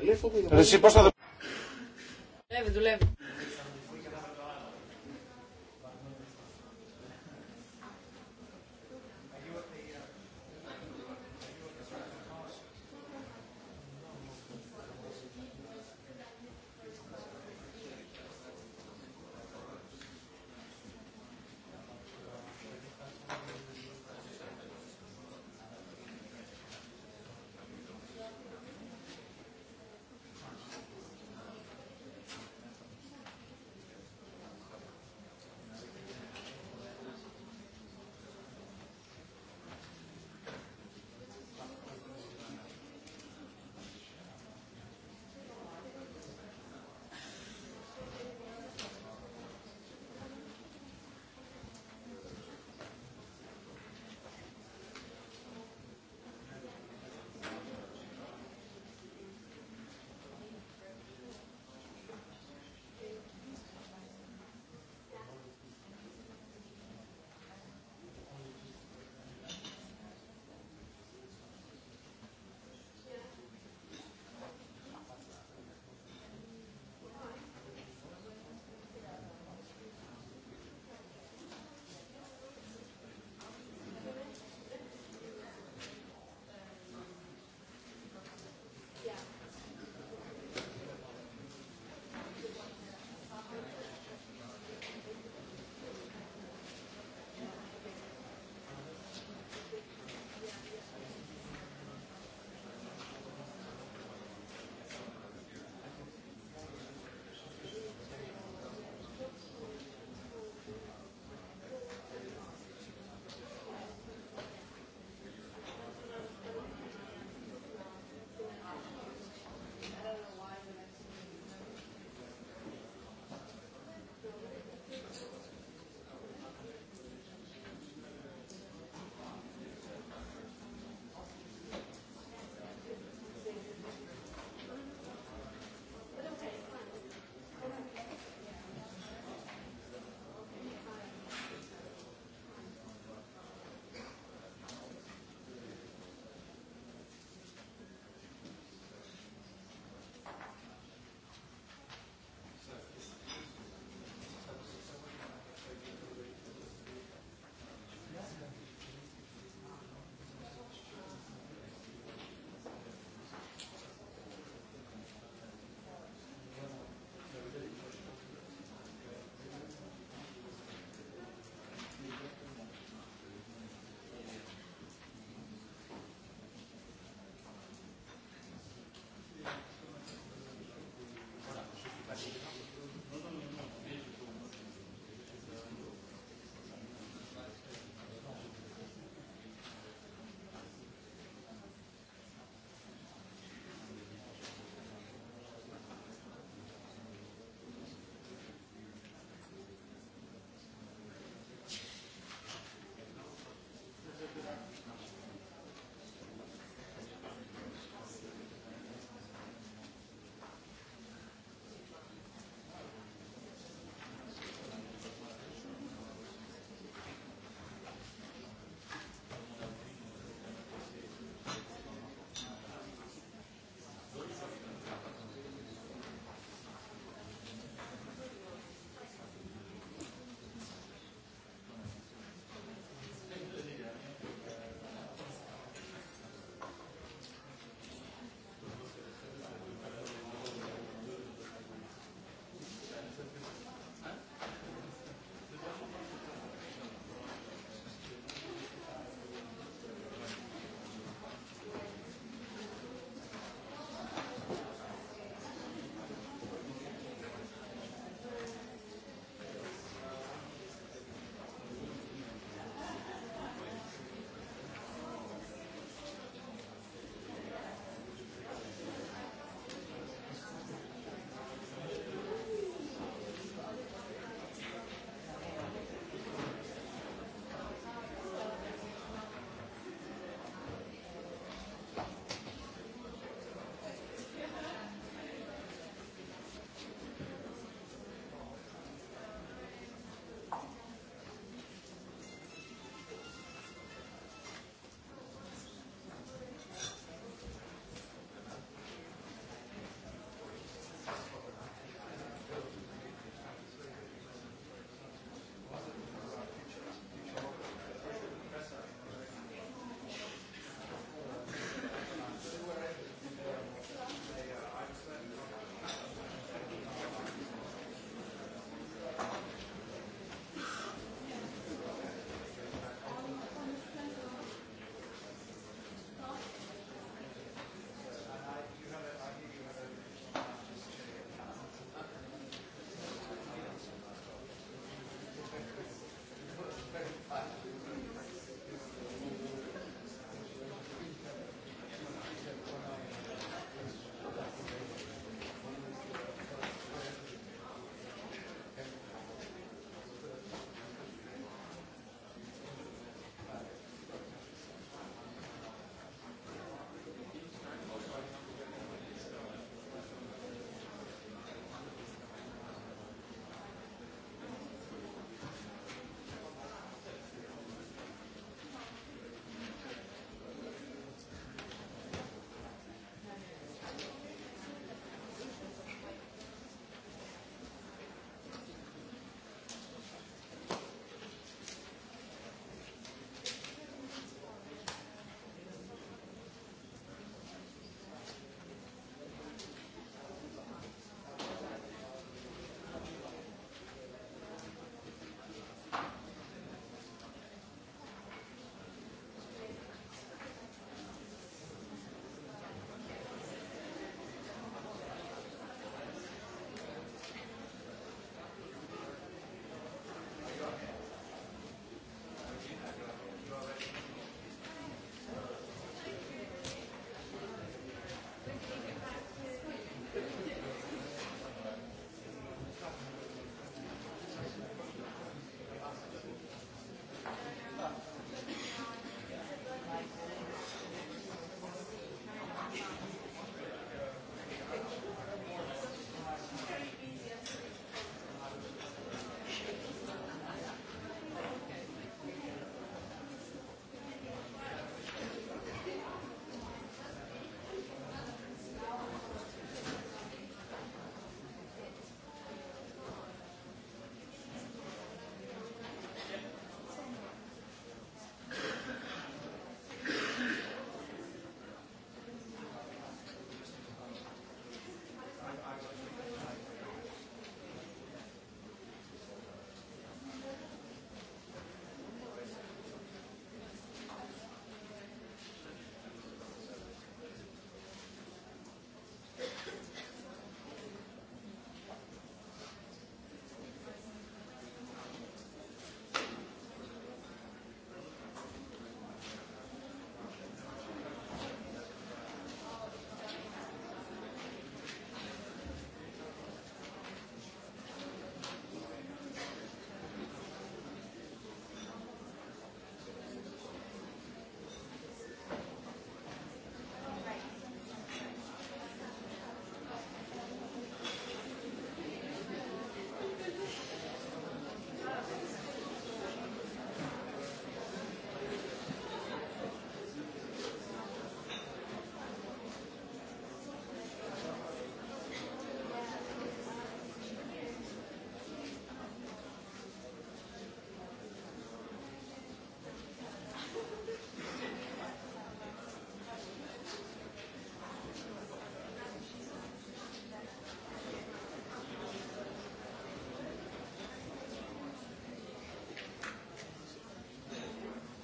Δουλεύει, δουλεύει.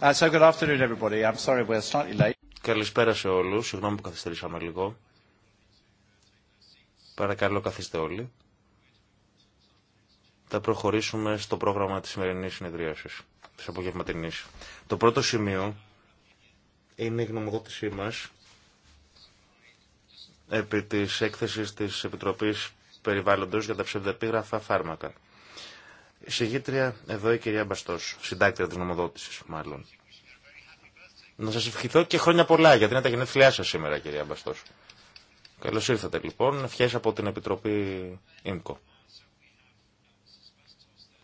Uh, Καλησπέρα σε όλους. Συγγνώμη που καθυστερήσαμε λίγο. Παρακαλώ καθίστε όλοι. Θα προχωρήσουμε στο πρόγραμμα της σημερινής συνεδρίασης, της απογευματινής. Το πρώτο σημείο είναι η γνωμοδότησή μας επί της έκθεσης της Επιτροπής Περιβάλλοντος για τα ψευδεπίγραφα φάρμακα. Συγγήτρια, εδώ η κυρία Μπαστός, συντάκτρια της νομοδότησης μάλλον. Να σας ευχηθώ και χρόνια πολλά, γιατί είναι τα γενέθλιά σας σήμερα, κυρία Μπαστός. Καλώς ήρθατε λοιπόν, ευχές από την Επιτροπή ΙΜΚΟ.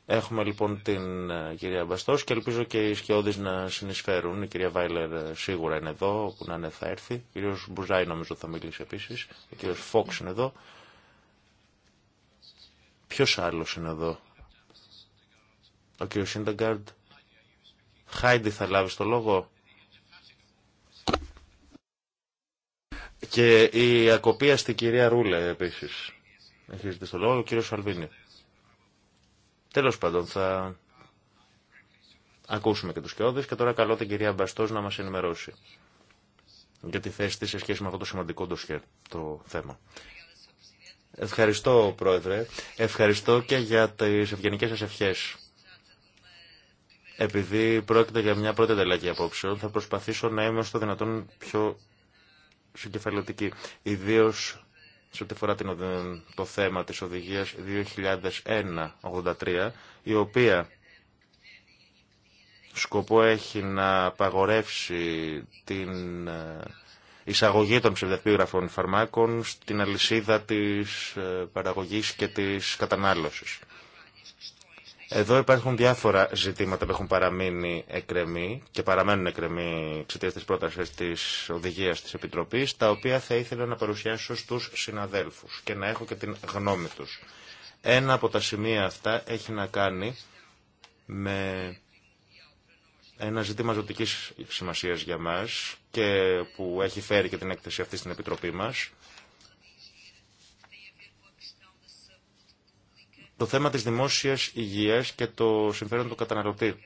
Έχουμε λοιπόν την ε, κυρία Μπαστό και ελπίζω και οι σκιώδει να συνεισφέρουν. Η κυρία Βάιλερ ε, σίγουρα είναι εδώ, που να είναι θα έρθει. Ο κύριο Μπουζάη νομίζω θα μιλήσει επίση. Ο κύριο Φόξ είναι εδώ. Ποιο άλλο είναι εδώ ο κύριος Σιντεγκάρντ, Χάιντι θα λάβει το λόγο. Και η ακοπία στην κυρία Ρούλε επίσης. Έχει ζητήσει το λόγο ο κύριος Σαλβίνη. Τέλος πάντων θα ακούσουμε και τους κοιόδες και τώρα καλώ την κυρία Μπαστός να μας ενημερώσει για τη θέση της σε σχέση με αυτό το σημαντικό σχέ, το θέμα. Ευχαριστώ πρόεδρε, ευχαριστώ και για τις ευγενικές σας ευχές. Επειδή πρόκειται για μια πρώτη ανταλλαγή απόψεων, θα προσπαθήσω να είμαι στο δυνατόν πιο συγκεφαλαιοτική. Ιδίω σε ό,τι αφορά το θέμα της οδηγίας 2001-83, η οποία σκοπό έχει να απαγορεύσει την ε, εισαγωγή των ψευδεπίγραφων φαρμάκων στην αλυσίδα της ε, παραγωγής και της κατανάλωσης. Εδώ υπάρχουν διάφορα ζητήματα που έχουν παραμείνει εκκρεμοί και παραμένουν εκκρεμοί εξαιτία τη πρόταση τη οδηγία τη Επιτροπή, τα οποία θα ήθελα να παρουσιάσω στου συναδέλφου και να έχω και την γνώμη του. Ένα από τα σημεία αυτά έχει να κάνει με ένα ζήτημα ζωτική σημασία για μα και που έχει φέρει και την έκθεση αυτή στην Επιτροπή μα το θέμα της δημόσιας υγείας και το συμφέρον του καταναλωτή.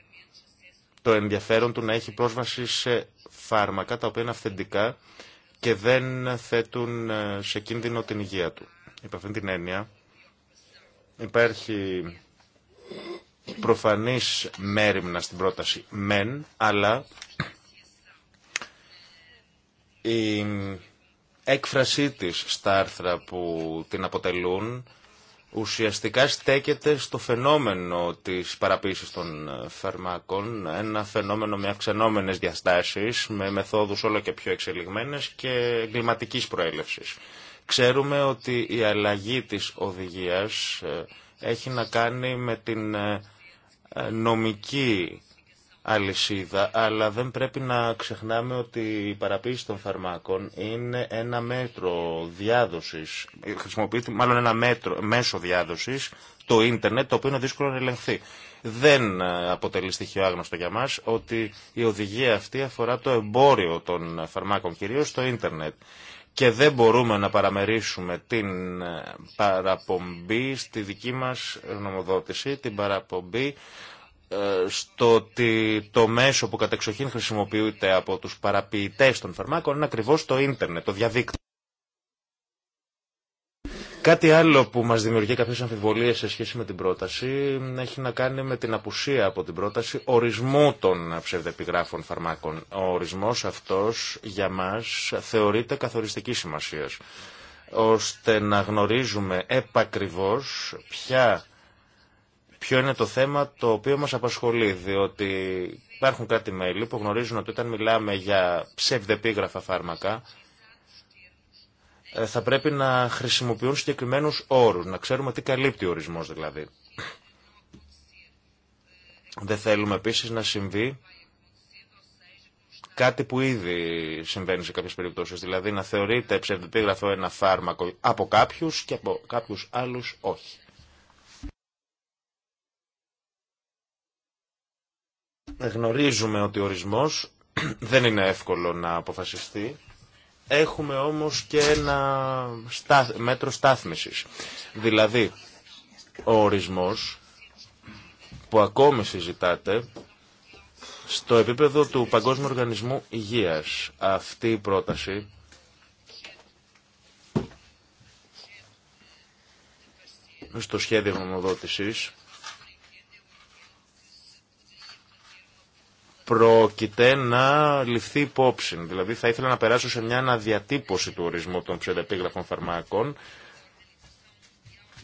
Το ενδιαφέρον του να έχει πρόσβαση σε φάρμακα τα οποία είναι αυθεντικά και δεν θέτουν ε, σε κίνδυνο την υγεία του. Υπ' αυτήν την έννοια υπάρχει προφανής μέρημνα στην πρόταση μεν, αλλά η έκφρασή της στα άρθρα που την αποτελούν ουσιαστικά στέκεται στο φαινόμενο της παραποίησης των ε, φαρμάκων, ένα φαινόμενο με αυξανόμενες διαστάσεις, με μεθόδους όλο και πιο εξελιγμένες και εγκληματικής προέλευσης. Ξέρουμε ότι η αλλαγή της οδηγίας ε, έχει να κάνει με την ε, νομική αλυσίδα, αλλά δεν πρέπει να ξεχνάμε ότι η παραποίηση των φαρμάκων είναι ένα μέτρο διάδοσης, χρησιμοποιείται μάλλον ένα μέτρο, μέσο διάδοσης, το ίντερνετ, το οποίο είναι δύσκολο να ελεγχθεί. Δεν ε, αποτελεί στοιχείο άγνωστο για μας ότι η οδηγία αυτή αφορά το εμπόριο των φαρμάκων, κυρίως το ίντερνετ και δεν μπορούμε να παραμερίσουμε την ε, παραπομπή στη δική μας γνωμοδότηση, την παραπομπή ε, στο ότι το μέσο που κατεξοχήν χρησιμοποιείται από τους παραποιητές των φαρμάκων είναι ακριβώς το ίντερνετ, το διαδίκτυο. Κάτι άλλο που μας δημιουργεί κάποιες αμφιβολίες σε σχέση με την πρόταση έχει να κάνει με την απουσία από την πρόταση ορισμού των ψευδεπιγράφων φαρμάκων. Ο ορισμός αυτός για μας θεωρείται καθοριστική σημασίας, ώστε να γνωρίζουμε επακριβώς ποια ποιο είναι το θέμα το οποίο μας απασχολεί, διότι υπάρχουν κάτι μέλη που γνωρίζουν ότι όταν μιλάμε για ψευδεπίγραφα φάρμακα, ε, θα πρέπει να χρησιμοποιούν συγκεκριμένου όρους, να ξέρουμε τι καλύπτει ο ορισμός δηλαδή. Δεν θέλουμε επίσης να συμβεί κάτι που ήδη συμβαίνει σε κάποιες περιπτώσεις, δηλαδή να θεωρείται ψευδεπίγραφο ένα φάρμακο από κάποιους και από κάποιους άλλους όχι. Γνωρίζουμε ότι ο ορισμός δεν είναι εύκολο να αποφασιστεί. Έχουμε όμως και ένα μέτρο στάθμισης. Δηλαδή, ο ορισμός που ακόμη συζητάτε στο επίπεδο του Παγκόσμιου Οργανισμού Υγείας. Αυτή η πρόταση στο σχέδιο νομοδότησης πρόκειται να ληφθεί υπόψη. Δηλαδή θα ήθελα να περάσω σε μια αναδιατύπωση του ορισμού των ψευδεπίγραφων φαρμάκων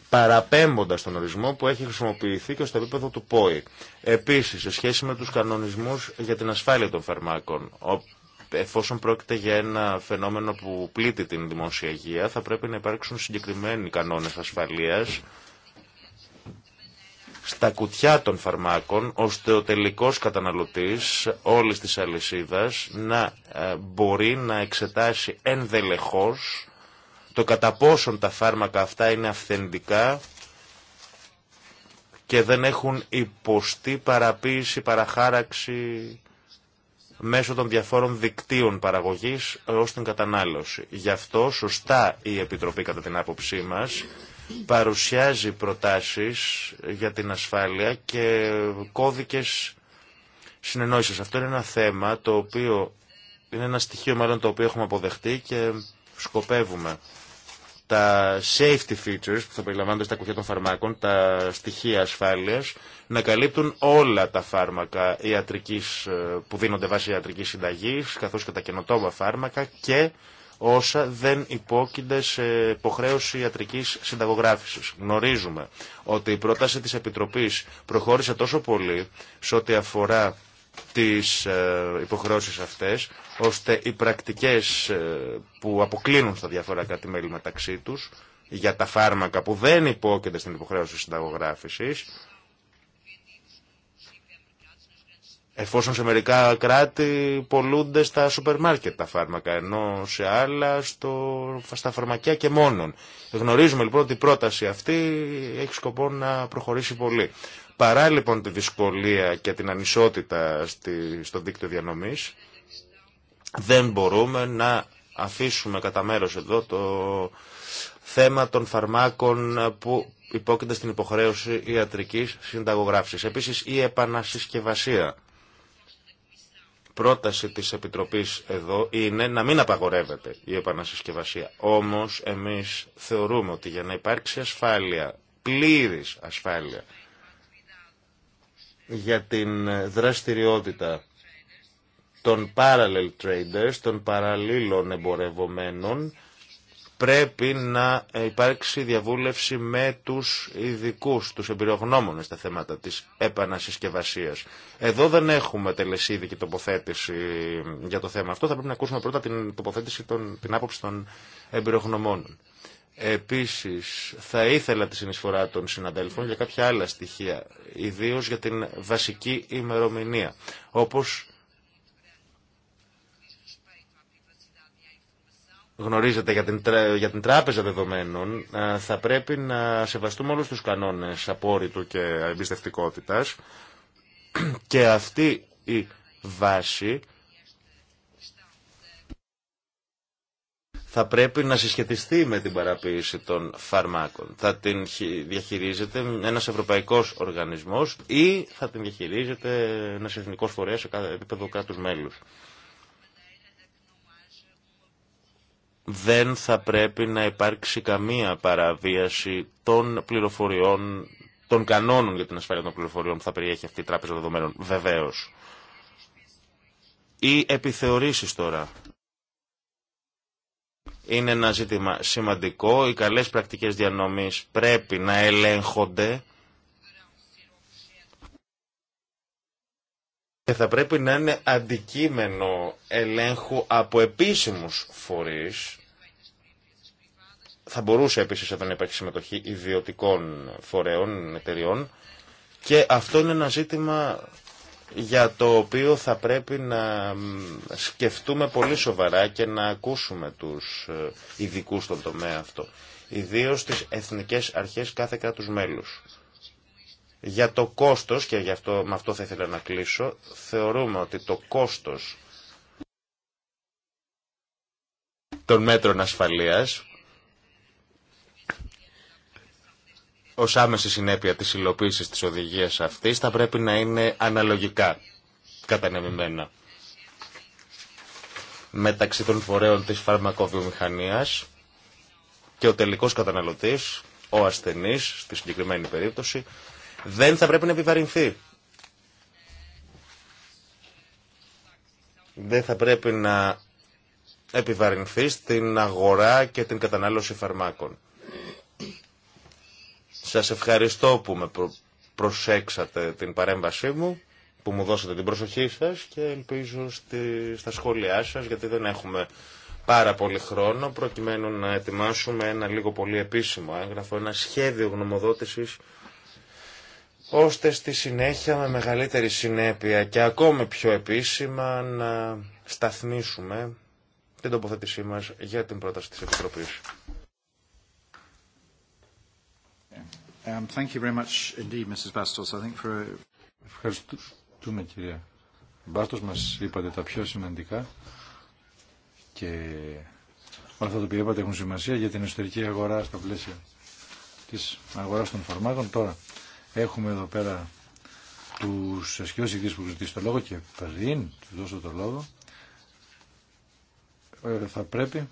παραπέμποντας τον ορισμό που έχει χρησιμοποιηθεί και στο επίπεδο του ΠΟΗ. Επίσης, σε σχέση με τους κανονισμούς για την ασφάλεια των φαρμάκων, εφόσον πρόκειται για ένα φαινόμενο που πλήττει την δημόσια υγεία, θα πρέπει να υπάρξουν συγκεκριμένοι κανόνες ασφαλείας στα κουτιά των φαρμάκων, ώστε ο τελικός καταναλωτής όλης της αλυσίδας να ε, μπορεί να εξετάσει ενδελεχώς το κατά πόσον τα φάρμακα αυτά είναι αυθεντικά και δεν έχουν υποστεί παραποίηση, παραχάραξη μέσω των διαφόρων δικτύων παραγωγής ως την κατανάλωση. Γι' αυτό σωστά η Επιτροπή κατά την άποψή μας παρουσιάζει προτάσεις για την ασφάλεια και κώδικες συνεννόησης. Αυτό είναι ένα θέμα το οποίο είναι ένα στοιχείο μάλλον το οποίο έχουμε αποδεχτεί και σκοπεύουμε τα safety features που θα περιλαμβάνονται στα κουτιά των φαρμάκων, τα στοιχεία ασφάλειας, να καλύπτουν όλα τα φάρμακα ιατρικής, ε, που δίνονται βάσει ιατρικής συνταγής, καθώς και τα καινοτόμα φάρμακα και όσα δεν υπόκεινται σε υποχρέωση ιατρικής συνταγογράφησης. Γνωρίζουμε ότι η πρόταση της Επιτροπής προχώρησε τόσο πολύ σε ό,τι αφορά τις ε, υποχρεώσεις αυτές, ώστε οι πρακτικές ε, που αποκλίνουν στα διάφορα κράτη-μέλη μεταξύ τους για τα φάρμακα που δεν υπόκεινται στην υποχρέωση συνταγογράφησης Εφόσον σε μερικά κράτη πολλούνται στα σούπερ μάρκετ τα φάρμακα, ενώ σε άλλα στο, στα φαρμακιά και μόνον. Γνωρίζουμε λοιπόν ότι η πρόταση αυτή έχει σκοπό να προχωρήσει πολύ. Παρά λοιπόν τη δυσκολία και την ανισότητα στη, στο δίκτυο διανομής, δεν μπορούμε να αφήσουμε κατά μέρο εδώ το θέμα των φαρμάκων που υπόκειται στην υποχρέωση ιατρικής συνταγογράφησης. Επίσης η επανασυσκευασία πρόταση της Επιτροπής εδώ είναι να μην απαγορεύεται η επανασυσκευασία. Όμως εμείς θεωρούμε ότι για να υπάρξει ασφάλεια, πλήρης ασφάλεια, για την δραστηριότητα των parallel traders, των παραλλήλων εμπορευομένων, πρέπει να υπάρξει διαβούλευση με τους ειδικού, τους εμπειρογνώμονες στα θέματα της επανασυσκευασίας. Εδώ δεν έχουμε τελεσίδικη τοποθέτηση για το θέμα αυτό. Θα πρέπει να ακούσουμε πρώτα την τοποθέτηση, των, την άποψη των εμπειρογνωμόνων. Επίσης, θα ήθελα τη συνεισφορά των συναντέλφων για κάποια άλλα στοιχεία, ιδίως για την βασική ημερομηνία, όπως γνωρίζετε για την, για την τράπεζα δεδομένων, ε, θα πρέπει να σεβαστούμε όλους τους κανόνες απόρριτου και εμπιστευτικότητα. και αυτή η βάση θα πρέπει να συσχετιστεί με την παραποίηση των φαρμάκων. Θα την διαχειρίζεται ένας ευρωπαϊκός οργανισμός ή θα την διαχειρίζεται ένας εθνικός φορέας σε κάθε επίπεδο κράτους μέλους. δεν θα πρέπει να υπάρξει καμία παραβίαση των πληροφοριών, των κανόνων για την ασφάλεια των πληροφοριών που θα περιέχει αυτή η τράπεζα δεδομένων, βεβαίω. Οι επιθεωρήσεις τώρα είναι ένα ζήτημα σημαντικό. Οι καλές πρακτικές διανομής πρέπει να ελέγχονται και θα πρέπει να είναι αντικείμενο ελέγχου από επίσημους φορείς. Θα μπορούσε επίσης να υπάρχει συμμετοχή ιδιωτικών φορέων, εταιριών και αυτό είναι ένα ζήτημα για το οποίο θα πρέπει να σκεφτούμε πολύ σοβαρά και να ακούσουμε τους ε, ειδικού στον τομέα αυτό. Ιδίως τις εθνικές αρχές κάθε κράτους μέλους. Για το κόστος, και γι αυτό, με αυτό θα ήθελα να κλείσω, θεωρούμε ότι το κόστος των μέτρων ασφαλείας ως άμεση συνέπεια της υλοποίησης της οδηγίας αυτής θα πρέπει να είναι αναλογικά κατανεμημένα μεταξύ των φορέων της φαρμακοβιομηχανίας και ο τελικός καταναλωτής, ο ασθενής, στη συγκεκριμένη περίπτωση, δεν θα πρέπει να επιβαρυνθεί. Δεν θα πρέπει να επιβαρυνθεί στην αγορά και την κατανάλωση φαρμάκων. Σας ευχαριστώ που με προσέξατε την παρέμβασή μου, που μου δώσατε την προσοχή σας και ελπίζω στη, στα σχόλιά σας, γιατί δεν έχουμε πάρα πολύ χρόνο, προκειμένου να ετοιμάσουμε ένα λίγο πολύ επίσημο έγγραφο, ένα σχέδιο γνωμοδότησης ώστε στη συνέχεια με μεγαλύτερη συνέπεια και ακόμη πιο επίσημα να σταθμίσουμε την τοποθέτησή μας για την πρόταση της Επιτροπής. Ευχαριστούμε κυρία Μπάστος, μας είπατε τα πιο σημαντικά και όλα αυτά τα οποία είπατε έχουν σημασία για την εσωτερική αγορά στα πλαίσια της αγοράς των φαρμάκων. Τώρα Έχουμε εδώ πέρα τους ασκιούς που ζητήσει το λόγο και πριν του δώσω το λόγο ε, θα πρέπει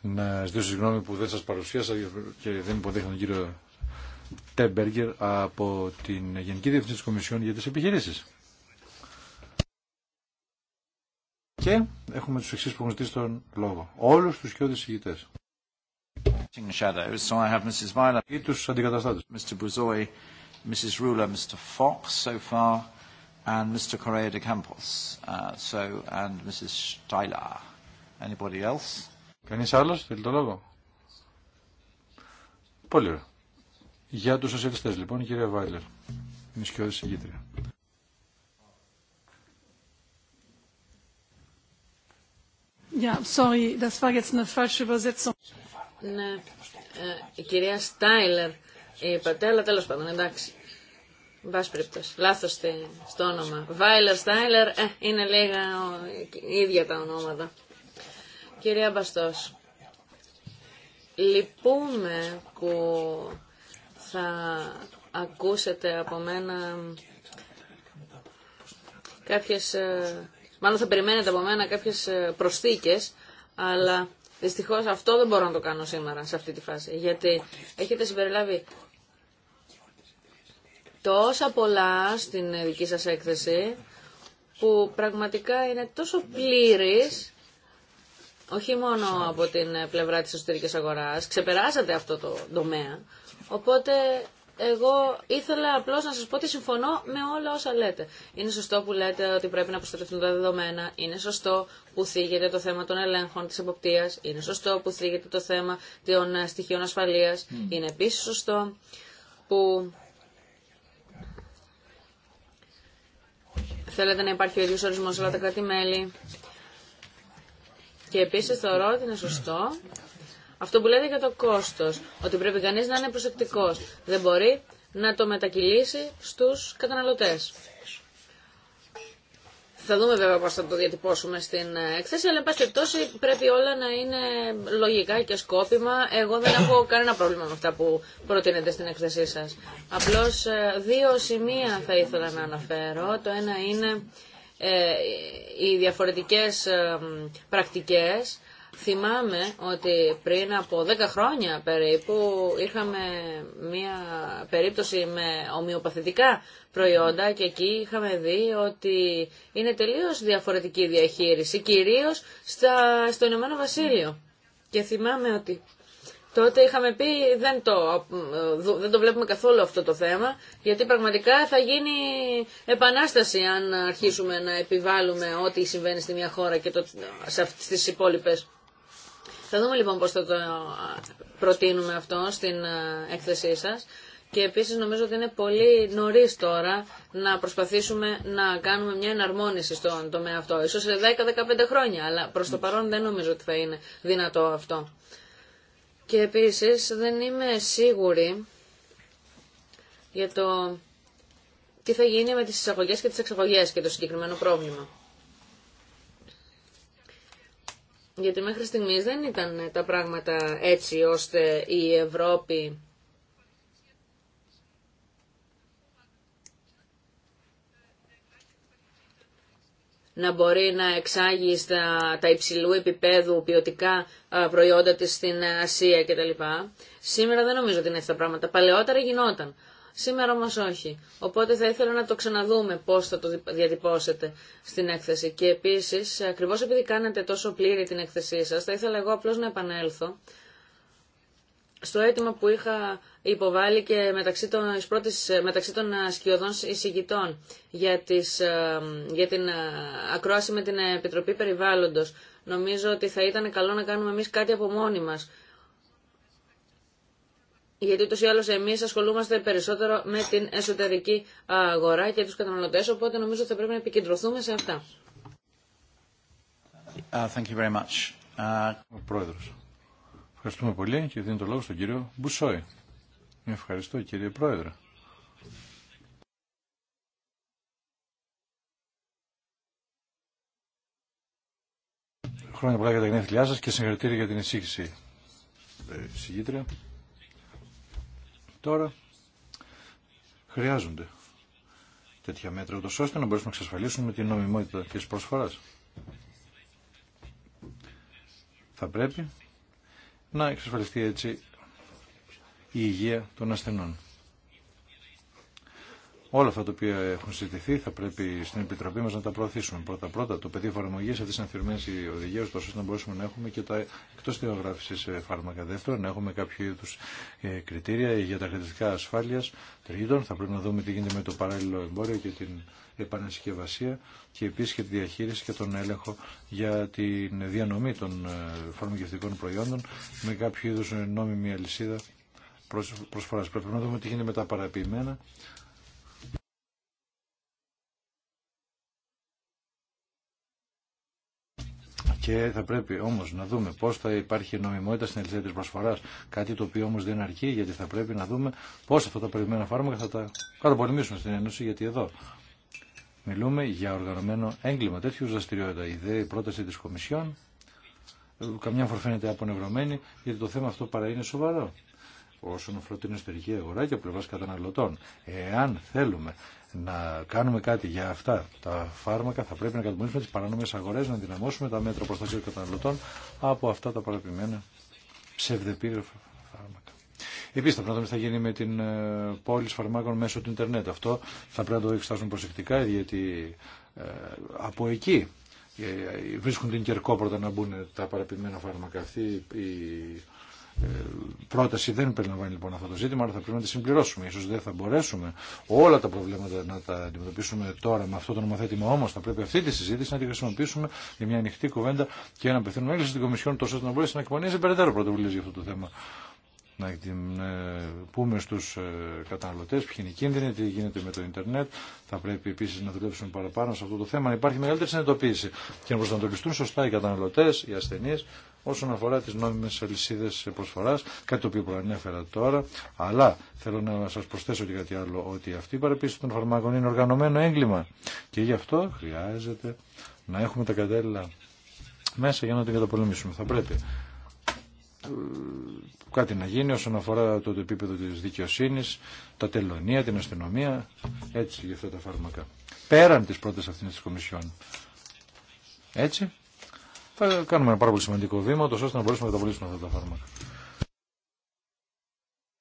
να ζητήσω συγγνώμη που δεν σας παρουσίασα και δεν υποδέχομαι τον κύριο Τέμπεργκερ από την Γενική Διευθυνσία της Κομισιόν για τις επιχειρήσεις. Και έχουμε τους εξή που έχουν ζητήσει τον λόγο. Όλους τους σκιώδεις ηγητές. Ή τους αντικαταστάτες. Mr. Mrs. Ruler, Mr. Fox so far, and Mr. Correa de Campos, uh, so, and Mrs. Steiler. Anybody else? Κανείς άλλος, θέλει το λόγο. Πολύ ωραία. Για τους σοσιαλιστές λοιπόν, κύριε Βάιλερ. Είναι σκιώδης συγκήτρια. sorry, das war jetzt eine falsche Übersetzung. Ναι, ε, η κυρία Στάιλερ είπατε, αλλά τέλο πάντων, εντάξει. Μπα περιπτώσει. Λάθο στο όνομα. Βάιλερ, Στάιλερ, ε, είναι λίγα ίδια τα ονόματα. Κυρία Μπαστό. λυπούμε που θα ακούσετε από μένα κάποιες, ε, μάλλον θα περιμένετε από μένα κάποιες ε, προσθήκες, αλλά δυστυχώς αυτό δεν μπορώ να το κάνω σήμερα σε αυτή τη φάση, γιατί έχετε συμπεριλάβει τόσα πολλά στην δική σας έκθεση που πραγματικά είναι τόσο πλήρης όχι μόνο από την πλευρά της εσωτερικής αγοράς, ξεπεράσατε αυτό το τομέα, οπότε εγώ ήθελα απλώς να σας πω ότι συμφωνώ με όλα όσα λέτε. Είναι σωστό που λέτε ότι πρέπει να προστατευτούν τα δεδομένα. Είναι σωστό που θίγεται το θέμα των ελέγχων της εποπτείας, Είναι σωστό που θίγεται το θέμα των στοιχείων ασφαλείας mm. Είναι επίση σωστό που Θέλετε να υπάρχει ο ίδιος ορισμός όλα τα ναι. κράτη-μέλη. Και επίσης θεωρώ ότι είναι σωστό αυτό που λέτε για το κόστος, ότι πρέπει κανείς να είναι προσεκτικός. Δεν μπορεί να το μετακυλήσει στους καταναλωτές. Θα δούμε βέβαια πώς θα το διατυπώσουμε στην ε, έκθεση, αλλά εν πάση περιπτώσει πρέπει όλα να είναι λογικά και σκόπιμα. Εγώ δεν έχω κανένα πρόβλημα με αυτά που προτείνετε στην έκθεσή σα. Απλώ ε, δύο σημεία θα ήθελα να αναφέρω. Το ένα είναι ε, οι διαφορετικές πρακτικές Θυμάμαι ότι πριν από 10 χρόνια περίπου είχαμε μία περίπτωση με ομοιοπαθητικά προϊόντα και εκεί είχαμε δει ότι είναι τελείως διαφορετική διαχείριση, κυρίως στα, στο Ηνωμένο Βασίλειο. Και θυμάμαι ότι τότε είχαμε πει δεν το, δεν το βλέπουμε καθόλου αυτό το θέμα, γιατί πραγματικά θα γίνει επανάσταση αν αρχίσουμε να επιβάλλουμε ό,τι συμβαίνει στη μια χώρα και το, στις υπόλοιπες. Θα δούμε λοιπόν πώς θα το ε, προτείνουμε αυτό στην ε, έκθεσή σας. Και επίσης νομίζω ότι είναι πολύ νωρίς τώρα να προσπαθήσουμε να κάνουμε μια εναρμόνιση στον τομέα αυτό. Ίσως σε 10-15 χρόνια, αλλά προς το παρόν δεν νομίζω ότι θα είναι δυνατό αυτό. Και επίσης δεν είμαι σίγουρη για το τι θα γίνει με τις εισαγωγές και τις εξαγωγές και το συγκεκριμένο πρόβλημα. Γιατί μέχρι στιγμής δεν ήταν τα πράγματα έτσι ώστε η Ευρώπη να μπορεί να εξάγει στα, τα υψηλού επίπεδου ποιοτικά προϊόντα της στην Ασία κτλ. Σήμερα δεν νομίζω ότι είναι αυτά τα πράγματα. Παλαιότερα γινόταν σήμερα όμως όχι. Οπότε θα ήθελα να το ξαναδούμε πώς θα το διατυπώσετε στην έκθεση. Και επίσης, ακριβώς επειδή κάνετε τόσο πλήρη την έκθεσή σας, θα ήθελα εγώ απλώς να επανέλθω στο αίτημα που είχα υποβάλει και μεταξύ των, πρώτης, μεταξύ των ε, σκιωδών εισηγητών για, τις, ε, για την ε, ακρόαση με την Επιτροπή Περιβάλλοντος. Νομίζω ότι θα ήταν καλό να κάνουμε εμείς κάτι από μόνοι μας γιατί ούτως ή άλλως εμείς ασχολούμαστε περισσότερο με την εσωτερική αγορά και τους καταναλωτές, οπότε νομίζω θα πρέπει να επικεντρωθούμε σε αυτά. Uh, thank uh, Ευχαριστούμε πολύ και δίνω το λόγο στον κύριο Μπουσόη. Ευχαριστώ κύριε Πρόεδρε. Χρόνια πολλά για τα γενέθλιά σας και συγχαρητήρια για την εισήγηση. Ε, Τώρα χρειάζονται τέτοια μέτρα, ούτως ώστε να μπορέσουμε να εξασφαλίσουμε την νομιμότητα της προσφοράς. Θα πρέπει να εξασφαλιστεί έτσι η υγεία των ασθενών. Όλα αυτά τα οποία έχουν συζητηθεί θα πρέπει στην Επιτροπή μα να τα προωθήσουμε. Πρώτα-πρώτα το πεδίο εφαρμογή αυτή τη ανθυρμένη οδηγία, ώστε να μπορέσουμε να έχουμε και τα εκτό διαγράφηση ε, φάρμακα. Δεύτερον, να έχουμε κάποιο είδου ε, κριτήρια για τα κριτικά ασφάλεια. Τρίτον, θα πρέπει να δούμε τι γίνεται με το παράλληλο εμπόριο και την επανασκευασία και επίση και τη διαχείριση και τον έλεγχο για τη διανομή των ε, φαρμακευτικών προϊόντων με κάποιο είδου νόμιμη αλυσίδα προσφορά. Πρέπει να δούμε τι γίνεται με τα παραποιημένα Και θα πρέπει όμω να δούμε πώ θα υπάρχει νομιμότητα στην ελευθερία τη προσφορά. Κάτι το οποίο όμω δεν αρκεί, γιατί θα πρέπει να δούμε πώ αυτά τα περιμένα φάρμακα θα τα καταπολεμήσουμε στην Ένωση, γιατί εδώ μιλούμε για οργανωμένο έγκλημα, τέτοιου δραστηριότητα. Η η πρόταση τη Κομισιόν ε, καμιά φορά φαίνεται απονευρωμένη, γιατί το θέμα αυτό παρά είναι σοβαρό όσον αφορά την εσωτερική αγορά και πλευρά καταναλωτών. Εάν θέλουμε να κάνουμε κάτι για αυτά τα φάρμακα θα πρέπει να καταπολύσουμε τις παρανομές αγορές, να δυναμώσουμε τα μέτρα προστασίας καταναλωτών από αυτά τα παραπημένα ψευδεπίγραφα φάρμακα. Επίση, θα πρέπει να δούμε τι θα γίνει με την ε, πόλη φαρμάκων μέσω του Ιντερνετ. Αυτό θα πρέπει να το εξετάσουμε προσεκτικά, γιατί ε, από εκεί ε, βρίσκουν την κερκόπορτα να μπουν τα παραπημένα φάρμακα. Αυτή πρόταση δεν περιλαμβάνει λοιπόν αυτό το ζήτημα, αλλά θα πρέπει να τη συμπληρώσουμε. Ίσως δεν θα μπορέσουμε όλα τα προβλήματα να τα αντιμετωπίσουμε τώρα με αυτό το νομοθέτημα. Όμω θα πρέπει αυτή τη συζήτηση να τη χρησιμοποιήσουμε για μια ανοιχτή κουβέντα και να απευθύνουμε έγκριση στην Κομισιόν, τόσο ώστε να μπορέσει να εκπονήσει περαιτέρω πρωτοβουλίε για αυτό το θέμα. Να την ε, πούμε στου ε, καταναλωτέ ποιοι είναι οι κίνδυνοι, τι γίνεται με το Ιντερνετ. Θα πρέπει επίση να δουλέψουμε παραπάνω σε αυτό το θέμα, υπάρχει μεγαλύτερη συνειδητοποίηση και να προσανατολιστούν σωστά οι καταναλωτέ, οι ασθενεί όσον αφορά τις νόμιμες αλυσίδες προσφοράς, κάτι το οποίο προανέφερα τώρα, αλλά θέλω να σας προσθέσω και κάτι άλλο, ότι αυτή η παραποίηση των φαρμάκων είναι οργανωμένο έγκλημα και γι' αυτό χρειάζεται να έχουμε τα κατάλληλα μέσα για να την καταπολεμήσουμε. Θα πρέπει ε, κάτι να γίνει όσον αφορά το επίπεδο της δικαιοσύνης, τα τελωνία, την αστυνομία, έτσι για αυτά τα φάρμακα. Πέραν της πρώτης αυτήν της Κομισιόν. Έτσι θα κάνουμε ένα πάρα πολύ σημαντικό βήμα, ώστε να μπορέσουμε να καταβολήσουμε αυτά τα φάρμακα.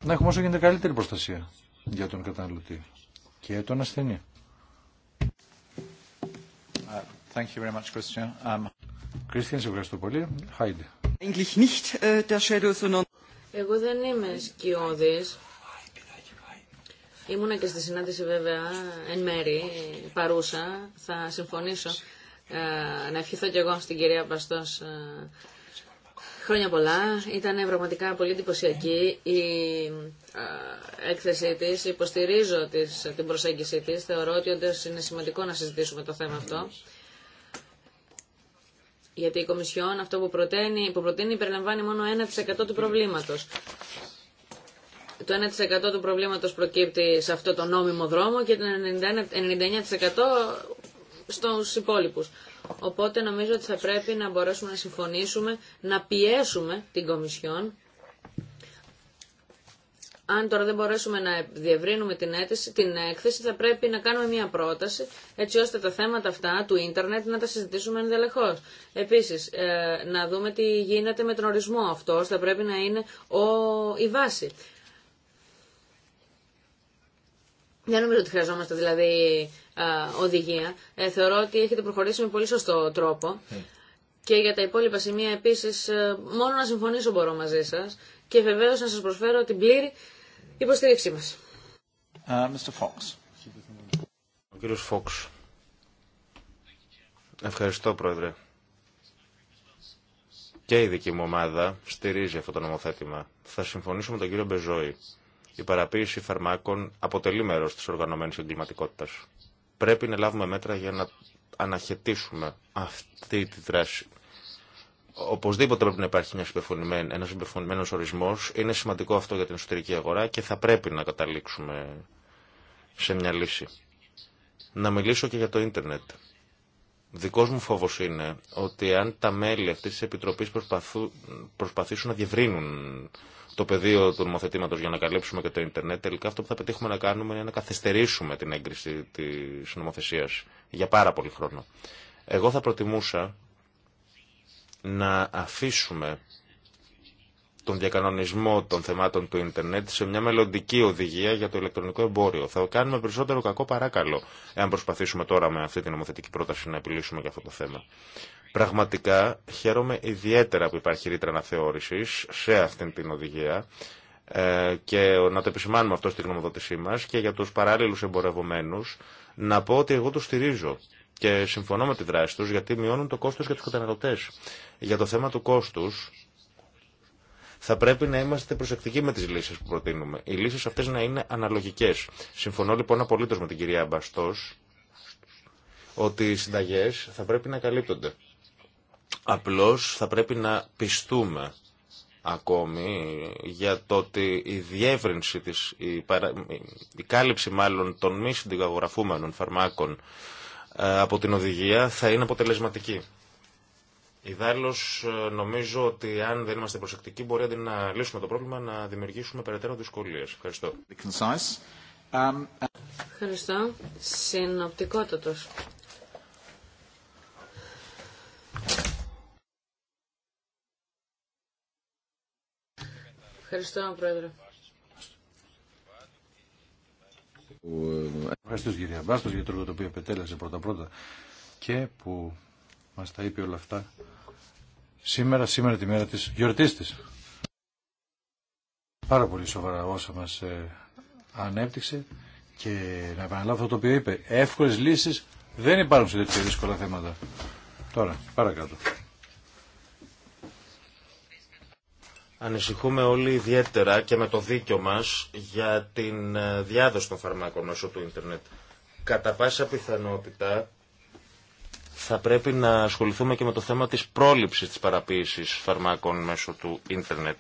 Να έχουμε όσο γίνεται καλύτερη προστασία για τον καταναλωτή και τον ασθενή. Thank σε Εγώ δεν είμαι σκιώδης. Ήμουνα και στη συνάντηση βέβαια εν μέρη παρούσα. Θα συμφωνήσω ε, να ευχηθώ και εγώ στην κυρία Παστό. Ε, χρόνια πολλά. Ήταν πραγματικά πολύ εντυπωσιακή η ε, έκθεσή της. Υποστηρίζω της, την προσέγγιση της. Θεωρώ ότι όντως είναι σημαντικό να συζητήσουμε το θέμα αυτό. Γιατί η Κομισιόν αυτό που προτείνει, που προτείνει περιλαμβάνει μόνο 1% του προβλήματος. Το 1% του προβλήματος προκύπτει σε αυτό το νόμιμο δρόμο και το 99% στους υπόλοιπους. Οπότε νομίζω ότι θα πρέπει να μπορέσουμε να συμφωνήσουμε, να πιέσουμε την Κομισιόν. Αν τώρα δεν μπορέσουμε να διευρύνουμε την, αίτηση, την έκθεση, θα πρέπει να κάνουμε μια πρόταση, έτσι ώστε τα θέματα αυτά του ίντερνετ να τα συζητήσουμε ενδελεχώς. Επίσης, ε, να δούμε τι γίνεται με τον ορισμό αυτός, θα πρέπει να είναι η βάση. Δεν νομίζω ότι χρειαζόμαστε δηλαδή οδηγία. Ε, θεωρώ ότι έχετε προχωρήσει με πολύ σωστό τρόπο. Ε. Και για τα υπόλοιπα σημεία επίσης ε, μόνο να συμφωνήσω μπορώ μαζί σας και βεβαίω να σας προσφέρω την πλήρη υποστήριξή μας. Ο κύριος Φόξ. Ευχαριστώ Πρόεδρε. Και η δική μου ομάδα στηρίζει αυτό το νομοθέτημα. Θα συμφωνήσω με τον κύριο Μπεζόη. Η παραποίηση φαρμάκων αποτελεί μέρο τη οργανωμένη εγκληματικότητα. Πρέπει να λάβουμε μέτρα για να αναχαιτήσουμε αυτή τη δράση. Οπωσδήποτε πρέπει να υπάρχει μια συμπεφωνημένη, ένα συμπεφωνημένο ορισμό. Είναι σημαντικό αυτό για την εσωτερική αγορά και θα πρέπει να καταλήξουμε σε μια λύση. Να μιλήσω και για το ίντερνετ. Δικό μου φόβο είναι ότι αν τα μέλη αυτή τη επιτροπή προσπαθήσουν να διευρύνουν το πεδίο του νομοθετήματο για να καλύψουμε και το Ιντερνετ, τελικά αυτό που θα πετύχουμε να κάνουμε είναι να καθυστερήσουμε την έγκριση τη νομοθεσία για πάρα πολύ χρόνο. Εγώ θα προτιμούσα να αφήσουμε τον διακανονισμό των θεμάτων του ίντερνετ σε μια μελλοντική οδηγία για το ηλεκτρονικό εμπόριο. Θα κάνουμε περισσότερο κακό παρά καλό, εάν προσπαθήσουμε τώρα με αυτή την νομοθετική πρόταση να επιλύσουμε και αυτό το θέμα. Πραγματικά χαίρομαι ιδιαίτερα που υπάρχει ρήτρα αναθεώρηση σε αυτήν την οδηγία ε, και να το επισημάνουμε αυτό στη γνωμοδότησή μα και για του παράλληλου εμπορευομένου να πω ότι εγώ του στηρίζω και συμφωνώ με τη δράση του γιατί μειώνουν το κόστο για του καταναλωτέ. Για το θέμα του κόστου θα πρέπει να είμαστε προσεκτικοί με τι λύσει που προτείνουμε. Οι λύσει αυτέ να είναι αναλογικέ. Συμφωνώ λοιπόν απολύτω με την κυρία Μπαστό ότι οι συνταγέ θα πρέπει να καλύπτονται. Απλώς θα πρέπει να πιστούμε ακόμη για το ότι η διεύρυνση της, η, κάλυψη μάλλον των μη συντηγαγραφούμενων φαρμάκων ε, από την οδηγία θα είναι αποτελεσματική. Ιδάλλως ε, νομίζω ότι αν δεν είμαστε προσεκτικοί μπορεί αντί να λύσουμε το πρόβλημα να δημιουργήσουμε περαιτέρω δυσκολίες. Ευχαριστώ. Um, Ευχαριστώ. Συνοπτικότατος. Ευχαριστώ, Πρόεδρε. Ευχαριστώ, κύριε, Αμπάστο, για το έργο το οποίο επετέλεσε πρώτα-πρώτα και που μας τα είπε όλα αυτά σήμερα, σήμερα τη μέρα της γιορτής της. Πάρα πολύ σοβαρά όσα μα ε, ανέπτυξε και να επαναλάβω αυτό το οποίο είπε. Εύκολες λύσεις δεν υπάρχουν σε τέτοια δύσκολα θέματα. Τώρα, παρακάτω. Ανησυχούμε όλοι ιδιαίτερα και με το δίκιο μας για την ε, διάδοση των φαρμάκων μέσω του ίντερνετ. Κατά πάσα πιθανότητα θα πρέπει να ασχοληθούμε και με το θέμα της πρόληψης της παραποίησης φαρμάκων μέσω του ίντερνετ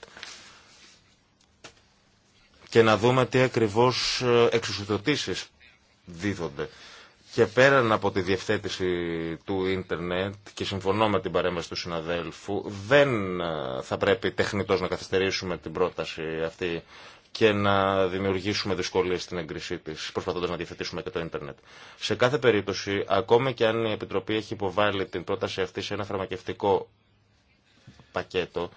και να δούμε τι ακριβώς ε, εξουσιοδοτήσεις δίδονται. Και πέραν από τη διευθέτηση του ίντερνετ, και συμφωνώ με την παρέμβαση του συναδέλφου, δεν ε, θα πρέπει τεχνητός να καθυστερήσουμε την πρόταση αυτή και να δημιουργήσουμε δυσκολίες στην έγκρισή τη, προσπαθώντας να διευθετήσουμε και το ίντερνετ. Σε κάθε περίπτωση, ακόμη και αν η Επιτροπή έχει υποβάλει την πρόταση αυτή σε ένα φαρμακευτικό πακέτο,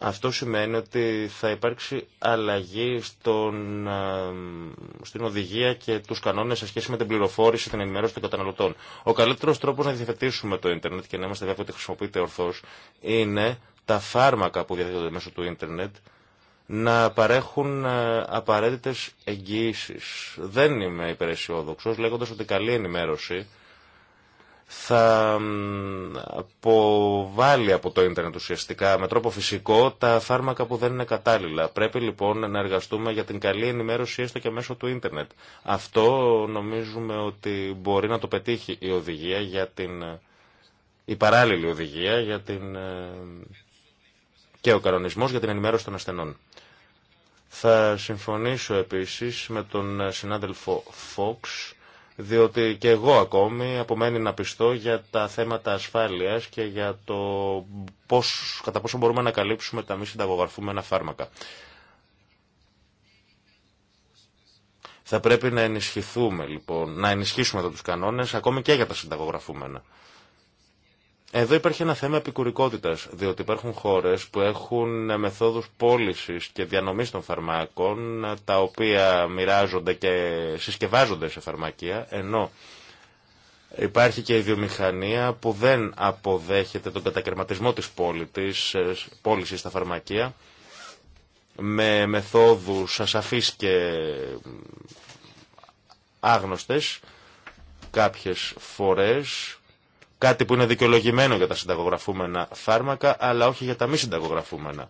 αυτό σημαίνει ότι θα υπάρξει αλλαγή στον, ε, στην οδηγία και τους κανόνες σε σχέση με την πληροφόρηση, την ενημέρωση των καταναλωτών. Ο καλύτερος τρόπος να διαθετήσουμε το ίντερνετ και να είμαστε βέβαιοι ότι χρησιμοποιείται ορθώς είναι τα φάρμακα που διαθέτονται μέσω του ίντερνετ να παρέχουν ε, απαραίτητες εγγυήσεις. Δεν είμαι υπεραισιόδοξος λέγοντας ότι καλή ενημέρωση θα αποβάλει από το ίντερνετ ουσιαστικά με τρόπο φυσικό τα φάρμακα που δεν είναι κατάλληλα. Πρέπει λοιπόν να εργαστούμε για την καλή ενημέρωση έστω και μέσω του ίντερνετ. Αυτό νομίζουμε ότι μπορεί να το πετύχει η οδηγία για την... η παράλληλη οδηγία για την... Ε, και ο κανονισμός για την ενημέρωση των ασθενών. Θα συμφωνήσω επίσης με τον συνάδελφο Fox διότι και εγώ ακόμη απομένει να πιστώ για τα θέματα ασφάλειας και για το πώς, κατά πόσο μπορούμε να καλύψουμε τα μη συνταγογραφούμενα φάρμακα. Θα πρέπει να ενισχυθούμε λοιπόν, να ενισχύσουμε εδώ τους κανόνες ακόμη και για τα συνταγογραφούμενα. Εδώ υπάρχει ένα θέμα επικουρικότητας, διότι υπάρχουν χώρες που έχουν μεθόδους πώληση και διανομής των φαρμάκων, τα οποία μοιράζονται και συσκευάζονται σε φαρμακεία, ενώ Υπάρχει και η βιομηχανία που δεν αποδέχεται τον κατακαιρματισμό της ε, πώληση στα φαρμακεία με μεθόδους ασαφείς και άγνωστες κάποιες φορές Κάτι που είναι δικαιολογημένο για τα συνταγογραφούμενα φάρμακα, αλλά όχι για τα μη συνταγογραφούμενα.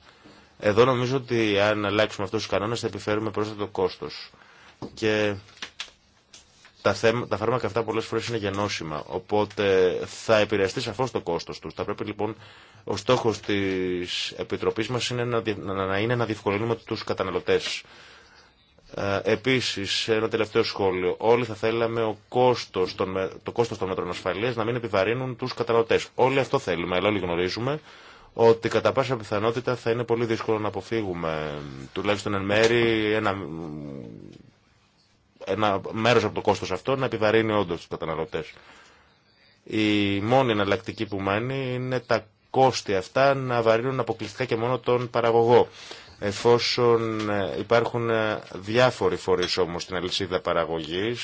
Εδώ νομίζω ότι αν αλλάξουμε αυτούς τους κανόνες θα επιφέρουμε πρόσθετο κόστος. Και τα, τα φάρμακα αυτά πολλές φορές είναι γενώσιμα, οπότε θα επηρεαστεί σαφώ το κόστος τους. Θα πρέπει λοιπόν ο στόχος της Επιτροπής μας είναι να, να είναι να διευκολύνουμε τους καταναλωτές ε, επίσης, ένα τελευταίο σχόλιο. Όλοι θα θέλαμε ο κόστος των, το κόστος των μέτρων ασφαλεία να μην επιβαρύνουν τους καταναλωτές. Όλοι αυτό θέλουμε, αλλά όλοι γνωρίζουμε ότι κατά πάσα πιθανότητα θα είναι πολύ δύσκολο να αποφύγουμε τουλάχιστον εν μέρη ένα, ένα μέρος από το κόστος αυτό να επιβαρύνει όντως τους καταναλωτέ. Η μόνη εναλλακτική που μένει είναι τα κόστη αυτά να βαρύνουν αποκλειστικά και μόνο τον παραγωγό. Εφόσον ε, υπάρχουν ε, διάφοροι φορείς όμως στην αλυσίδα παραγωγής,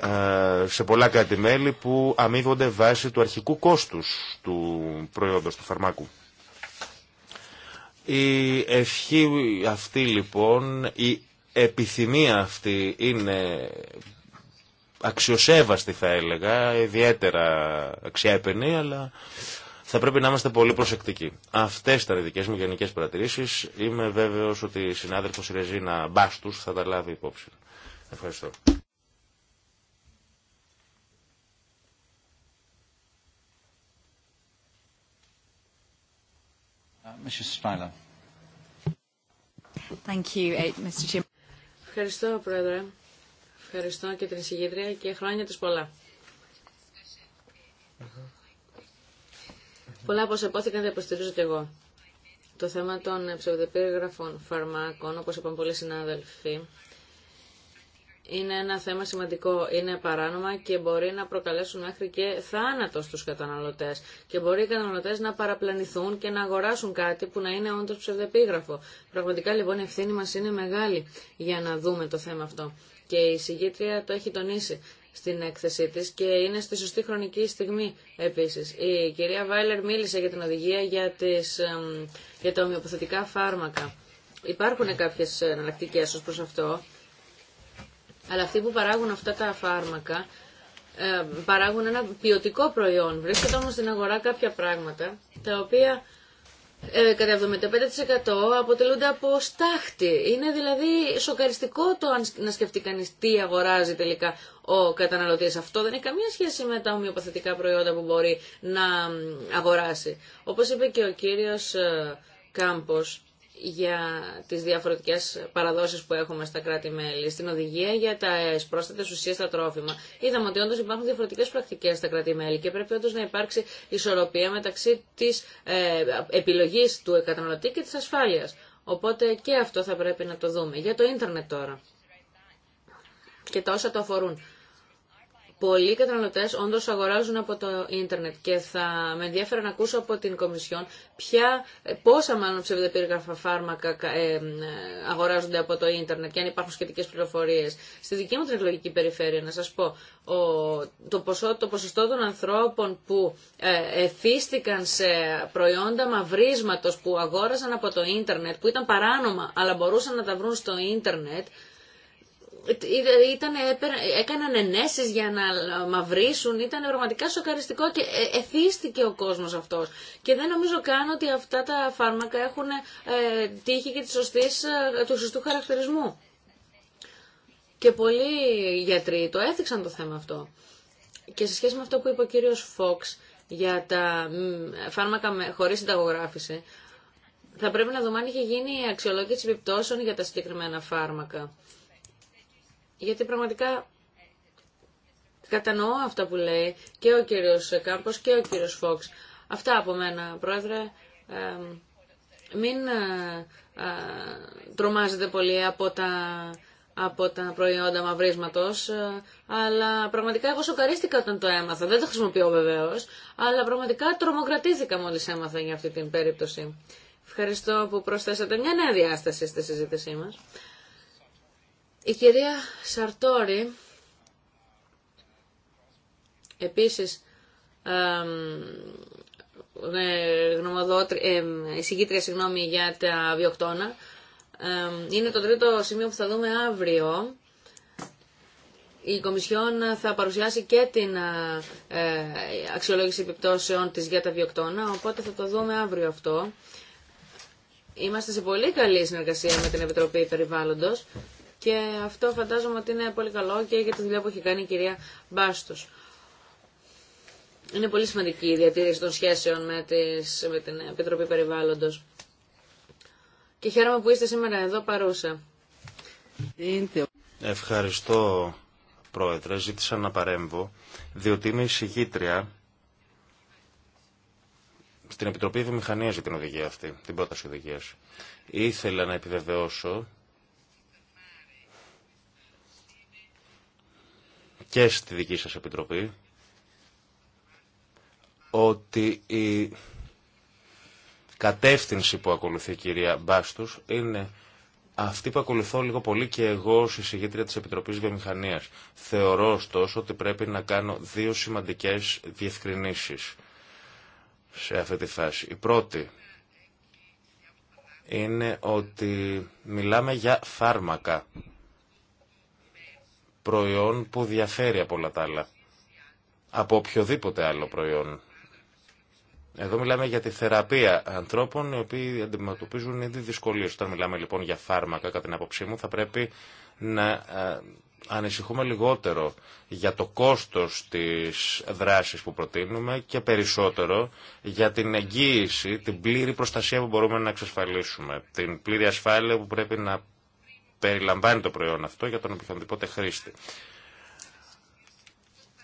ε, σε πολλα κατημέλη που αμείβονται βάσει του αρχικού κόστους του προϊόντος, του φαρμάκου. Η ευχή αυτή λοιπόν, η επιθυμία αυτή είναι αξιοσέβαστη θα έλεγα, ιδιαίτερα αξιέπαινη, αλλά θα πρέπει να είμαστε πολύ προσεκτικοί. Αυτέ ήταν οι δικέ μου γενικέ παρατηρήσει. Είμαι βέβαιο ότι η συνάδελφο Ρεζίνα Μπάστου θα τα λάβει υπόψη. Ευχαριστώ. Uh, eh, Ευχαριστώ, Πρόεδρε. Ευχαριστώ και την εισηγήτρια και χρόνια τους πολλά. Πολλά από όσα υπόθηκαν τα υποστηρίζω και εγώ. Το θέμα των ψευδεπίγραφων φαρμάκων, όπως είπαν πολλοί συνάδελφοι, είναι ένα θέμα σημαντικό. Είναι παράνομα και μπορεί να προκαλέσουν μέχρι και θάνατο στους καταναλωτές. Και μπορεί οι καταναλωτές να παραπλανηθούν και να αγοράσουν κάτι που να είναι όντως ψευδεπίγραφο. Πραγματικά λοιπόν η ευθύνη μας είναι μεγάλη για να δούμε το θέμα αυτό. Και η συγγήτρια το έχει τονίσει στην έκθεσή της και είναι στη σωστή χρονική στιγμή επίσης. Η κυρία Βάιλερ μίλησε για την οδηγία για, τις, για τα ομοιοποθετικά φάρμακα. Υπάρχουν κάποιες εναλλακτικέ ως προς αυτό, αλλά αυτοί που παράγουν αυτά τα φάρμακα παράγουν ένα ποιοτικό προϊόν. Βρίσκεται όμως στην αγορά κάποια πράγματα τα οποία ε, κατά 75% αποτελούνται από στάχτη. Είναι δηλαδή σοκαριστικό το να σκεφτεί κανείς τι αγοράζει τελικά ο καταναλωτής. Αυτό δεν έχει καμία σχέση με τα ομοιοπαθητικά προϊόντα που μπορεί να αγοράσει. Όπως είπε και ο κύριος ε, Κάμπος, για τις διαφορετικές παραδόσεις που έχουμε στα κράτη-μέλη, στην οδηγία για τα πρόσθετες ουσίες στα τρόφιμα. Είδαμε ότι όντως υπάρχουν διαφορετικές πρακτικές στα κράτη-μέλη και πρέπει όντως να υπάρξει ισορροπία μεταξύ της ε, επιλογής του καταναλωτή και της ασφάλειας. Οπότε και αυτό θα πρέπει να το δούμε. Για το ίντερνετ τώρα και τα όσα το αφορούν πολλοί καταναλωτέ όντω αγοράζουν από το ίντερνετ και θα με ενδιαφέρει να ακούσω από την Κομισιόν ποια, πόσα μάλλον ψευδεπίγραφα φάρμακα ε, αγοράζονται από το ίντερνετ και αν υπάρχουν σχετικέ πληροφορίε. Στη δική μου την εκλογική περιφέρεια, να σα πω, το, ποσό, το ποσοστό των ανθρώπων που ε, εθίστηκαν σε προϊόντα μαυρίσματο που αγόραζαν από το ίντερνετ, που ήταν παράνομα αλλά μπορούσαν να τα βρουν στο ίντερνετ, ήταν, έκαναν ενέσεις για να μαυρίσουν, ήταν πραγματικά σοκαριστικό και ε, εθίστηκε ο κόσμος αυτός. Και δεν νομίζω καν ότι αυτά τα φάρμακα έχουν ε, τύχη και της σωστής, ε, του σωστού χαρακτηρισμού. Και πολλοί γιατροί το έθιξαν το θέμα αυτό. Και σε σχέση με αυτό που είπε ο κύριος Φόξ για τα φάρμακα με, χωρίς συνταγογράφηση, θα πρέπει να δούμε αν είχε γίνει η αξιολόγηση επιπτώσεων για τα συγκεκριμένα φάρμακα γιατί πραγματικά κατανοώ αυτά που λέει και ο κύριος Κάμπος και ο κύριος Φόξ. Αυτά από μένα, Πρόεδρε. μην ε, ε, τρομάζετε πολύ από τα από τα προϊόντα μαυρίσματο, ε, αλλά πραγματικά εγώ σοκαρίστηκα όταν το έμαθα. Δεν το χρησιμοποιώ βεβαίω, αλλά πραγματικά τρομοκρατήθηκα μόλι έμαθα για αυτή την περίπτωση. Ευχαριστώ που προσθέσατε μια νέα διάσταση στη συζήτησή μα. Η κυρία Σαρτόρη επίσης εισηγήτρια συγγνώμη, για τα βιοκτώνα. Είναι το τρίτο σημείο που θα δούμε αύριο. Η Κομισιόν θα παρουσιάσει και την ε, αξιολόγηση επιπτώσεων της για τα βιοκτώνα, οπότε θα το δούμε αύριο αυτό. Είμαστε σε πολύ καλή συνεργασία με την Επιτροπή Περιβάλλοντος και αυτό φαντάζομαι ότι είναι πολύ καλό και για τη δουλειά που έχει κάνει η κυρία Μπάστος. Είναι πολύ σημαντική η διατήρηση των σχέσεων με, τις, με την Επιτροπή Περιβάλλοντος. Και χαίρομαι που είστε σήμερα εδώ παρούσα. Ευχαριστώ, Πρόεδρε. Ζήτησα να παρέμβω, διότι είμαι εισηγήτρια στην Επιτροπή Βιομηχανία για την οδηγία αυτή, την πρόταση οδηγία. Ήθελα να επιβεβαιώσω και στη δική σας επιτροπή ότι η κατεύθυνση που ακολουθεί η κυρία Μπάστους είναι αυτή που ακολουθώ λίγο πολύ και εγώ ως εισηγήτρια της Επιτροπής Βιομηχανίας. Θεωρώ ωστόσο ότι πρέπει να κάνω δύο σημαντικές διευκρινήσεις σε αυτή τη φάση. Η πρώτη είναι ότι μιλάμε για φάρμακα προϊόν που διαφέρει από όλα τα άλλα. Από οποιοδήποτε άλλο προϊόν. Εδώ μιλάμε για τη θεραπεία ανθρώπων οι οποίοι αντιμετωπίζουν ήδη δυσκολίε. Όταν μιλάμε λοιπόν για φάρμακα, κατά την άποψή μου, θα πρέπει να ε, ανησυχούμε λιγότερο για το κόστος της δράσης που προτείνουμε και περισσότερο για την εγγύηση, την πλήρη προστασία που μπορούμε να εξασφαλίσουμε, την πλήρη ασφάλεια που πρέπει να περιλαμβάνει το προϊόν αυτό για τον οποιοδήποτε χρήστη.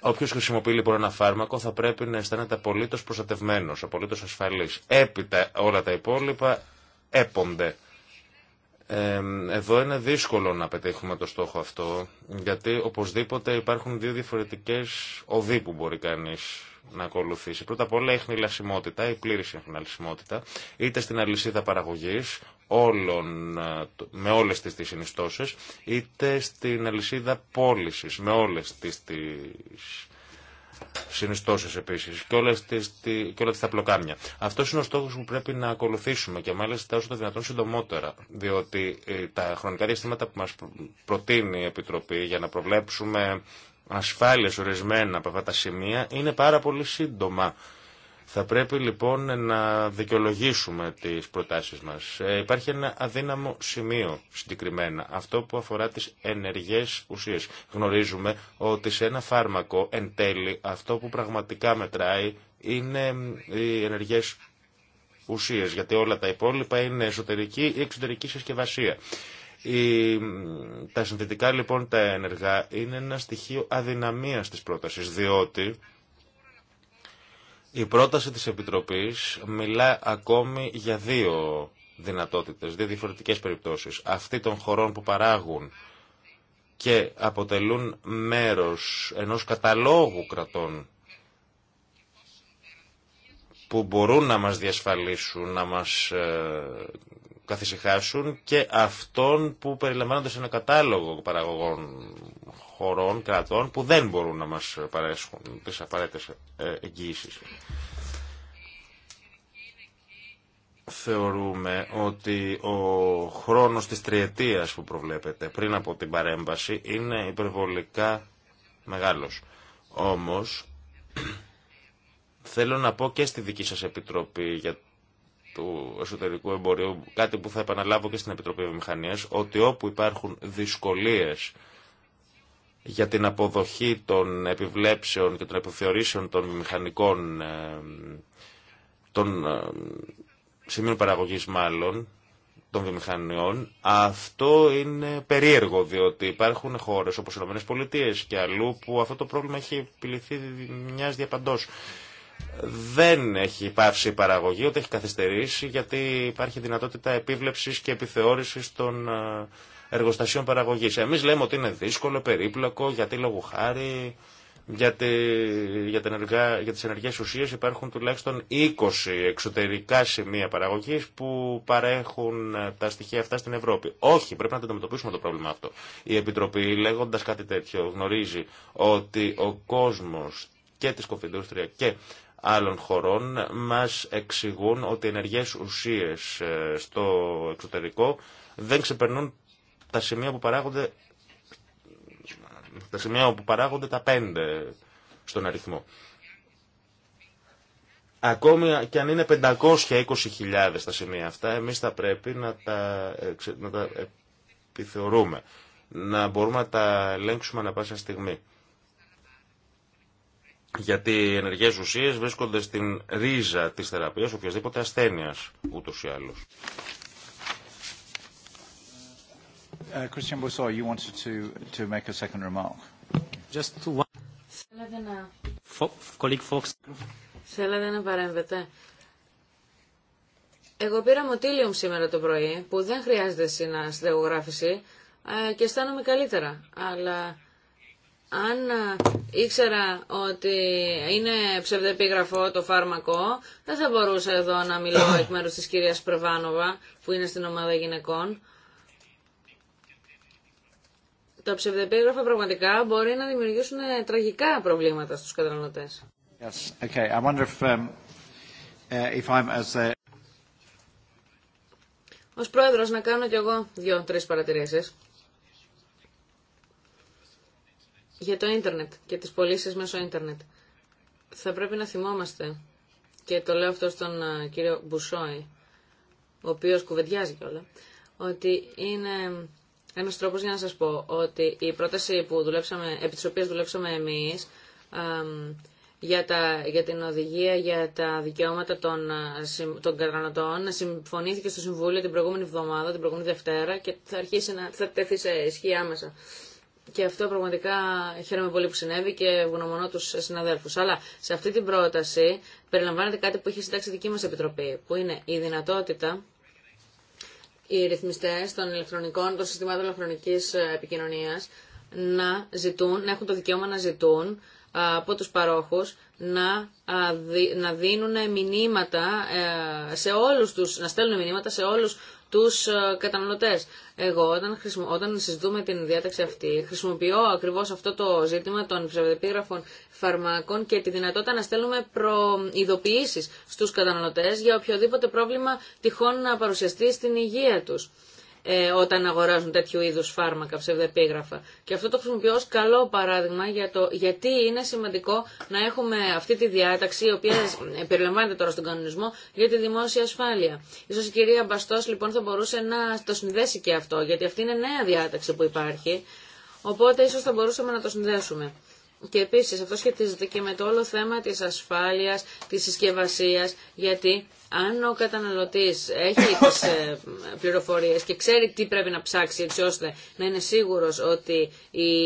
Όποιο χρησιμοποιεί λοιπόν ένα φάρμακο θα πρέπει να αισθάνεται απολύτω προστατευμένο, απολύτω ασφαλή. Έπειτα όλα τα υπόλοιπα έπονται. Εδώ είναι δύσκολο να πετύχουμε το στόχο αυτό, γιατί οπωσδήποτε υπάρχουν δύο διαφορετικέ οδοί που μπορεί κανεί να ακολουθήσει. Πρώτα απ' όλα η χνηλασιμότητα, η πλήρη χνηλασιμότητα, είτε στην αλυσίδα παραγωγή όλων, με όλες τις, τις συνιστώσεις, είτε στην αλυσίδα πώληση με όλες τις, τις συνιστώσεις επίσης και, όλες τις, και όλα τα πλοκάμια. Αυτός είναι ο στόχος που πρέπει να ακολουθήσουμε και μάλιστα όσο το δυνατόν συντομότερα, διότι ε, τα χρονικά διαστήματα που μας προτείνει η Επιτροπή για να προβλέψουμε ασφάλειες ορισμένα από αυτά τα σημεία είναι πάρα πολύ σύντομα θα πρέπει λοιπόν να δικαιολογήσουμε τις προτάσεις μας. Ε, υπάρχει ένα αδύναμο σημείο συγκεκριμένα, αυτό που αφορά τις ενεργές ουσίες. Γνωρίζουμε ότι σε ένα φάρμακο εν τέλει αυτό που πραγματικά μετράει είναι οι ενεργές ουσίες, γιατί όλα τα υπόλοιπα είναι εσωτερική ή εξωτερική συσκευασία. Τα συνθετικά λοιπόν τα ενεργά είναι ένα στοιχείο αδυναμίας της πρότασης, διότι η πρόταση της Επιτροπής μιλά ακόμη για δύο δυνατότητες, δύο διαφορετικές περιπτώσεις. Αυτοί των χωρών που παράγουν και αποτελούν μέρος ενός καταλόγου κρατών που μπορούν να μας διασφαλίσουν, να μας ε, καθησυχάσουν και αυτών που περιλαμβάνονται σε ένα κατάλογο παραγωγών χωρών, κρατών που δεν μπορούν να μας παρέσχουν τις απαραίτητες ε, εγγύησεις. Θεωρούμε ότι ο χρόνος της τριετίας που προβλέπεται πριν από την παρέμβαση είναι υπερβολικά μεγάλος. Όμως, θέλω να πω και στη δική σας επιτροπή για του εσωτερικού εμπορίου, κάτι που θα επαναλάβω και στην Επιτροπή Βιομηχανίας, ότι όπου υπάρχουν δυσκολίες για την αποδοχή των επιβλέψεων και των επιθεωρήσεων των μηχανικών ε, των ε, σημείων παραγωγής μάλλον, των βιομηχανιών, αυτό είναι περίεργο, διότι υπάρχουν χώρες όπως οι ΗΠΑ και αλλού που αυτό το πρόβλημα έχει επιληθεί μιας διαπαντός δεν έχει παύσει η παραγωγή, ούτε έχει καθυστερήσει, γιατί υπάρχει δυνατότητα επίβλεψης και επιθεώρησης των ε, εργοστασίων παραγωγής. Εμείς λέμε ότι είναι δύσκολο, περίπλοκο, γιατί λόγω χάρη, για, για, για τις ενεργές ουσίες υπάρχουν τουλάχιστον 20 εξωτερικά σημεία παραγωγής που παρέχουν ε, τα στοιχεία αυτά στην Ευρώπη. Όχι, πρέπει να αντιμετωπίσουμε το πρόβλημα αυτό. Η Επιτροπή λέγοντας κάτι τέτοιο γνωρίζει ότι ο κόσμος και τη κοφιντούστρια και άλλων χωρών μας εξηγούν ότι οι ενεργές ουσίες ε, στο εξωτερικό δεν ξεπερνούν τα σημεία που παράγονται τα σημεία που παράγονται τα πέντε στον αριθμό. Ακόμη και αν είναι 520.000 τα σημεία αυτά, εμείς θα πρέπει να τα, ε, να τα επιθεωρούμε. Να μπορούμε να τα ελέγξουμε ανα πάσα στιγμή. Γιατί οι ενεργές ουσίες βρίσκονται στην ρίζα της θεραπείας οποιασδήποτε ασθένειας ούτως ή άλλως. Θέλετε να παρέμβετε. Εγώ πήρα μοτίλιουμ σήμερα το πρωί που δεν χρειάζεται συναστεγογράφηση ε, και αισθάνομαι καλύτερα. Αλλά αν ε, ήξερα ότι είναι ψευδεπίγραφο το φάρμακο, δεν θα μπορούσα εδώ να μιλώ εκ μέρους της κυρίας Πρεβάνοβα, που είναι στην ομάδα γυναικών. Τα ψευδεπίγραφα πραγματικά μπορεί να δημιουργήσουν ε, τραγικά προβλήματα στους καταναλωτές. Yes. Okay. Um, uh, uh, Ως πρόεδρος να κάνω κι εγώ δύο-τρεις παρατηρήσεις. για το ίντερνετ και τις πωλήσει μέσω ίντερνετ. Θα πρέπει να θυμόμαστε, και το λέω αυτό στον ε, κύριο Μπουσόη, ο οποίος κουβεντιάζει κιόλα, ότι είναι ένας τρόπος για να σας πω ότι η πρόταση που δουλέψαμε, επί της οποίας δουλέψαμε εμείς, για, τα, για την οδηγία για τα δικαιώματα των, ε, των καταναλωτών συμφωνήθηκε στο Συμβούλιο την προηγούμενη εβδομάδα, την προηγούμενη Δευτέρα και θα αρχίσει να θα τεθεί σε ισχύ άμεσα. Και αυτό πραγματικά χαίρομαι πολύ που συνέβη και ευγνωμονώ του συναδέλφου. Αλλά σε αυτή την πρόταση περιλαμβάνεται κάτι που έχει συντάξει δική μα επιτροπή, που είναι η δυνατότητα οι ρυθμιστέ των, ηλεκτρονικών, των συστημάτων ηλεκτρονική ε, επικοινωνία να ζητούν, να έχουν το δικαίωμα να ζητούν από τους παρόχους να, να δίνουν μηνύματα ε, σε όλους τους, να στέλνουν μηνύματα σε όλου τους ε, καταναλωτές. Εγώ όταν, όταν συζητούμε την διάταξη αυτή χρησιμοποιώ ακριβώς αυτό το ζήτημα των ψευδεπίγραφων φαρμάκων και τη δυνατότητα να στέλνουμε προειδοποιήσεις στους καταναλωτές για οποιοδήποτε πρόβλημα τυχόν να παρουσιαστεί στην υγεία τους. Ε, όταν αγοράζουν τέτοιου είδου φάρμακα, ψευδεπίγραφα. Και αυτό το χρησιμοποιώ ως καλό παράδειγμα για το γιατί είναι σημαντικό να έχουμε αυτή τη διάταξη, η οποία περιλαμβάνεται τώρα στον κανονισμό, για τη δημόσια ασφάλεια. Ίσως η κυρία Μπαστός λοιπόν θα μπορούσε να το συνδέσει και αυτό, γιατί αυτή είναι νέα διάταξη που υπάρχει, οπότε ίσω θα μπορούσαμε να το συνδέσουμε. Και επίση αυτό σχετίζεται και με το όλο θέμα τη ασφάλεια, τη συσκευασία, γιατί αν ο καταναλωτής έχει τις ε, πληροφορίες και ξέρει τι πρέπει να ψάξει έτσι ώστε να είναι σίγουρος ότι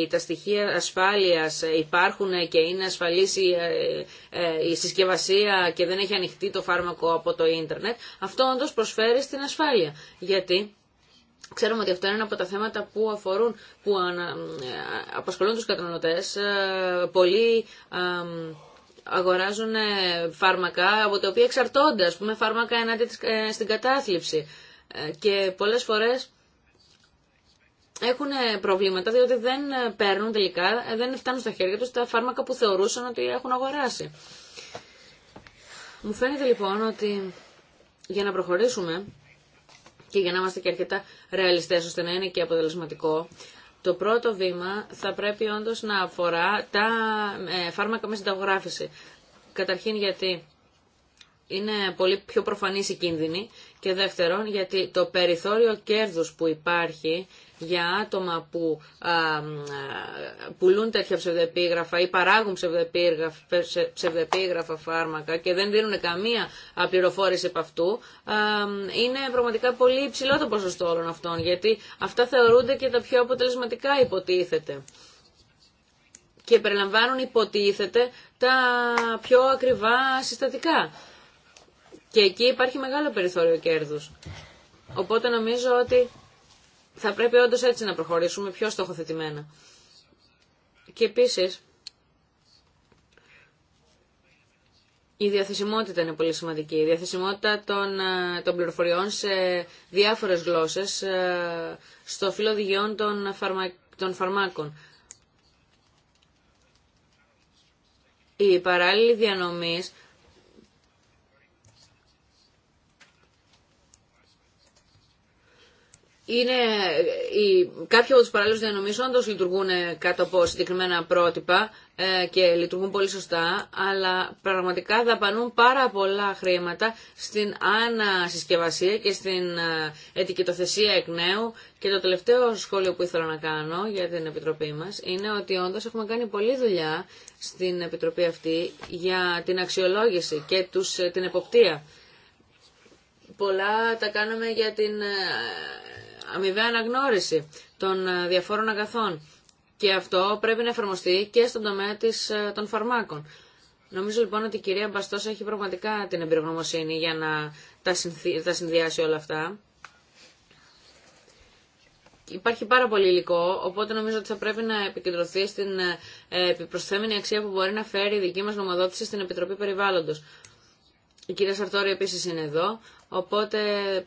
τα στοιχεία ασφάλειας υπάρχουν και είναι ασφαλή ε, ε, η συσκευασία και δεν έχει ανοιχτεί το φάρμακο από το ίντερνετ, αυτό όντω προσφέρει στην ασφάλεια. Γιατί Ξέρουμε ότι αυτό είναι ένα από τα θέματα που αφορούν, που απασχολούν τους καταναλωτές πολύ αγοράζουν ε, φάρμακα από τα οποία εξαρτώνται, ας πούμε, φάρμακα ενάντια ε, στην κατάθλιψη. Ε, και πολλές φορές έχουν προβλήματα διότι δεν παίρνουν τελικά, δεν φτάνουν στα χέρια τους τα φάρμακα που θεωρούσαν ότι έχουν αγοράσει. Μου φαίνεται λοιπόν ότι για να προχωρήσουμε και για να είμαστε και αρκετά ρεαλιστές ώστε να είναι και αποτελεσματικό, το πρώτο βήμα θα πρέπει όντως να αφορά τα ε, φάρμακα με συνταγογράφηση. Καταρχήν γιατί είναι πολύ πιο προφανής η κίνδυνη και δεύτερον γιατί το περιθώριο κέρδους που υπάρχει για άτομα που πουλούν τέτοια ψευδεπίγραφα ή παράγουν ψευδεπίγραφα φάρμακα και δεν δίνουν καμία πληροφόρηση από αυτού, είναι πραγματικά πολύ υψηλό το ποσοστό όλων αυτών, γιατί αυτά θεωρούνται και τα πιο αποτελεσματικά υποτίθεται. Και περιλαμβάνουν υποτίθεται τα πιο ακριβά συστατικά. Και εκεί υπάρχει μεγάλο περιθώριο κέρδους. Οπότε νομίζω ότι θα πρέπει όντω έτσι να προχωρήσουμε πιο στοχοθετημένα. Και επίση, η διαθεσιμότητα είναι πολύ σημαντική. Η διαθεσιμότητα των, ε, των πληροφοριών σε διάφορες γλώσσες ε, στο φύλλο οδηγιών των, φαρμα, των φαρμάκων. Η παράλληλη διανομής είναι οι, κάποιοι από τους παράλληλου διανομής όντως λειτουργούν ε, κάτω από συγκεκριμένα πρότυπα ε, και λειτουργούν πολύ σωστά, αλλά πραγματικά δαπανούν πάρα πολλά χρήματα στην ανασυσκευασία και στην ε, ετικετοθεσία εκ νέου. Και το τελευταίο σχόλιο που ήθελα να κάνω για την Επιτροπή μας είναι ότι όντω έχουμε κάνει πολλή δουλειά στην Επιτροπή αυτή για την αξιολόγηση και τους, την εποπτεία. Πολλά τα κάναμε για την αμοιβαία αναγνώριση των ε, διαφόρων αγαθών. Και αυτό πρέπει να εφαρμοστεί και στον τομέα της, ε, των φαρμάκων. Νομίζω λοιπόν ότι η κυρία Μπαστός έχει πραγματικά την εμπειρογνωμοσύνη για να τα, συνδυάσει όλα αυτά. Υπάρχει πάρα πολύ υλικό, οπότε νομίζω ότι θα πρέπει να επικεντρωθεί στην ε, επιπροσθέμενη προσθέμενη αξία που μπορεί να φέρει η δική μας νομοδότηση στην Επιτροπή Περιβάλλοντος. Η κυρία Σαρτόρη επίσης είναι εδώ, οπότε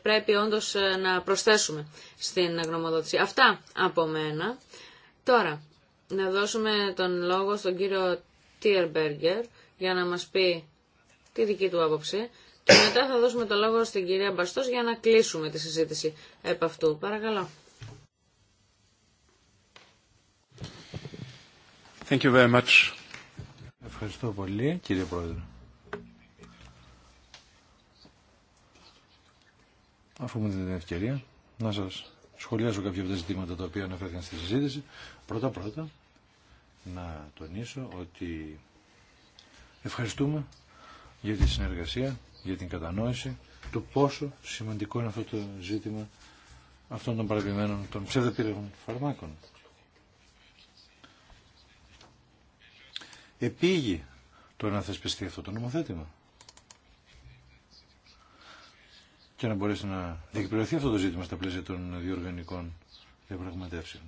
πρέπει όντως ε, να προσθέσουμε στην γνωμοδότηση. Αυτά από μένα. Τώρα, να δώσουμε τον λόγο στον κύριο Τίερμπεργκερ για να μας πει τη δική του άποψη και μετά θα δώσουμε τον λόγο στην κυρία Μπαστός για να κλείσουμε τη συζήτηση επ' αυτού. Παρακαλώ. Ευχαριστώ πολύ κύριε Πρόεδρε. αφού μου δίνετε την ευκαιρία να σας σχολιάσω κάποια από τα ζητήματα τα οποία αναφέρθηκαν στη συζήτηση. Πρώτα πρώτα να τονίσω ότι ευχαριστούμε για τη συνεργασία, για την κατανόηση του πόσο σημαντικό είναι αυτό το ζήτημα αυτών των παραπημένων των ψευδεπήρεγων φαρμάκων. Επίγει το να θεσπιστεί αυτό το νομοθέτημα. και να μπορέσει να διεκπληρωθεί αυτό το ζήτημα στα πλαίσια των διοργανικών διαπραγματεύσεων.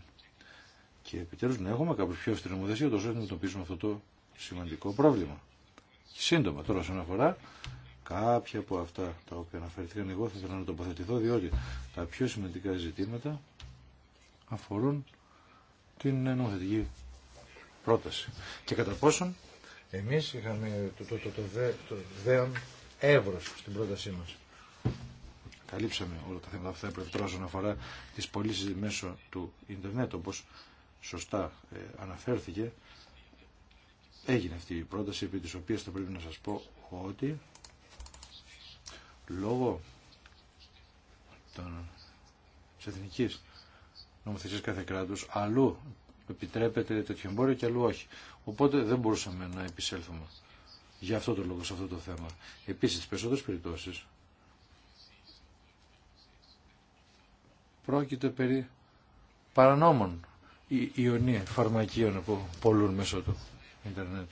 Και επιτέλου να έχουμε κάποιο πιο αυστηρή νομοθεσία, τόσο να αντιμετωπίσουμε αυτό το σημαντικό πρόβλημα. Σύντομα, τώρα όσον αφορά κάποια από αυτά τα οποία αναφέρθηκαν, εγώ θα ήθελα να τοποθετηθώ, διότι τα πιο σημαντικά ζητήματα αφορούν την νομοθετική πρόταση. Και κατά πόσον εμείς είχαμε το, το, το, το, το δέον εύρος στην πρότασή μας καλύψαμε όλα τα θέματα αυτά που τώρα όσον αφορά τις πωλήσει μέσω του ίντερνετ όπως σωστά ε, αναφέρθηκε έγινε αυτή η πρόταση επί της οποίας θα πρέπει να σας πω ότι λόγω των, της εθνικής νομοθεσίας κάθε κράτους αλλού επιτρέπεται τέτοιο εμπόριο και αλλού όχι. Οπότε δεν μπορούσαμε να επισέλθουμε για αυτό το λόγο σε αυτό το θέμα. Επίσης, στις περισσότερες περιπτώσεις πρόκειται περί παρανόμων ιονίων φαρμακείων που πολλούν μέσω του ίντερνετ.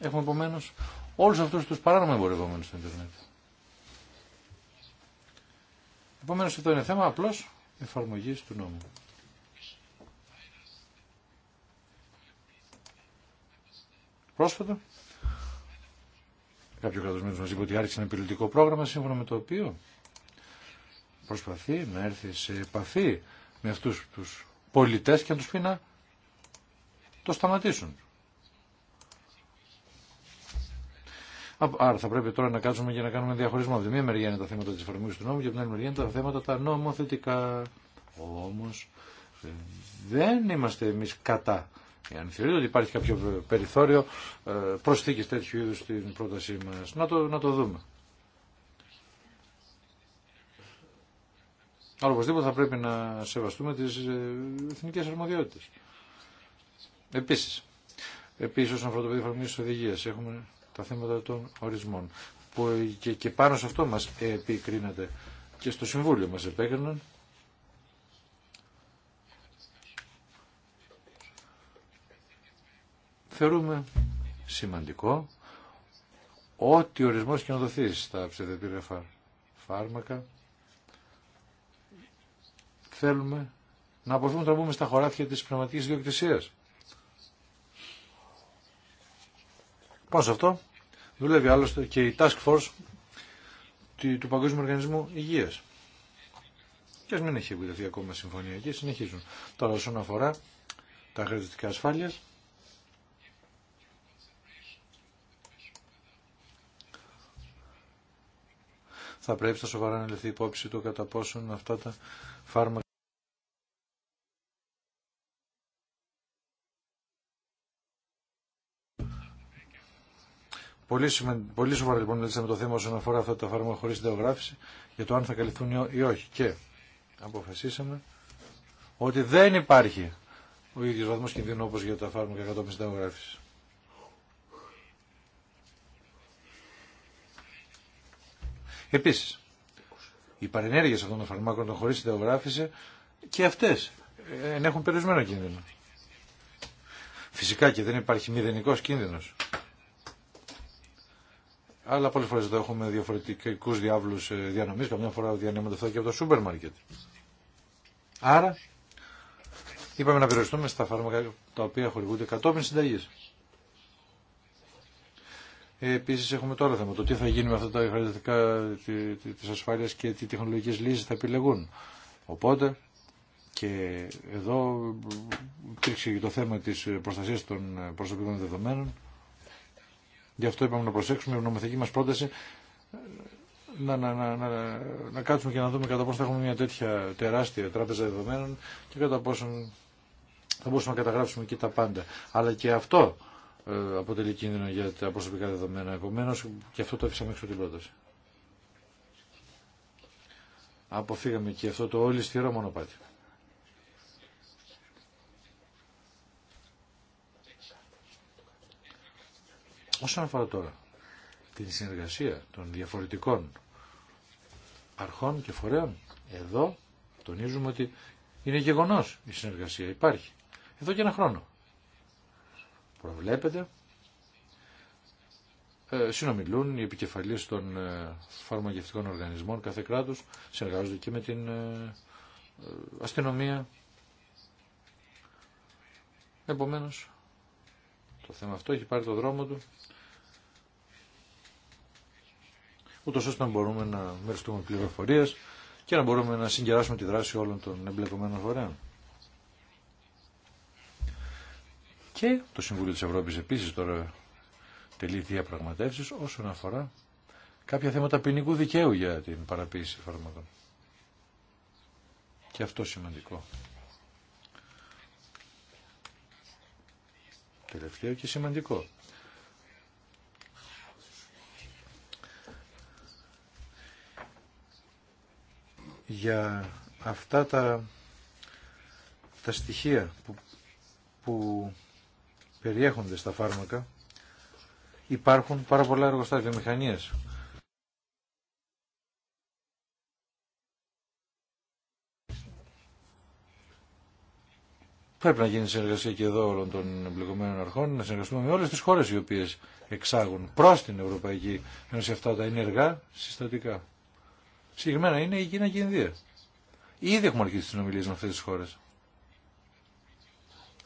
Έχουμε επομένω όλου αυτού του παράνομα εμπορευόμενου στο Ιντερνετ. Επομένω αυτό είναι θέμα απλώ εφαρμογή του νόμου. Πρόσφατα, κάποιο κρατοσμένος μας είπε ότι άρχισε ένα πιλωτικό πρόγραμμα σύμφωνα με το οποίο προσπαθεί να έρθει σε επαφή με αυτούς τους πολιτές και να τους πει να το σταματήσουν. Άρα θα πρέπει τώρα να κάτσουμε και να κάνουμε διαχωρισμό. Από τη μία μεριά είναι τα θέματα της εφαρμογής του νόμου και από την άλλη μεριά είναι τα θέματα τα νομοθετικά. Όμως ε, δεν είμαστε εμείς κατά. αν θεωρείτε ότι υπάρχει κάποιο ε, περιθώριο ε, προσθήκης τέτοιου είδους στην πρότασή μας, να το, να το δούμε. Αλλά οπωσδήποτε θα πρέπει να σεβαστούμε τις ε, εθνικές αρμοδιότητες. Επίσης, επίσης όσον αφορά το παιδί εφαρμογής οδηγίας, έχουμε τα θέματα των ορισμών. Που ε, και, και πάνω σε αυτό μας επικρίνεται και στο Συμβούλιο μας επέκριναν. Θεωρούμε σημαντικό ότι ο ορισμός και στα ψευδεπίγραφα φάρμακα θέλουμε να αποφύγουμε να μπούμε στα χωράφια της πνευματικής διοκτησίας. Πάνω σε αυτό δουλεύει άλλωστε και η Task Force του Παγκόσμιου Οργανισμού Υγείας. Και ας μην έχει επιδοθεί ακόμα συμφωνία και συνεχίζουν. Τώρα όσον αφορά τα χαρακτηριστικά ασφάλεια. θα πρέπει στα σοβαρά να λεφθεί υπόψη το κατά πόσον αυτά τα φάρμακα Πολύ, πολύ σοβαρά λοιπόν λύσαμε το θέμα όσον αφορά αυτό το φάρμακο χωρί συνταγογράφηση για το αν θα καλυφθούν ή όχι. Και αποφασίσαμε ότι δεν υπάρχει ο ίδιο βαθμό κινδύνου όπω για τα φάρμακα κατόπιν συνταγογράφηση. Επίσης, οι παρενέργειε αυτών των φαρμάκων των χωρί συνταγογράφηση και αυτές ε, ενέχουν περιορισμένο κίνδυνο. Φυσικά και δεν υπάρχει μηδενικό κίνδυνο αλλά πολλέ φορέ εδώ έχουμε διαφορετικούς διάβλους ε, διανομής, καμιά φορά διανέμονται αυτά και από το σούπερ μάρκετ. Άρα, είπαμε να περιοριστούμε στα φάρμακα τα οποία χορηγούνται κατόπιν συνταγή. Ε, Επίση, έχουμε τώρα θέμα το τι θα γίνει με αυτά τα χαρακτηριστικά τη ασφάλεια και τι τεχνολογικέ λύσει θα επιλεγούν. Οπότε, και εδώ υπήρξε και το θέμα της προστασίας των προσωπικών δεδομένων. Γι' αυτό είπαμε να προσέξουμε η νομοθετική μας πρόταση να, να, να, να, να κάτσουμε και να δούμε κατά πόσο θα έχουμε μια τέτοια τεράστια τράπεζα δεδομένων και κατά πόσο θα μπορούσαμε να καταγράψουμε και τα πάντα. Αλλά και αυτό ε, αποτελεί κίνδυνο για τα προσωπικά δεδομένα. Επομένως και αυτό το αφήσαμε έξω την πρόταση. Αποφύγαμε και αυτό το όλη στήρο μονοπάτι. Όσον αφορά τώρα την συνεργασία των διαφορετικών αρχών και φορέων, εδώ τονίζουμε ότι είναι γεγονός η συνεργασία, υπάρχει. Εδώ και ένα χρόνο. Προβλέπεται, ε, συνομιλούν οι επικεφαλής των ε, φαρμακευτικών οργανισμών κάθε κράτους, συνεργάζονται και με την ε, αστυνομία. Επομένως, το θέμα αυτό έχει πάρει το δρόμο του ούτω ώστε να μπορούμε να μοιραστούμε πληροφορίε και να μπορούμε να συγκεράσουμε τη δράση όλων των εμπλεκομένων φορέων. Και το Συμβούλιο της Ευρώπης επίσης τώρα τελεί διαπραγματεύσεις όσον αφορά κάποια θέματα ποινικού δικαίου για την παραποίηση φαρμακών. Και αυτό σημαντικό. τελευταίο και σημαντικό. Για αυτά τα, τα στοιχεία που, που περιέχονται στα φάρμακα υπάρχουν πάρα πολλά εργοστάσια μηχανίες. Πρέπει να γίνει συνεργασία και εδώ όλων των εμπλεκομένων αρχών, να συνεργαστούμε με όλε τι χώρε οι οποίε εξάγουν προ την Ευρωπαϊκή Ένωση αυτά τα ενεργά συστατικά. Συγκεκριμένα είναι η Κίνα και η Ινδία. Ήδη έχουμε αρχίσει συνομιλίε με αυτέ τι χώρε.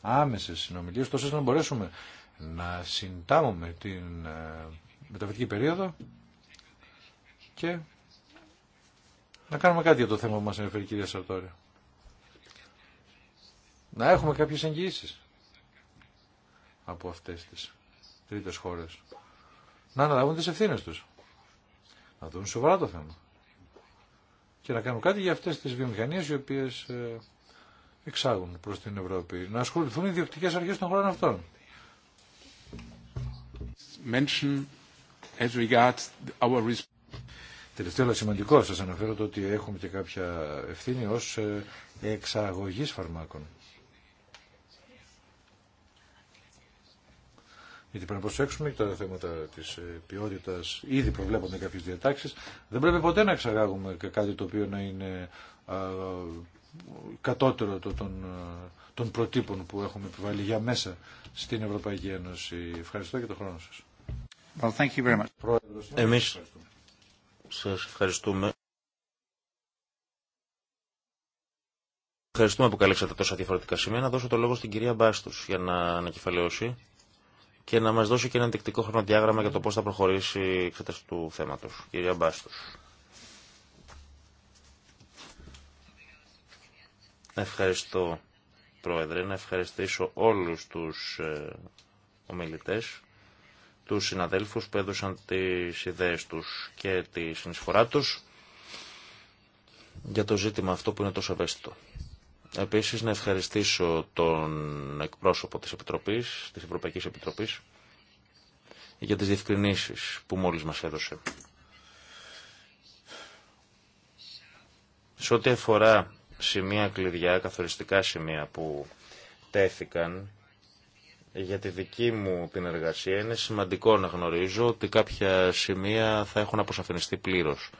Άμεσε συνομιλίε, τόσο ώστε να μπορέσουμε να συντάμουμε την ε, μεταβατική περίοδο και να κάνουμε κάτι για το θέμα που μα ενδιαφέρει η κυρία Σαρτόρια να έχουμε κάποιες εγγυήσεις από αυτές τις τρίτες χώρες. Να αναλάβουν τις ευθύνες τους. Να δουν σοβαρά το θέμα. Και να κάνουν κάτι για αυτές τις βιομηχανίες οι οποίες ε, εξάγουν προς την Ευρώπη. Να ασχοληθούν οι διοκτικές αρχές των χωρών αυτών. Menschen Τελευταίο αλλά σημαντικό, σας αναφέρω το ότι έχουμε και κάποια ευθύνη ως ε, εξαγωγής φαρμάκων. Γιατί πρέπει να προσέξουμε και τα θέματα τη ε, ποιότητα. Ήδη προβλέπονται κάποιε διατάξει. Δεν πρέπει ποτέ να εξαγάγουμε κάτι το οποίο να είναι κατώτερο των, ε, των προτύπων που έχουμε επιβάλει για μέσα στην Ευρωπαϊκή Ένωση. Ευχαριστώ για τον χρόνο σα. Well, thank Εμείς σας ευχαριστούμε. Ευχαριστούμε που καλύψατε τόσα διαφορετικά σημεία. Να δώσω το λόγο στην κυρία Μπάστους για να ανακεφαλαιώσει και να μας δώσει και ένα ενδεικτικό χρονοδιάγραμμα για το πώς θα προχωρήσει η εξέταση του θέματος. Κυρία Μπάστος. Ευχαριστώ, Πρόεδρε, να ευχαριστήσω όλους τους ε, ομιλητές, τους συναδέλφους που έδωσαν τις ιδέες τους και τη συνεισφορά τους για το ζήτημα αυτό που είναι τόσο ευαίσθητο. Επίσης να ευχαριστήσω τον εκπρόσωπο της Επιτροπής, της Ευρωπαϊκής Επιτροπής, για τις διευκρινήσεις που μόλις μας έδωσε. Σε ό,τι αφορά σημεία κλειδιά, καθοριστικά σημεία που τέθηκαν, για τη δική μου την εργασία είναι σημαντικό να γνωρίζω ότι κάποια σημεία θα έχουν αποσαφινιστεί πλήρως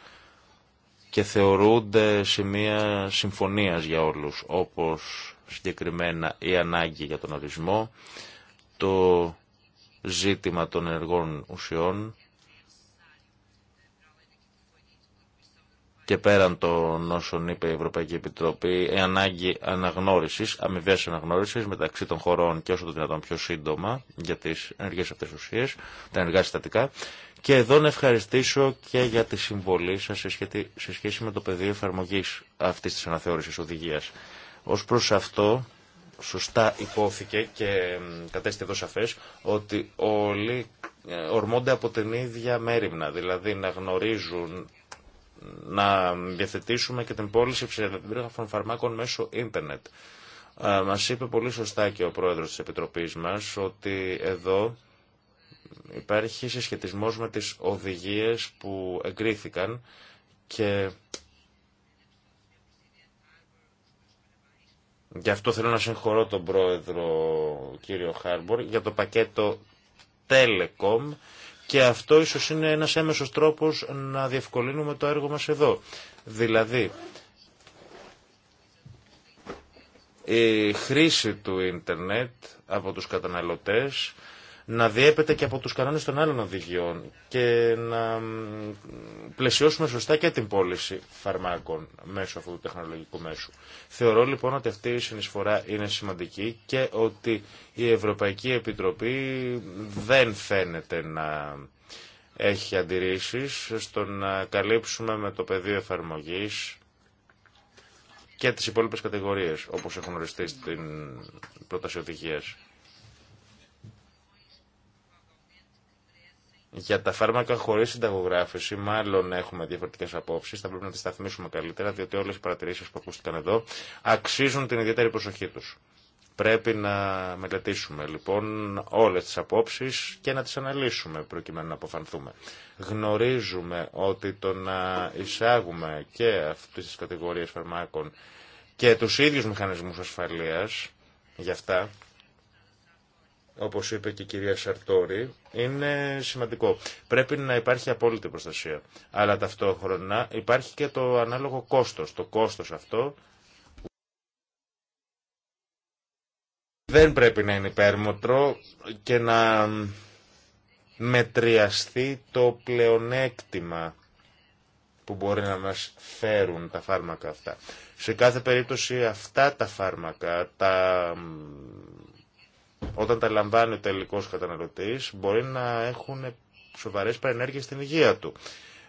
και θεωρούνται σημεία συμφωνίας για όλους, όπως συγκεκριμένα η ανάγκη για τον ορισμό, το ζήτημα των ενεργών ουσιών και πέραν των όσων είπε η Ευρωπαϊκή Επιτροπή, η ανάγκη αναγνώρισης, αμοιβές αναγνώρισης μεταξύ των χωρών και όσο το δυνατόν πιο σύντομα για τις ενεργές αυτές ουσίες, τα ενεργά συστατικά και εδώ να ευχαριστήσω και για τη συμβολή σας σε σχέση με το πεδίο εφαρμογή αυτής της αναθεώρησης οδηγίας. Ω προς αυτό, σωστά υπόθηκε και κατέστη εδώ σαφέ ότι όλοι ε, ορμώνται από την ίδια μέρημνα, δηλαδή να γνωρίζουν να διαθετήσουμε και την πώληση ψηφιακών φαρμάκων μέσω ίντερνετ. Ε, μα είπε πολύ σωστά και ο πρόεδρο τη Επιτροπή μα ότι εδώ υπάρχει συσχετισμός με τις οδηγίες που εγκρίθηκαν και γι' αυτό θέλω να συγχωρώ τον πρόεδρο κύριο Χάρμπορ για το πακέτο Telecom και αυτό ίσως είναι ένας έμεσος τρόπος να διευκολύνουμε το έργο μας εδώ. Δηλαδή, η χρήση του ίντερνετ από τους καταναλωτές να διέπεται και από τους κανόνες των άλλων οδηγιών και να πλαισιώσουμε σωστά και την πώληση φαρμάκων μέσω αυτού του τεχνολογικού μέσου. Θεωρώ λοιπόν ότι αυτή η συνεισφορά είναι σημαντική και ότι η Ευρωπαϊκή Επιτροπή δεν φαίνεται να έχει αντιρρήσεις στο να καλύψουμε με το πεδίο εφαρμογής και τις υπόλοιπες κατηγορίες όπως έχουν οριστεί στην πρόταση οδηγίας. Για τα φάρμακα χωρί συνταγογράφηση, μάλλον έχουμε διαφορετικέ απόψει. Θα πρέπει να τι σταθμίσουμε καλύτερα, διότι όλε οι παρατηρήσει που ακούστηκαν εδώ αξίζουν την ιδιαίτερη προσοχή του. Πρέπει να μελετήσουμε λοιπόν όλες τις απόψεις και να τις αναλύσουμε προκειμένου να αποφανθούμε. Γνωρίζουμε ότι το να εισάγουμε και αυτές τις κατηγορίες φαρμάκων και τους ίδιους μηχανισμούς ασφαλείας για αυτά όπως είπε και η κυρία Σαρτόρη, είναι σημαντικό. Πρέπει να υπάρχει απόλυτη προστασία. Αλλά ταυτόχρονα υπάρχει και το ανάλογο κόστος. Το κόστος αυτό δεν πρέπει να είναι υπέρμοτρο και να μετριαστεί το πλεονέκτημα που μπορεί να μας φέρουν τα φάρμακα αυτά. Σε κάθε περίπτωση αυτά τα φάρμακα, τα όταν τα λαμβάνει ο τελικό καταναλωτή, μπορεί να έχουν σοβαρέ παρενέργειε στην υγεία του.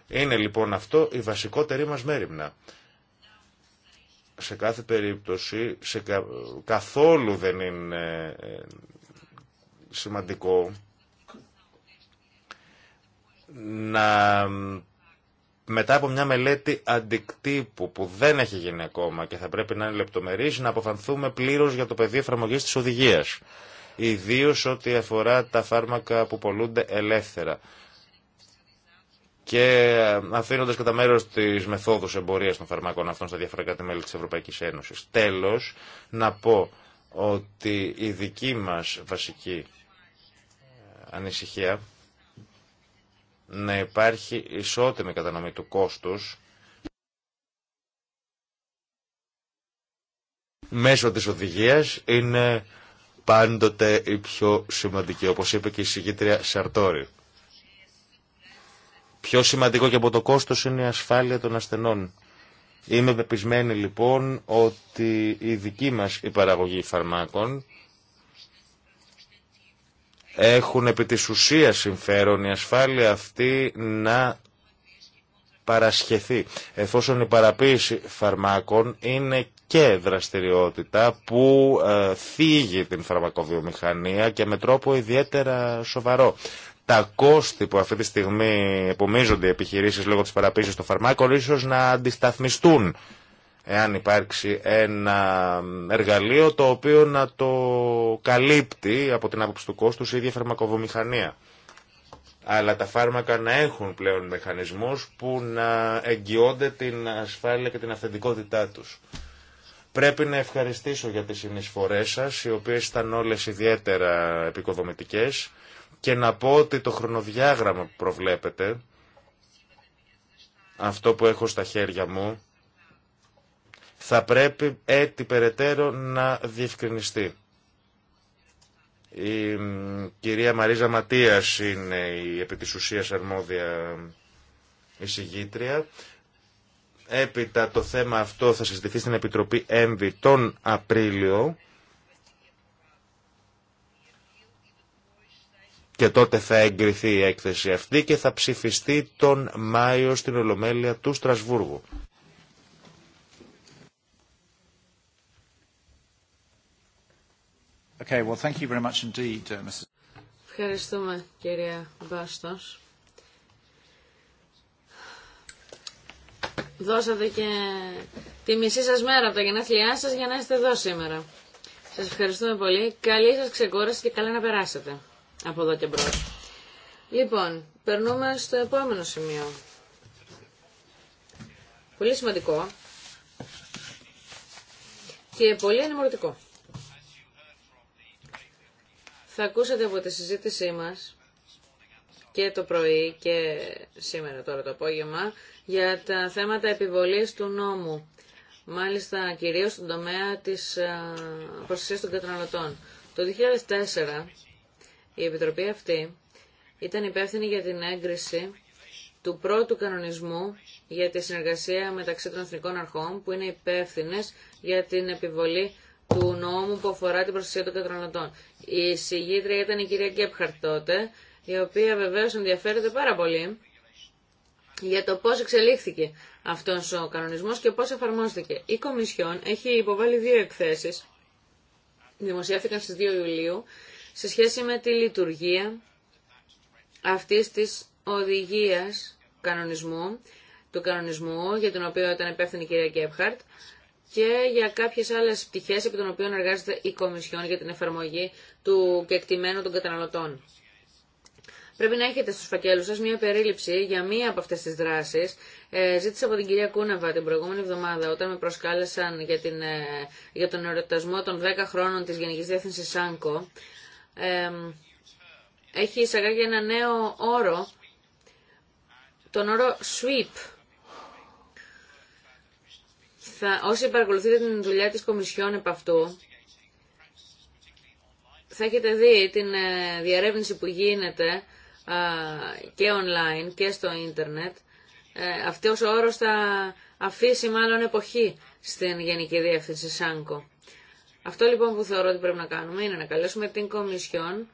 Είναι λοιπόν αυτό η βασικότερη μα μέρημνα. Σε κάθε περίπτωση, σε καθόλου δεν είναι ε, σημαντικό να μετά από μια μελέτη αντικτύπου που δεν έχει γίνει ακόμα και θα πρέπει να είναι λεπτομερής να αποφανθούμε πλήρως για το πεδίο εφαρμογής της οδηγίας ιδίω ό,τι αφορά τα φάρμακα που πολλούνται ελεύθερα και αφήνοντα κατά μέρο τις μεθόδου εμπορία των φαρμάκων αυτών στα διάφορα κράτη-μέλη τη Ευρωπαϊκή Ένωση. Τέλο, να πω ότι η δική μα βασική ε, ανησυχία να υπάρχει ισότιμη κατανομή του κόστους μέσω της οδηγίας είναι πάντοτε η πιο σημαντική, όπως είπε και η συγκήτρια Σαρτόρη. Πιο σημαντικό και από το κόστος είναι η ασφάλεια των ασθενών. Είμαι πεπισμένη λοιπόν ότι η δική μας η παραγωγή φαρμάκων έχουν επί της ουσίας συμφέρον η ασφάλεια αυτή να παρασχεθεί. Εφόσον η παραποίηση φαρμάκων είναι και δραστηριότητα που ε, θίγει την φαρμακοβιομηχανία και με τρόπο ιδιαίτερα σοβαρό. Τα κόστη που αυτή τη στιγμή επομίζονται οι επιχειρήσεις λόγω της παραπίσης των φαρμάκων ίσως να αντισταθμιστούν εάν υπάρξει ένα εργαλείο το οποίο να το καλύπτει από την άποψη του κόστου η ίδια φαρμακοβιομηχανία αλλά τα φάρμακα να έχουν πλέον μηχανισμούς που να εγγυώνται την ασφάλεια και την αυθεντικότητά τους. Πρέπει να ευχαριστήσω για τις συνεισφορές σας, οι οποίες ήταν όλες ιδιαίτερα επικοδομητικές και να πω ότι το χρονοδιάγραμμα που προβλέπετε, αυτό που έχω στα χέρια μου, θα πρέπει έτσι περαιτέρω να διευκρινιστεί. Η κυρία Μαρίζα Ματίας είναι η επί της ουσίας αρμόδια εισηγήτρια. Έπειτα το θέμα αυτό θα συζητηθεί στην Επιτροπή ΕΜΒΙ τον Απρίλιο και τότε θα εγκριθεί η έκθεση αυτή και θα ψηφιστεί τον Μάιο στην Ολομέλεια του Στρασβούργου. Okay, well, thank you very much indeed, uh, Mrs. Ευχαριστούμε κυρία Μπάστος. δώσατε και τη μισή σας μέρα από τα γενέθλιά σας για να είστε εδώ σήμερα. Σας ευχαριστούμε πολύ. Καλή σας ξεκόραση και καλά να περάσετε από εδώ και μπρος. Λοιπόν, περνούμε στο επόμενο σημείο. Πολύ σημαντικό και πολύ ενημερωτικό. Θα ακούσατε από τη συζήτησή μας και το πρωί και σήμερα τώρα το απόγευμα για τα θέματα επιβολής του νόμου. Μάλιστα κυρίως στον τομέα της ε, προστασίας των καταναλωτών. Το 2004 η Επιτροπή αυτή ήταν υπεύθυνη για την έγκριση του πρώτου κανονισμού για τη συνεργασία μεταξύ των εθνικών αρχών που είναι υπεύθυνε για την επιβολή του νόμου που αφορά την προστασία των καταναλωτών. Η συγγήτρια ήταν η κυρία Γκέπχαρτ τότε η οποία βεβαίως ενδιαφέρεται πάρα πολύ για το πώς εξελίχθηκε αυτός ο κανονισμός και πώς εφαρμόστηκε. Η Κομισιόν έχει υποβάλει δύο εκθέσεις, δημοσιεύθηκαν στις 2 Ιουλίου, σε σχέση με τη λειτουργία αυτής της οδηγίας κανονισμού, του κανονισμού για τον οποίο ήταν υπεύθυνη η κυρία Γκέπχαρτ και για κάποιες άλλες πτυχές από των οποίων εργάζεται η Κομισιόν για την εφαρμογή του κεκτημένου των καταναλωτών. Πρέπει να έχετε στους φακέλους σας μια περίληψη για μία από αυτές τις δράσεις. Ε, ζήτησα από την κυρία Κούναβα την προηγούμενη εβδομάδα όταν με προσκάλεσαν για, την, ε, για τον εορτασμό των 10 χρόνων της Γενικής Διεύθυνσης ΣΑΝΚΟ. Ε, έχει εισαγάγει ένα νέο όρο, τον όρο SWEEP, όσοι παρακολουθείτε την δουλειά της Κομισιόν επ' αυτού, θα έχετε δει την ε, που γίνεται και online και στο ίντερνετ, ε, αυτός ο όρος θα αφήσει μάλλον εποχή στην Γενική Διεύθυνση ΣΑΝΚΟ. Αυτό λοιπόν που θεωρώ ότι πρέπει να κάνουμε είναι να καλέσουμε την Κομισιόν,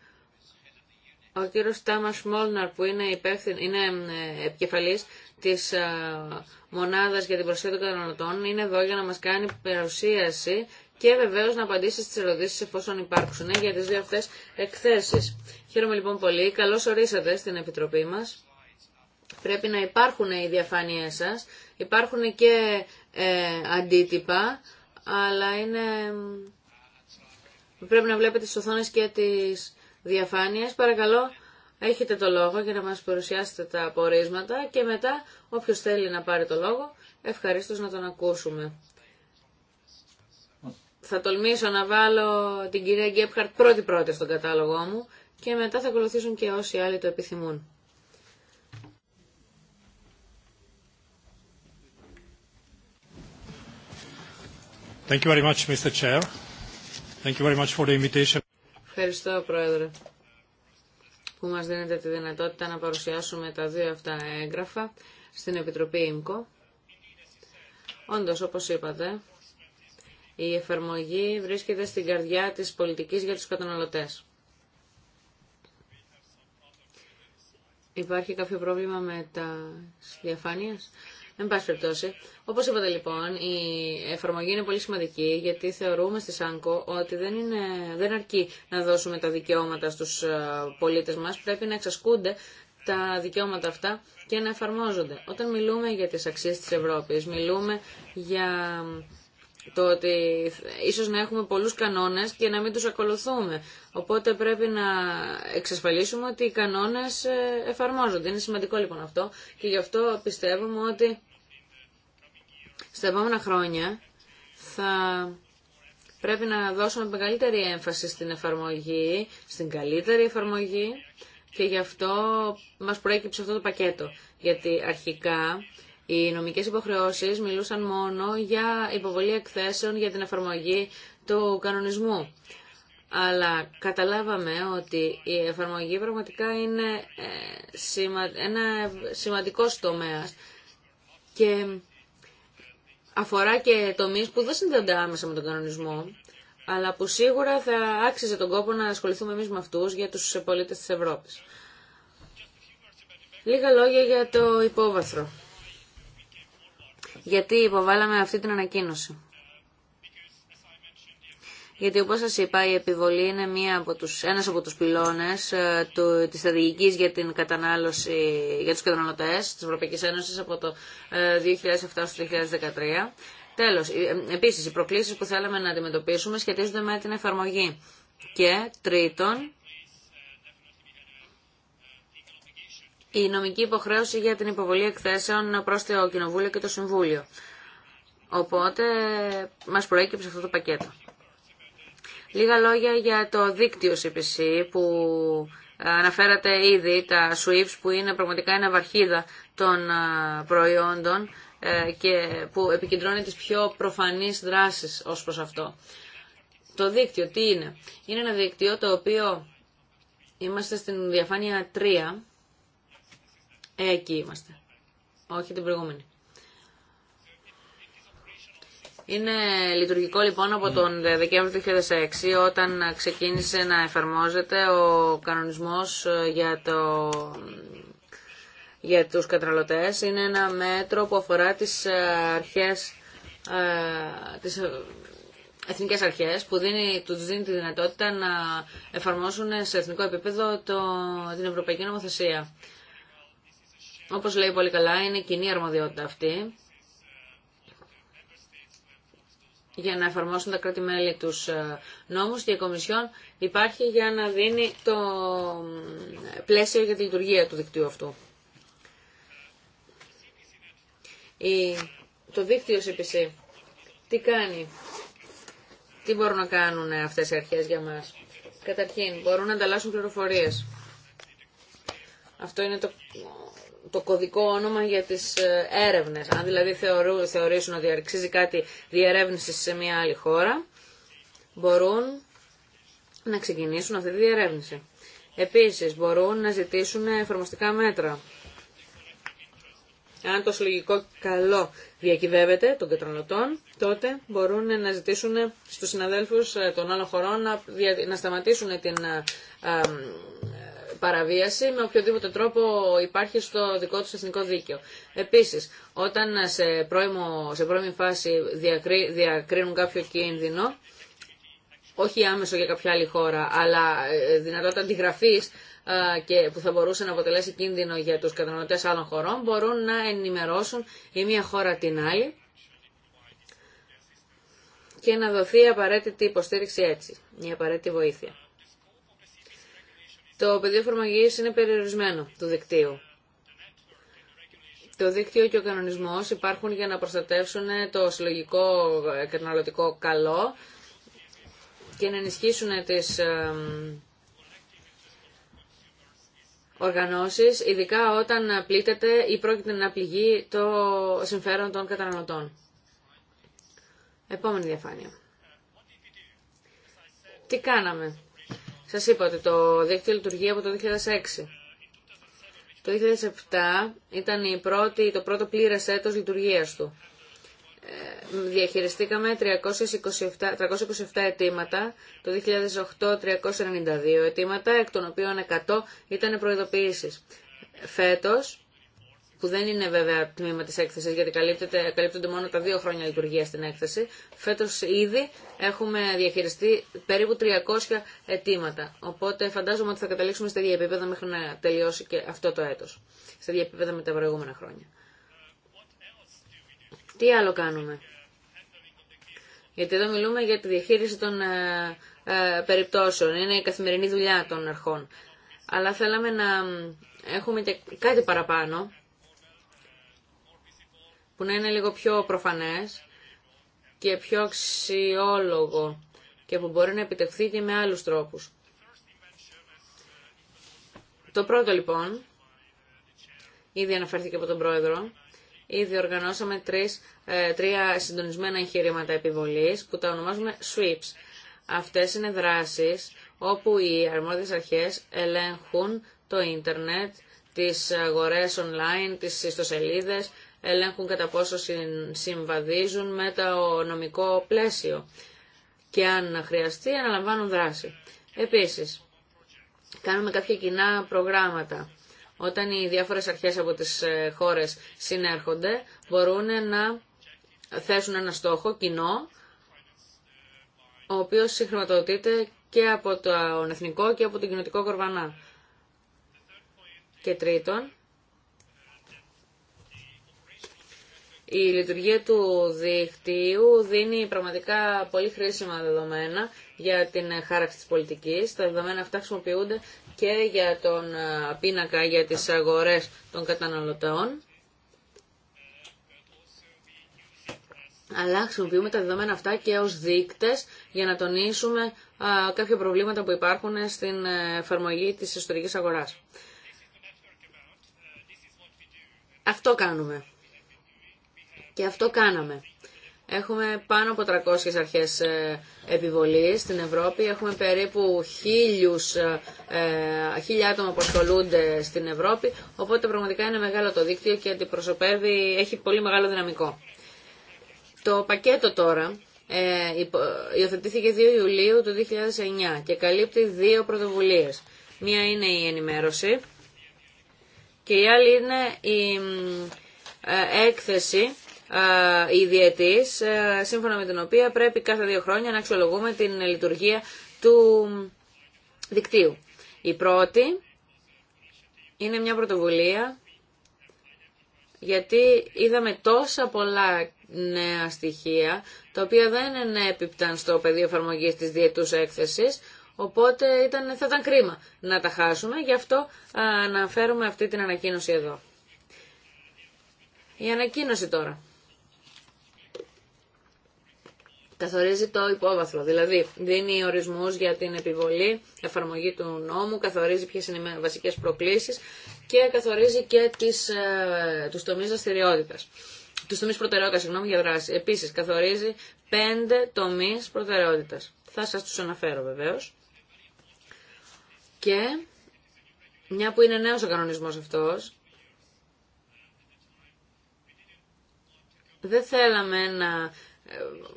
ο κύριος Τάμας Μόλναρ που είναι, υπεύθυν, είναι ε, επικεφαλής της ε, μονάδας για την των καταναλωτών είναι εδώ για να μας κάνει παρουσίαση και βεβαίω να απαντήσει στι ερωτήσει εφόσον υπάρξουν ε, για τι δύο αυτέ εκθέσει. Χαίρομαι λοιπόν πολύ. Καλώ ορίσατε στην Επιτροπή μα. Πρέπει να υπάρχουν οι διαφάνειέ σα. Υπάρχουν και ε, αντίτυπα, αλλά είναι. Πρέπει να βλέπετε τις οθόνες και τις διαφάνειες. Παρακαλώ, έχετε το λόγο για να μας παρουσιάσετε τα απορίσματα και μετά όποιος θέλει να πάρει το λόγο, ευχαρίστως να τον ακούσουμε θα τολμήσω να βάλω την κυρία Γκέπχαρτ πρώτη-πρώτη στον κατάλογό μου και μετά θα ακολουθήσουν και όσοι άλλοι το επιθυμούν. Thank you very much, Mr. Chair. Thank you very much for the invitation. Ευχαριστώ, Πρόεδρε, που μας δίνετε τη δυνατότητα να παρουσιάσουμε τα δύο αυτά έγγραφα στην Επιτροπή ΙΜΚΟ. Όντως, όπως είπατε, η εφαρμογή βρίσκεται στην καρδιά της πολιτικής για τους καταναλωτές. Υπάρχει κάποιο πρόβλημα με τα διαφάνειες. Εν πάση περιπτώσει, όπω είπατε λοιπόν, η εφαρμογή είναι πολύ σημαντική γιατί θεωρούμε στη ΣΑΝΚΟ ότι δεν, είναι, δεν αρκεί να δώσουμε τα δικαιώματα στου ε, πολίτε μα. Πρέπει να εξασκούνται τα δικαιώματα αυτά και να εφαρμόζονται. Όταν μιλούμε για τι αξίε τη Ευρώπη, μιλούμε για το ότι ίσως να έχουμε πολλούς κανόνες και να μην τους ακολουθούμε. Οπότε πρέπει να εξασφαλίσουμε ότι οι κανόνες ε, εφαρμόζονται. Είναι σημαντικό λοιπόν αυτό και γι' αυτό πιστεύουμε ότι στα επόμενα χρόνια θα πρέπει να δώσουμε μεγαλύτερη έμφαση στην εφαρμογή, στην καλύτερη εφαρμογή και γι' αυτό μας προέκυψε αυτό το πακέτο. Γιατί αρχικά οι νομικέ υποχρεώσει μιλούσαν μόνο για υποβολή εκθέσεων για την εφαρμογή του κανονισμού. Αλλά καταλάβαμε ότι η εφαρμογή πραγματικά είναι ε, ένα σημαντικό τομέα. και αφορά και τομεί που δεν συνδέονται άμεσα με τον κανονισμό, αλλά που σίγουρα θα άξιζε τον κόπο να ασχοληθούμε εμεί με αυτού για του πολίτε τη Ευρώπη. Λίγα λόγια για το υπόβαθρο γιατί υποβάλαμε αυτή την ανακοίνωση. Γιατί όπως σας είπα η επιβολή είναι μία από τους, ένας από τους πυλώνες ε, του, της στρατηγικής για την κατανάλωση για τους καταναλωτές της Ευρωπαϊκής Ένωσης από το ε, 2007 στο 2013. Τέλος, επίση, ε, επίσης οι προκλήσεις που θέλαμε να αντιμετωπίσουμε σχετίζονται με την εφαρμογή. Και τρίτον, η νομική υποχρέωση για την υποβολή εκθέσεων προς το Κοινοβούλιο και το Συμβούλιο. Οπότε μας προέκυψε αυτό το πακέτο. Λίγα λόγια για το δίκτυο CPC που αναφέρατε ήδη, τα SWIFT που είναι πραγματικά ένα βαρχίδα των προϊόντων ε, και που επικεντρώνει τις πιο προφανείς δράσεις ως προς αυτό. Το δίκτυο τι είναι. Είναι ένα δίκτυο το οποίο είμαστε στην διαφάνεια 3 ε, εκεί είμαστε. Όχι την προηγούμενη. Είναι λειτουργικό λοιπόν από τον Δεκέμβριο 2006 όταν ξεκίνησε να εφαρμόζεται ο κανονισμός ε, για, το, για τους κατραλωτές. Είναι ένα μέτρο που αφορά τις ε, αρχές, τις εθνικές αρχές που δίνει, τους δίνει τη δυνατότητα να εφαρμόσουν σε εθνικό επίπεδο το, την Ευρωπαϊκή Νομοθεσία όπως λέει πολύ καλά, είναι κοινή αρμοδιότητα αυτή για να εφαρμόσουν τα κράτη-μέλη τους ε, νόμους και η Κομισιόν υπάρχει για να δίνει το ε, πλαίσιο για τη λειτουργία του δικτύου αυτού. Το δίκτυο CPC τι κάνει, τι μπορούν να κάνουν αυτές οι αρχές για μας. Καταρχήν, μπορούν να ανταλλάσσουν πληροφορίες. Αυτό είναι το το κωδικό όνομα για τις ε, έρευνες. Αν δηλαδή θεωρήσουν ότι αρξίζει κάτι διερεύνηση σε μια άλλη χώρα, μπορούν να ξεκινήσουν αυτή τη διερεύνηση. Επίσης, μπορούν να ζητήσουν εφαρμοστικά μέτρα. Αν το συλλογικό καλό διακυβεύεται των κατανοτών, τότε μπορούν να ζητήσουν στους συναδέλφους ε, των άλλων χωρών να, σταματήσουν την ε, παραβίαση με οποιοδήποτε τρόπο υπάρχει στο δικό του εθνικό δίκαιο. Επίση, όταν σε, πρώιμο, σε πρώιμη φάση διακρίνουν κάποιο κίνδυνο, όχι άμεσο για κάποια άλλη χώρα, αλλά ε, δυνατότητα αντιγραφή ε, και που θα μπορούσε να αποτελέσει κίνδυνο για τους κατανοητές άλλων χωρών μπορούν να ενημερώσουν η μία χώρα την άλλη και να δοθεί απαραίτητη υποστήριξη έτσι, η απαραίτητη βοήθεια το πεδίο εφαρμογή είναι περιορισμένο του δικτύου. Το δίκτυο και ο κανονισμός υπάρχουν για να προστατεύσουν το συλλογικό καταναλωτικό καλό και να ενισχύσουν τις οργανώσεις, ειδικά όταν πλήττεται ή πρόκειται να πληγεί το συμφέρον των καταναλωτών. Επόμενη διαφάνεια. Τι κάναμε. Σα είπα ότι το δίκτυο λειτουργεί από το 2006. Το 2007 ήταν η πρώτη, το πρώτο πλήρες έτος λειτουργίας του. Ε, διαχειριστήκαμε 327, 327 αιτήματα, το 2008 392 αιτήματα, εκ των οποίων 100 ήταν προειδοποιήσει Φέτος που δεν είναι βέβαια τμήμα της έκθεσης, γιατί καλύπτονται μόνο τα δύο χρόνια λειτουργία στην έκθεση, φέτος ήδη έχουμε διαχειριστεί περίπου 300 αιτήματα. Οπότε φαντάζομαι ότι θα καταλήξουμε στα ίδια επίπεδα μέχρι να τελειώσει και αυτό το έτος, στα ίδια επίπεδα με τα προηγούμενα χρόνια. Τι άλλο κάνουμε. Γιατί εδώ μιλούμε για τη διαχείριση των ε, ε, περιπτώσεων. Είναι η καθημερινή δουλειά των αρχών. Αλλά θέλαμε να ε, έχουμε και κάτι παραπάνω που να είναι λίγο πιο προφανές και πιο αξιόλογο και που μπορεί να επιτευχθεί και με άλλους τρόπους. Το πρώτο λοιπόν, ήδη αναφέρθηκε από τον Πρόεδρο, ήδη οργανώσαμε τρεις, ε, τρία συντονισμένα εγχειρήματα επιβολής που τα ονομάζουμε SWIPs. Αυτές είναι δράσεις όπου οι αρμόδιες αρχές ελέγχουν το ίντερνετ, τις αγορές online, τις ιστοσελίδες, ελέγχουν κατά πόσο συμβαδίζουν με το νομικό πλαίσιο και αν χρειαστεί αναλαμβάνουν δράση. Επίσης, κάνουμε κάποια κοινά προγράμματα. Όταν οι διάφορες αρχές από τις ε, χώρες συνέρχονται, μπορούν να θέσουν ένα στόχο κοινό, ο οποίος συγχρηματοδοτείται και από το εθνικό και από τον κοινωτικό κορβανά. Και τρίτον, Η λειτουργία του δικτύου δίνει πραγματικά πολύ χρήσιμα δεδομένα για την χάραξη της πολιτικής. Τα δεδομένα αυτά χρησιμοποιούνται και για τον πίνακα για τις αγορές των καταναλωτών. Αλλά χρησιμοποιούμε τα δεδομένα αυτά και ως δείκτες για να τονίσουμε κάποια προβλήματα που υπάρχουν στην ε, εφαρμογή της ιστορικής αγοράς. Αυτό κάνουμε. Και αυτό κάναμε. Έχουμε πάνω από 300 αρχές ε, επιβολής στην Ευρώπη. Έχουμε περίπου χίλιους, ε, ε, χίλια άτομα που ασχολούνται στην Ευρώπη. Οπότε πραγματικά είναι μεγάλο το δίκτυο και αντιπροσωπεύει, έχει πολύ μεγάλο δυναμικό. Το πακέτο τώρα υιοθετήθηκε 2 Ιουλίου του 2009 και καλύπτει δύο πρωτοβουλίες. Μία είναι η ενημέρωση και η άλλη είναι η έκθεση ε, η διετής, ε, σύμφωνα με την οποία πρέπει κάθε δύο χρόνια να αξιολογούμε την λειτουργία του δικτύου. Η πρώτη είναι μια πρωτοβουλία γιατί είδαμε τόσα πολλά νέα στοιχεία, τα οποία δεν ενέπιπταν στο πεδίο εφαρμογή της διετούς έκθεσης, οπότε ήταν, θα ήταν κρίμα να τα χάσουμε, γι' αυτό ε, αναφέρουμε αυτή την ανακοίνωση εδώ. Η ανακοίνωση τώρα. καθορίζει το υπόβαθρο, δηλαδή δίνει ορισμούς για την επιβολή, εφαρμογή του νόμου, καθορίζει ποιε είναι οι βασικές προκλήσεις και καθορίζει και τις, ε, τους τομείς δραστηριότητα. Τους τομείς προτεραιότητας, συγγνώμη, για δράση. Επίσης, καθορίζει πέντε τομείς προτεραιότητα. Θα σας τους αναφέρω βεβαίω. Και μια που είναι νέος ο κανονισμός αυτός, δεν θέλαμε να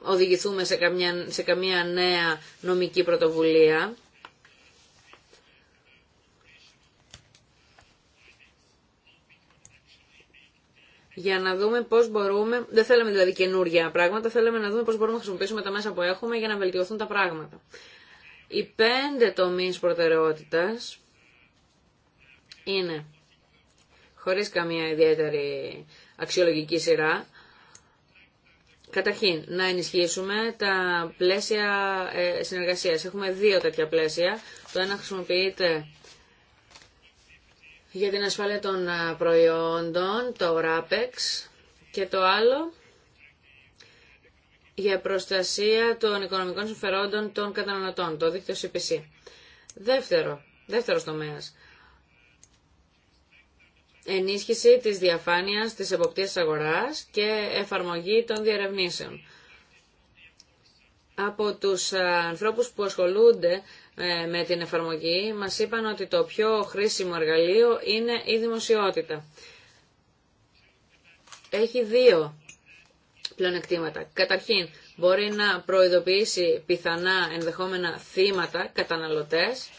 οδηγηθούμε σε καμία, σε καμία νέα νομική πρωτοβουλία. για να δούμε πώ μπορούμε. Δεν θέλαμε δηλαδή καινούργια πράγματα, θέλαμε να δούμε πώ μπορούμε να χρησιμοποιήσουμε τα μέσα που έχουμε για να βελτιωθούν τα πράγματα. Οι πέντε τομεί προτεραιότητα είναι, χωρί καμία ιδιαίτερη αξιολογική σειρά, Καταρχήν, να ενισχύσουμε τα πλαίσια ε, συνεργασίας. Έχουμε δύο τέτοια πλαίσια. Το ένα χρησιμοποιείται για την ασφάλεια των ε, προϊόντων, το RAPEX, και το άλλο για προστασία των οικονομικών συμφερόντων των καταναλωτών, το δίκτυο CPC. Δεύτερο, δεύτερος τομέας, ενίσχυση της διαφάνειας της εποπτείας αγοράς και εφαρμογή των διαρευνήσεων. Από τους ε, ανθρώπους που ασχολούνται ε, με την εφαρμογή μας είπαν ότι το πιο χρήσιμο εργαλείο είναι η δημοσιότητα. Έχει δύο πλεονεκτήματα. Καταρχήν, μπορεί να προειδοποιήσει πιθανά ενδεχόμενα θύματα, καταναλωτές,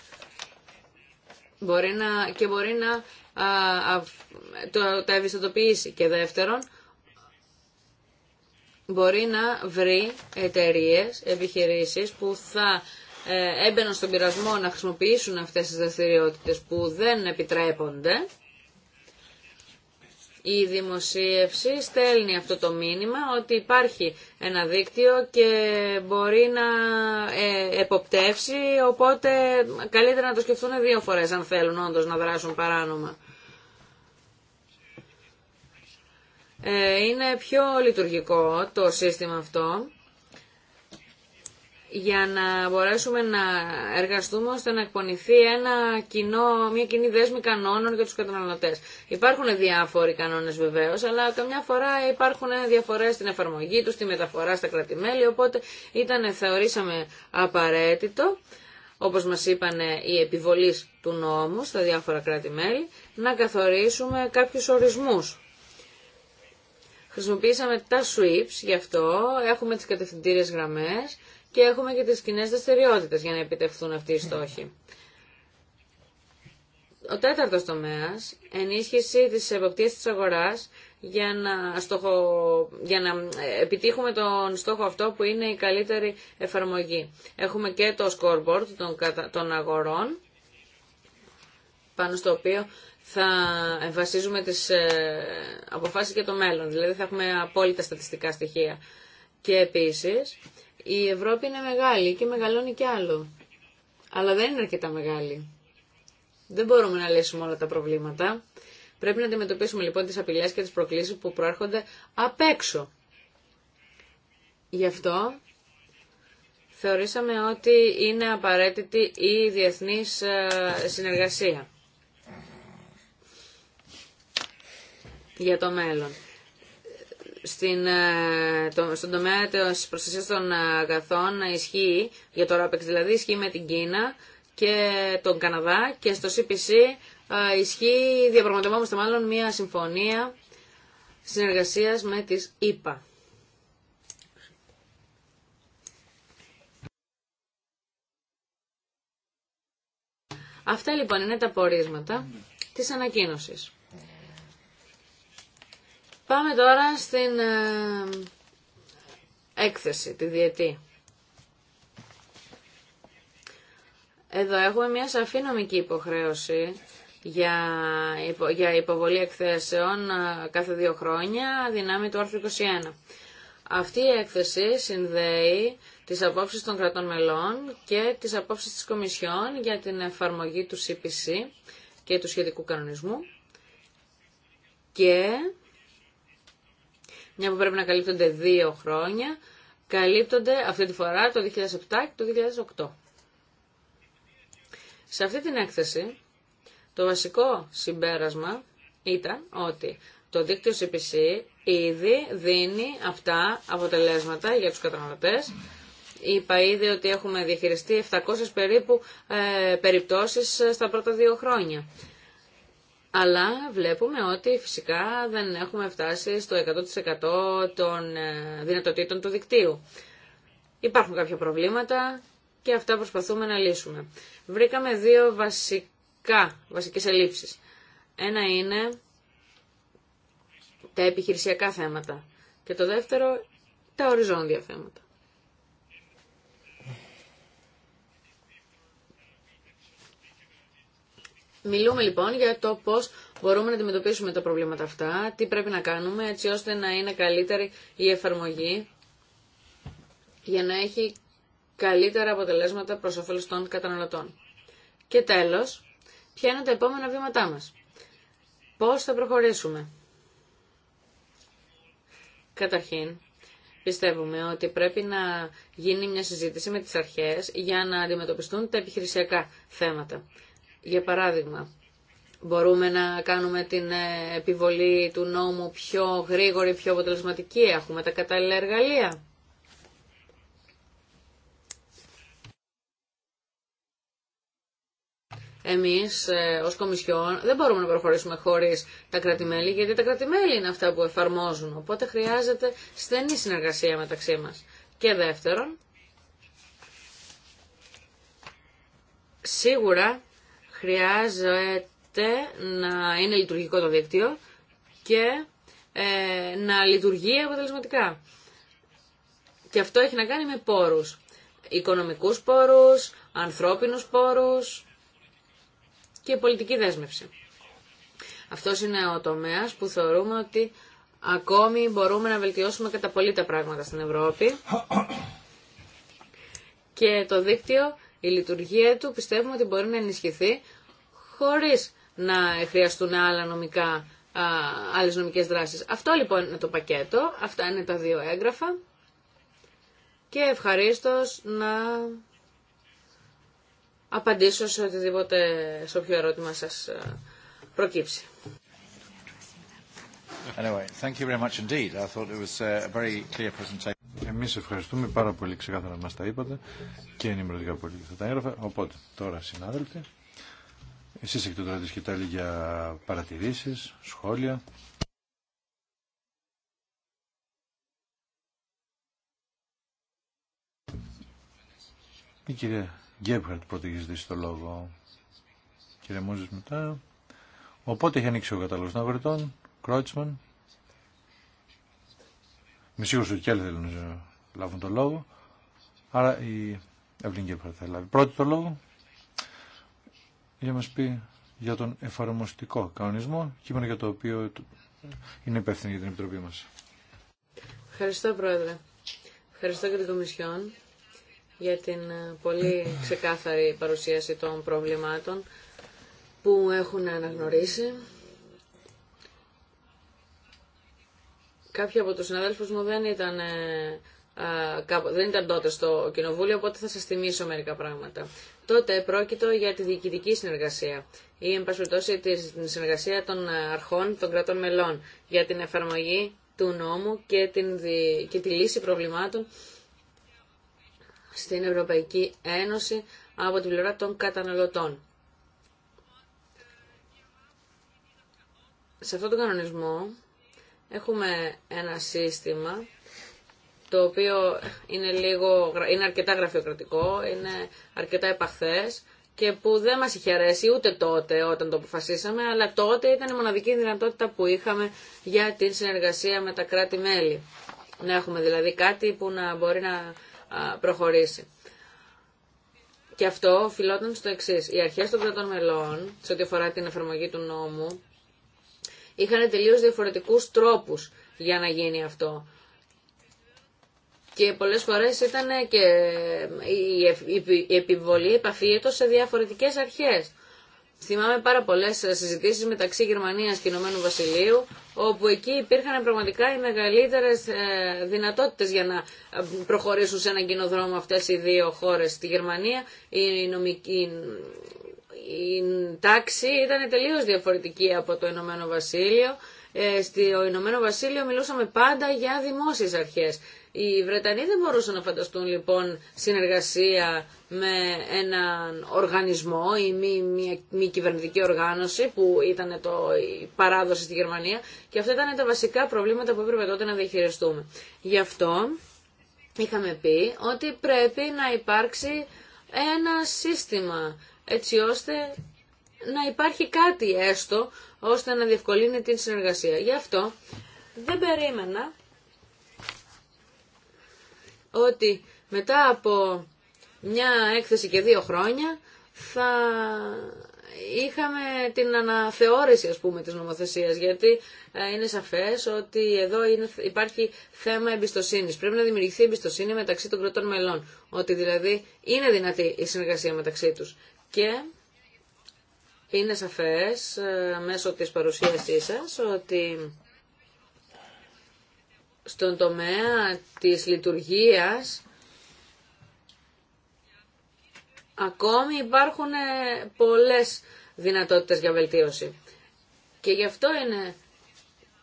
μπορεί να, και μπορεί να το, τα ευαισθητοποιήσει. Και δεύτερον, μπορεί να βρει εταιρείε, επιχειρήσεις που θα ε, έμπαιναν στον πειρασμό να χρησιμοποιήσουν αυτές τις δραστηριότητε που δεν επιτρέπονται. Η δημοσίευση στέλνει αυτό το μήνυμα ότι υπάρχει ένα δίκτυο και μπορεί να ε, εποπτεύσει, οπότε καλύτερα να το σκεφτούν δύο φορές αν θέλουν όντως να δράσουν παράνομα. Ε, είναι πιο λειτουργικό το σύστημα αυτό για να μπορέσουμε να εργαστούμε ώστε να εκπονηθεί ένα κοινό, μια κοινή δέσμη κανόνων για τους καταναλωτές. Υπάρχουν διάφοροι κανόνες βεβαίως, αλλά καμιά φορά υπάρχουν διαφορές στην εφαρμογή τους, στη μεταφορά στα κρατημέλη, οπότε ήταν, θεωρήσαμε απαραίτητο, όπως μας είπαν οι επιβολείς του νόμου στα διάφορα κράτη-μέλη, να καθορίσουμε κάποιους ορισμούς Χρησιμοποίησαμε τα sweeps γι' αυτό, έχουμε τις κατευθυντήριες γραμμές και έχουμε και τις κοινέ δραστηριότητε για να επιτευχθούν αυτοί οι στόχοι. Ο τέταρτος τομέας, ενίσχυση της εποπτείας της αγοράς για να, στόχο, για να ε, επιτύχουμε τον στόχο αυτό που είναι η καλύτερη εφαρμογή. Έχουμε και το scoreboard των αγορών, πάνω στο οποίο θα εμφασίζουμε τις ε, αποφάσεις για το μέλλον. Δηλαδή θα έχουμε απόλυτα στατιστικά στοιχεία. Και επίσης, η Ευρώπη είναι μεγάλη και μεγαλώνει κι άλλο. Αλλά δεν είναι αρκετά μεγάλη. Δεν μπορούμε να λύσουμε όλα τα προβλήματα. Πρέπει να αντιμετωπίσουμε λοιπόν τις απειλές και τις προκλήσεις που προέρχονται απ' έξω. Γι' αυτό θεωρήσαμε ότι είναι απαραίτητη η διεθνής ε, συνεργασία. για το μέλλον. Στην, ε, στον τομέα της προστασίας των αγαθών ισχύει, για το RAPEX δηλαδή, ισχύει με την Κίνα και τον Καναδά και στο CPC ε, ισχύει, διαπραγματευόμαστε μάλλον μια συμφωνία συνεργασίας με τις ΗΠΑ. Αυτά λοιπόν είναι τα πορίσματα της ανακοίνωσης. Πάμε τώρα στην ε, έκθεση, τη διετή. Εδώ έχουμε μια σαφή νομική υποχρέωση για, υποβολή εκθέσεων ε, κάθε δύο χρόνια, δυνάμει του άρθρου 21. Αυτή η έκθεση συνδέει τις απόψεις των κρατών μελών και τις απόψεις της Κομισιόν για την εφαρμογή του CPC και του σχετικού κανονισμού και μια που πρέπει να καλύπτονται δύο χρόνια, καλύπτονται αυτή τη φορά το 2007 και το 2008. Σε αυτή την έκθεση, το βασικό συμπέρασμα ήταν ότι το δίκτυο CPC ήδη δίνει αυτά αποτελέσματα για τους καταναλωτές. Είπα ήδη ότι έχουμε διαχειριστεί 700 περίπου ε, περιπτώσεις ε, στα πρώτα δύο χρόνια. Αλλά βλέπουμε ότι φυσικά δεν έχουμε φτάσει στο 100% των ε, δυνατοτήτων του δικτύου. Υπάρχουν κάποια προβλήματα και αυτά προσπαθούμε να λύσουμε. Βρήκαμε δύο βασικά, βασικές ελλείψεις. Ένα είναι τα επιχειρησιακά θέματα και το δεύτερο τα οριζόντια θέματα. Μιλούμε λοιπόν για το πώς μπορούμε να αντιμετωπίσουμε τα προβλήματα αυτά, τι πρέπει να κάνουμε έτσι ώστε να είναι καλύτερη η εφαρμογή για να έχει καλύτερα αποτελέσματα προς όφελος των καταναλωτών. Και τέλος, ποια είναι τα επόμενα βήματά μας. Πώς θα προχωρήσουμε. Καταρχήν, πιστεύουμε ότι πρέπει να γίνει μια συζήτηση με τις αρχές για να αντιμετωπιστούν τα επιχειρησιακά θέματα. Για παράδειγμα, μπορούμε να κάνουμε την ε, επιβολή του νόμου πιο γρήγορη, πιο αποτελεσματική. Έχουμε τα κατάλληλα εργαλεία. εμείς ε, ως Κομισιόν δεν μπορούμε να προχωρήσουμε χωρίς τα κρατημέλη, γιατί τα κρατημέλη είναι αυτά που εφαρμόζουν. Οπότε χρειάζεται στενή συνεργασία μεταξύ μας. Και δεύτερον, σίγουρα Χρειάζεται να είναι λειτουργικό το δίκτυο και ε, να λειτουργεί αποτελεσματικά. Και αυτό έχει να κάνει με πόρους. Οικονομικούς πόρους, ανθρώπινους πόρους και πολιτική δέσμευση. Αυτό είναι ο τομέας που θεωρούμε ότι ακόμη μπορούμε να βελτιώσουμε κατά πολύ τα πράγματα στην Ευρώπη. Και το δίκτυο η λειτουργία του πιστεύουμε ότι μπορεί να ενισχυθεί χωρίς να χρειαστούν άλλα νομικά, άλλες νομικές δράσεις. Αυτό λοιπόν είναι το πακέτο, αυτά είναι τα δύο έγγραφα και ευχαρίστως να απαντήσω σε οτιδήποτε, σε όποιο ερώτημα σας ε, προκύψει. Anyway, thank you very much indeed. I thought it was uh, a very clear presentation. Εμείς ευχαριστούμε πάρα πολύ ξεκάθαρα μας τα είπατε και ενημερωτικά πολύ θα τα έγραφα. Οπότε τώρα συνάδελφοι, εσείς έχετε τώρα τη σκητάλη για παρατηρήσεις, σχόλια. Η κυρία Γκέμπχαρτ πρώτη έχει ζητήσει το λόγο. Κύριε Μούζης μετά. Οπότε έχει ανοίξει ο κατάλογος των αγορητών. Κρότσμαν. Είμαι σίγουρος ότι και άλλοι θέλουν να λάβουν το λόγο. Άρα η Ευλίνγκη θα λάβει πρώτη το λόγο για να μας πει για τον εφαρμοστικό κανονισμό, κείμενο για το οποίο είναι υπεύθυνη για την Επιτροπή μας. Ευχαριστώ Πρόεδρε. Ευχαριστώ και την Κομισιόν για την ε, πολύ ξεκάθαρη παρουσίαση των προβλημάτων που έχουν αναγνωρίσει Κάποιοι από τους συναδέλφους μου δεν ήταν, ε, δεν ήταν τότε στο κοινοβούλιο, οπότε θα σας θυμίσω μερικά πράγματα. Τότε πρόκειτο για τη διοικητική συνεργασία ή, εν πάση περιπτώσει, τη συνεργασία των ε, αρχών των κρατών μελών για την εφαρμογή του νόμου και, την, και τη λύση προβλημάτων στην Ευρωπαϊκή Ένωση από την πλευρά των καταναλωτών. Σε αυτόν τον κανονισμό Έχουμε ένα σύστημα το οποίο είναι, λίγο, είναι αρκετά γραφειοκρατικό, είναι αρκετά επαχθές και που δεν μας είχε αρέσει ούτε τότε όταν το αποφασίσαμε, αλλά τότε ήταν η μοναδική δυνατότητα που είχαμε για την συνεργασία με τα κράτη-μέλη. Να έχουμε δηλαδή κάτι που να μπορεί να προχωρήσει. Και αυτό οφειλόταν στο εξή. Οι αρχέ των κρατών μελών, σε ό,τι αφορά την εφαρμογή του νόμου, είχαν τελείως διαφορετικούς τρόπους για να γίνει αυτό. Και πολλές φορές ήταν και η επιβολή επαφίετος σε διαφορετικές αρχές. Θυμάμαι πάρα πολλέ συζητήσεις μεταξύ Γερμανία και Ηνωμένου Βασιλείου, όπου εκεί υπήρχαν πραγματικά οι μεγαλύτερε ε, δυνατότητες για να ε, προχωρήσουν σε έναν κοινό δρόμο αυτές οι δύο χώρε Στη Γερμανία η νομική η τάξη ήταν τελείως διαφορετική από το Ηνωμένο Βασίλειο. Ε, στο Ηνωμένο Βασίλειο μιλούσαμε πάντα για δημόσιες αρχές. Οι Βρετανοί δεν μπορούσαν να φανταστούν λοιπόν συνεργασία με έναν οργανισμό ή μη, μια μη κυβερνητική οργάνωση που ήταν το, η παράδοση στη Γερμανία και αυτά ήταν τα βασικά προβλήματα που έπρεπε τότε να διαχειριστούμε. Γι' αυτό είχαμε πει ότι πρέπει να υπάρξει ένα σύστημα έτσι ώστε να υπάρχει κάτι έστω ώστε να διευκολύνει την συνεργασία. Γι' αυτό δεν περίμενα ότι μετά από μια έκθεση και δύο χρόνια θα είχαμε την αναθεώρηση ας πούμε της νομοθεσίας γιατί ε, είναι σαφές ότι εδώ είναι, υπάρχει θέμα εμπιστοσύνης. Πρέπει να δημιουργηθεί εμπιστοσύνη μεταξύ των κρατών μελών. Ότι δηλαδή είναι δυνατή η συνεργασία μεταξύ τους. Και είναι σαφές ε, μέσω της παρουσίασής σας ότι στον τομέα της λειτουργίας ακόμη υπάρχουν ε, πολλές δυνατότητες για βελτίωση. Και γι' αυτό είναι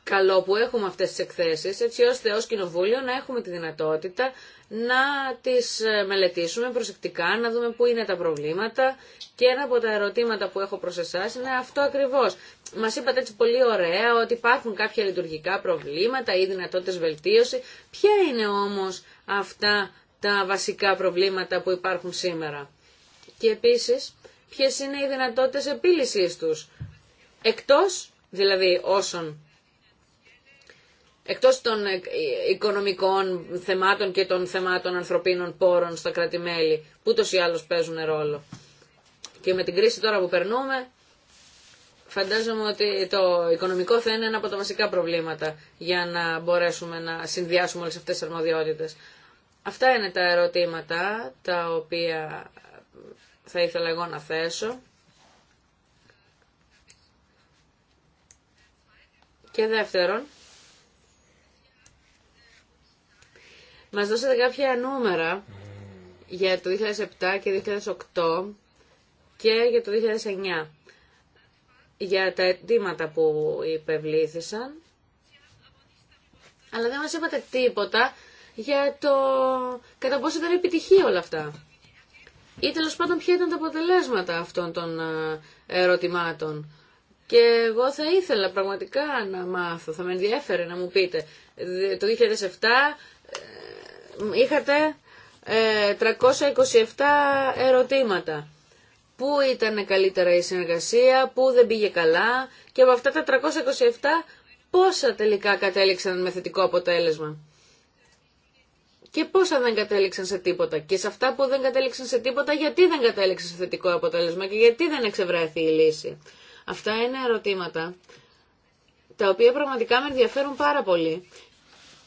καλό που έχουμε αυτές τις εκθέσεις, έτσι ώστε ως Κοινοβούλιο να έχουμε τη δυνατότητα να τις ε, μελετήσουμε προσεκτικά, να δούμε πού είναι τα προβλήματα και ένα από τα ερωτήματα που έχω προς εσάς είναι αυτό ακριβώς. Μας είπατε έτσι πολύ ωραία ότι υπάρχουν κάποια λειτουργικά προβλήματα ή δυνατότητες βελτίωση. Ποια είναι όμως αυτά τα βασικά προβλήματα που υπάρχουν σήμερα. Και επίσης, ποιες είναι οι δυνατότητες επίλυσης τους, εκτός δηλαδή όσων εκτός των ε, οικονομικών θεμάτων και των θεμάτων ανθρωπίνων πόρων στα κρατημέλη, που ούτως ή άλλως παίζουν ρόλο. Και με την κρίση τώρα που περνούμε, φαντάζομαι ότι το οικονομικό θα είναι ένα από τα βασικά προβλήματα για να μπορέσουμε να συνδυάσουμε όλες αυτές τις αρμοδιότητες. Αυτά είναι τα ερωτήματα τα οποία θα ήθελα εγώ να θέσω. Και δεύτερον, Μα δώσατε κάποια νούμερα για το 2007 και 2008 και για το 2009 για τα αιτήματα που υπευλήθησαν αλλά δεν μας είπατε τίποτα για το κατά πόσο ήταν επιτυχή όλα αυτά ή τέλο πάντων ποια ήταν τα αποτελέσματα αυτών των ε, ερωτημάτων και εγώ θα ήθελα πραγματικά να μάθω, θα με ενδιέφερε να μου πείτε το 2007 είχατε 327 ε, ερωτήματα. Πού ήταν καλύτερα η συνεργασία, πού δεν πήγε καλά και από αυτά τα 327 πόσα τελικά κατέληξαν με θετικό αποτέλεσμα. Και πόσα δεν κατέληξαν σε τίποτα. Και σε αυτά που δεν κατέληξαν σε τίποτα, γιατί δεν κατέληξαν σε θετικό αποτέλεσμα και γιατί δεν εξευρέθη η λύση. Αυτά είναι ερωτήματα τα οποία πραγματικά με ενδιαφέρουν πάρα πολύ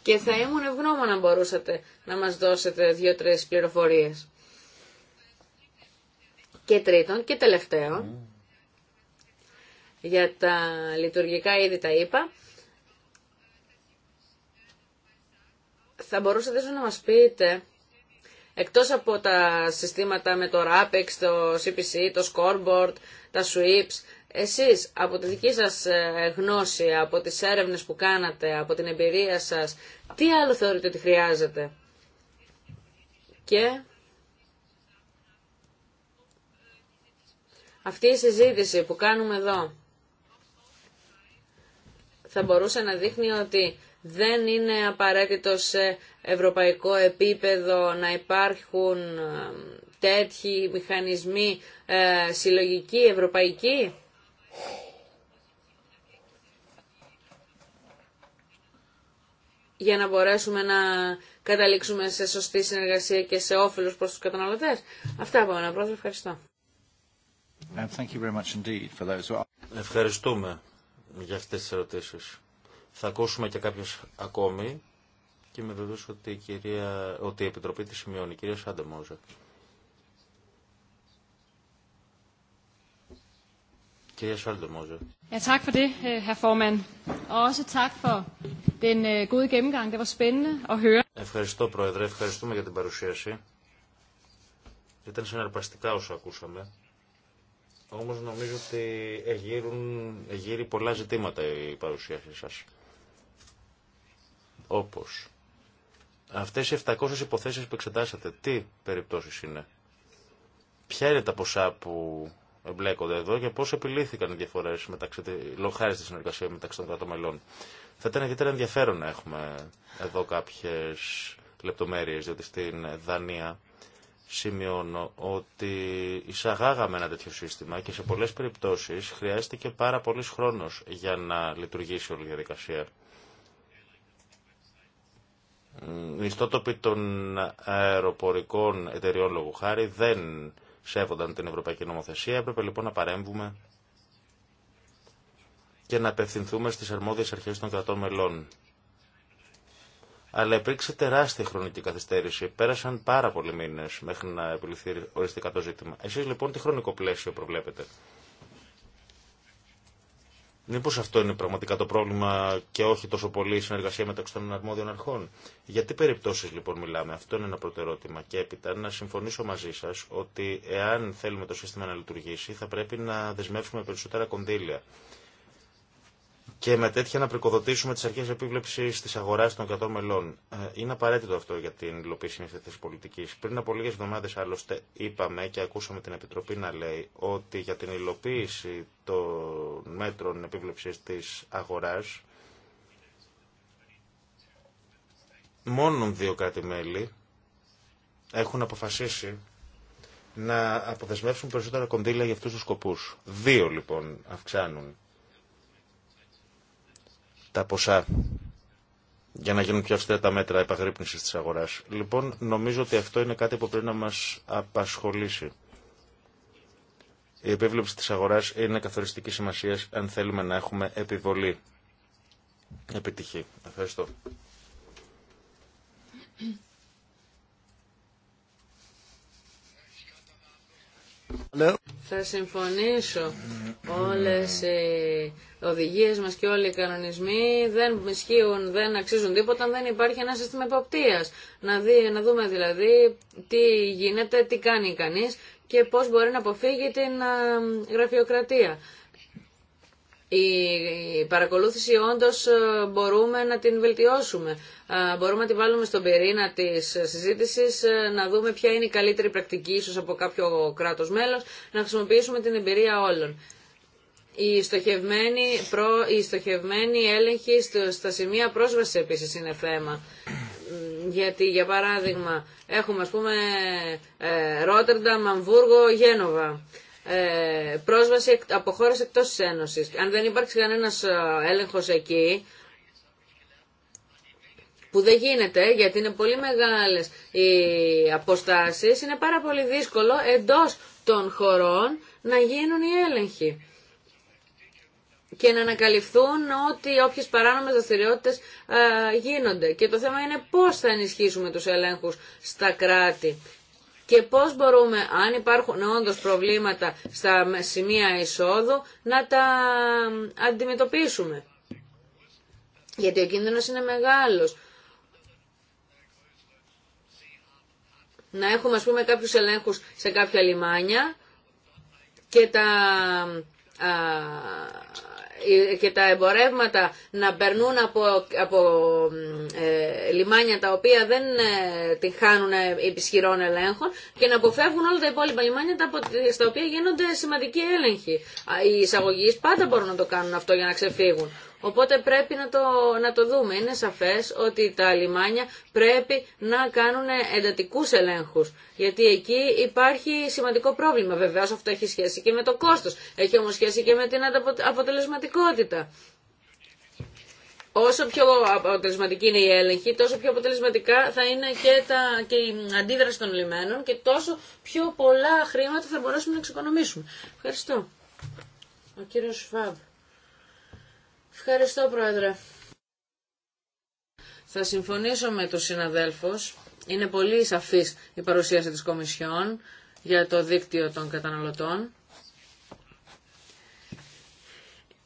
και θα ήμουν ευγνώμων αν μπορούσατε να μας δώσετε δύο-τρεις πληροφορίες. Και τρίτον και τελευταίο, για τα λειτουργικά ήδη τα είπα, θα μπορούσατε να μας πείτε, εκτός από τα συστήματα με το RAPEX, το CPC, το Scoreboard, τα SWIPS, εσείς από τη δική σας ε, γνώση, από τις έρευνες που κάνατε, από την εμπειρία σας, τι άλλο θεωρείτε ότι χρειάζεται. Και αυτή η συζήτηση που κάνουμε εδώ θα μπορούσε να δείχνει ότι δεν είναι απαραίτητο σε ευρωπαϊκό επίπεδο να υπάρχουν ε, τέτοιοι μηχανισμοί ε, συλλογικοί, ευρωπαϊκοί για να μπορέσουμε να καταλήξουμε σε σωστή συνεργασία και σε όφελος προς τους καταναλωτές. Αυτά από ένα πρόεδρο. Ευχαριστώ. Uh, Ευχαριστούμε για αυτές τις ερωτήσεις. Θα ακούσουμε και κάποιες ακόμη και με βεβαίως ότι η, κυρία, ότι η Επιτροπή τη σημειώνει. κυρία Σάντε Ja, Ευχαριστώ, Πρόεδρε. Ευχαριστούμε για την παρουσίαση. Ήταν συναρπαστικά όσο ακούσαμε. Όμως νομίζω ότι εγείρουν, εγείρει πολλά ζητήματα η παρουσίαση σας. Όπως αυτές οι 700 υποθέσεις που εξετάσατε, τι περιπτώσεις είναι. Ποια είναι τα ποσά που εμπλέκονται εδώ και πώ επιλύθηκαν οι διαφορέ χάρη στη συνεργασία μεταξύ των κρατών Θα ήταν ιδιαίτερα ενδιαφέρον να έχουμε εδώ κάποιε λεπτομέρειε, διότι στην Δανία σημειώνω ότι εισαγάγαμε ένα τέτοιο σύστημα και σε πολλέ περιπτώσει χρειάστηκε πάρα πολύ χρόνο για να λειτουργήσει όλη η διαδικασία. Οι ιστότοποι των αεροπορικών εταιριών λόγου χάρη δεν σέβονταν την Ευρωπαϊκή Νομοθεσία. Έπρεπε λοιπόν να παρέμβουμε και να απευθυνθούμε στις αρμόδιες αρχές των κρατών μελών. Αλλά υπήρξε τεράστια χρονική καθυστέρηση. Πέρασαν πάρα πολλοί μήνες μέχρι να επιληθεί οριστικά το ζήτημα. Εσείς λοιπόν τι χρονικό πλαίσιο προβλέπετε Μήπω αυτό είναι πραγματικά το πρόβλημα και όχι τόσο πολύ η συνεργασία μεταξύ των αρμόδιων αρχών. Για τι περιπτώσεις λοιπόν μιλάμε, αυτό είναι ένα πρώτο ερώτημα. Και έπειτα να συμφωνήσω μαζί σας ότι εάν θέλουμε το σύστημα να λειτουργήσει θα πρέπει να δεσμεύσουμε περισσότερα κονδύλια και με τέτοια να πρικοδοτήσουμε τι αρχέ επίβλεψη τη αγορά των 100 μελών. Ε, είναι απαραίτητο αυτό για την υλοποίηση μια πολιτική. Πριν από λίγε εβδομάδε, άλλωστε, είπαμε και ακούσαμε την Επιτροπή να λέει ότι για την υλοποίηση των μέτρων επίβλεψη τη αγορά, μόνο δύο κράτη-μέλη έχουν αποφασίσει να αποδεσμεύσουν περισσότερα κονδύλια για αυτού του σκοπού. Δύο λοιπόν αυξάνουν τα ποσά για να γίνουν πιο αυστηρά τα μέτρα επαγρύπνηση τη αγορά. Λοιπόν, νομίζω ότι αυτό είναι κάτι που πρέπει να μα απασχολήσει. Η επίβλεψη της αγοράς είναι καθοριστική σημασία αν θέλουμε να έχουμε επιβολή. Επιτυχή. Ευχαριστώ. Θα συμφωνήσω. Όλες οι οδηγίες μας και όλοι οι κανονισμοί δεν ισχύουν, δεν αξίζουν τίποτα δεν υπάρχει ένα σύστημα υποπτίας. Να, να δούμε δηλαδή τι γίνεται, τι κάνει κανείς και πώς μπορεί να αποφύγει την γραφειοκρατία η παρακολούθηση όντως ε, μπορούμε να την βελτιώσουμε. Ε, μπορούμε να τη βάλουμε στον πυρήνα της συζήτησης, ε, να δούμε ποια είναι η καλύτερη πρακτική ίσως από κάποιο κράτος μέλος, να χρησιμοποιήσουμε την εμπειρία όλων. Η στοχευμένη, προ, η στοχευμένη έλεγχη στα σημεία πρόσβαση επίσης είναι θέμα. Γιατί, για παράδειγμα, έχουμε ας πούμε Ρότερνταμ, Αμβούργο, Γένοβα. Ε, πρόσβαση από χώρε εκτό τη Ένωση. Αν δεν υπάρξει κανένα ε, έλεγχο εκεί, που δεν γίνεται γιατί είναι πολύ μεγάλες οι αποστάσει. είναι πάρα πολύ δύσκολο εντό των χωρών να γίνουν οι έλεγχοι και να ανακαλυφθούν ότι όποιες παράνομες δραστηριότητε ε, γίνονται. Και το θέμα είναι πώς θα ενισχύσουμε τους ελέγχους στα κράτη και πώς μπορούμε, αν υπάρχουν όντως προβλήματα στα σημεία εισόδου, να τα αντιμετωπίσουμε. Γιατί ο κίνδυνος είναι μεγάλος. Να έχουμε, ας πούμε, κάποιους ελέγχους σε κάποια λιμάνια και τα ε, και τα εμπορεύματα να περνούν από, από ε, λιμάνια τα οποία δεν ε, την χάνουν επισχυρών ελέγχων και να αποφεύγουν όλα τα υπόλοιπα λιμάνια τα, στα οποία γίνονται σημαντικοί έλεγχοι. Οι εισαγωγείς πάντα μπορούν να το κάνουν αυτό για να ξεφύγουν. Οπότε πρέπει να το, να το δούμε. Είναι σαφές ότι τα λιμάνια πρέπει να κάνουν εντατικούς ελέγχους. Γιατί εκεί υπάρχει σημαντικό πρόβλημα. Βεβαίω, αυτό έχει σχέση και με το κόστος. Έχει όμως σχέση και με την αποτελεσματικότητα. Όσο πιο αποτελεσματική είναι η έλεγχη, τόσο πιο αποτελεσματικά θα είναι και, τα, και η αντίδραση των λιμένων και τόσο πιο πολλά χρήματα θα μπορέσουμε να εξοικονομήσουμε. Ευχαριστώ. Ο κύριος Φάμπ. Ευχαριστώ, Πρόεδρε. Θα συμφωνήσω με τον συναδέλφους. Είναι πολύ σαφής η παρουσίαση της Κομισιόν για το δίκτυο των καταναλωτών.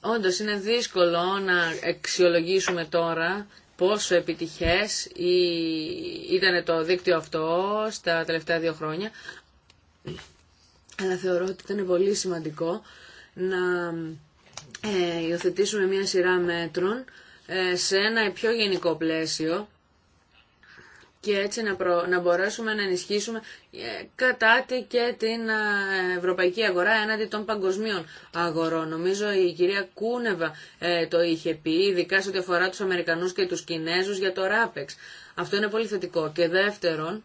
Όντως είναι δύσκολο να αξιολογήσουμε τώρα πόσο επιτυχές ήταν το δίκτυο αυτό στα τελευταία δύο χρόνια. Αλλά θεωρώ ότι ήταν πολύ σημαντικό να ε, υιοθετήσουμε μια σειρά μέτρων ε, σε ένα πιο γενικό πλαίσιο και έτσι να, προ, να μπορέσουμε να ενισχύσουμε ε, κατά τη και την ε, ευρωπαϊκή αγορά έναντι των παγκοσμίων αγορών. Νομίζω η κυρία Κούνεβα το είχε πει, ειδικά σε ό,τι αφορά τους Αμερικανούς και τους Κινέζους για το ράπεξ. Αυτό είναι πολύ θετικό. Και δεύτερον,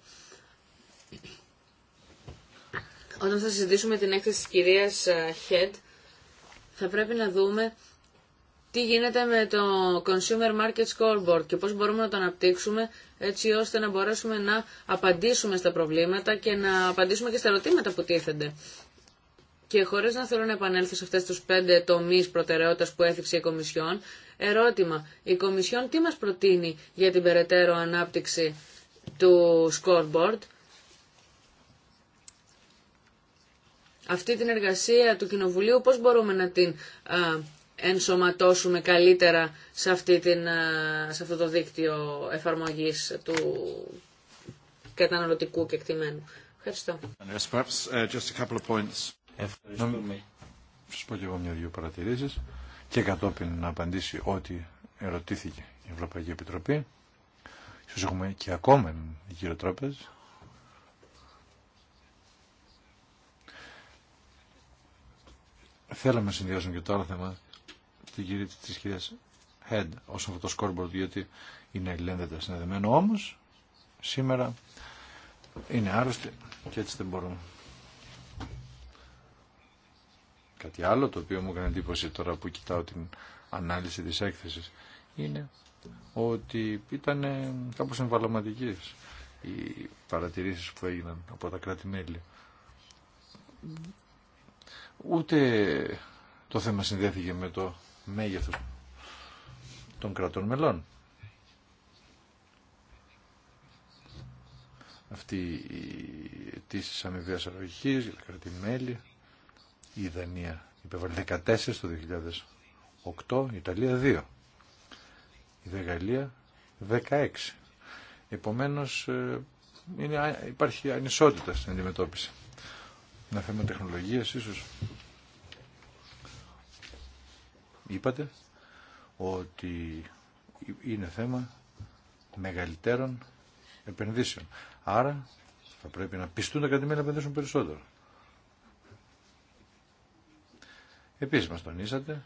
όταν θα συζητήσουμε την έκθεση της κυρίας Χέντ, θα πρέπει να δούμε τι γίνεται με το Consumer Market Scoreboard και πώς μπορούμε να το αναπτύξουμε έτσι ώστε να μπορέσουμε να απαντήσουμε στα προβλήματα και να απαντήσουμε και στα ερωτήματα που τίθενται. Και χωρίς να θέλω να επανέλθω σε αυτές τους πέντε τομείς προτεραιότητας που έθιξε η Κομισιόν, ερώτημα, η Κομισιόν τι μας προτείνει για την περαιτέρω ανάπτυξη του scoreboard, αυτή την εργασία του Κοινοβουλίου πώς μπορούμε να την ε, ενσωματώσουμε καλύτερα σε, αυτή την, ε, σε αυτό το δίκτυο εφαρμογής του καταναλωτικού κεκτημένου. Ευχαριστώ. Uh, Ευχαριστώ. Σας πω και εγώ μια-δυο παρατηρήσεις και κατόπιν να απαντήσει ό,τι ερωτήθηκε η Ευρωπαϊκή Επιτροπή. Ίσως έχουμε και ακόμα γύρω τρόπες. θέλαμε να συνδυάσουμε και το άλλο θέμα τη κυρία της κυρίας Head ως αυτό το scoreboard διότι είναι ελένδετα συνδεδεμένο όμως σήμερα είναι άρρωστη και έτσι δεν μπορούμε. Κάτι άλλο το οποίο μου έκανε εντύπωση τώρα που κοιτάω την ανάλυση της έκθεσης είναι ότι ήταν κάπως εμβαλωματικές οι παρατηρήσεις που έγιναν από τα κράτη-μέλη ούτε το θέμα συνδέθηκε με το μέγεθος των κρατών μελών. Αυτή η αιτήση της αμοιβίας για τα κρατή-μέλη, η Δανία υπέβαλε 14 το 2008, η Ιταλία 2, η Δεγαλία 16. Επομένως ε, είναι, υπάρχει ανισότητα στην αντιμετώπιση να θέμα τεχνολογία ίσως. Είπατε ότι είναι θέμα μεγαλύτερων επενδύσεων. Άρα θα πρέπει να πιστούν τα κρατημένα να επενδύσουν περισσότερο. Επίσης μας τονίσατε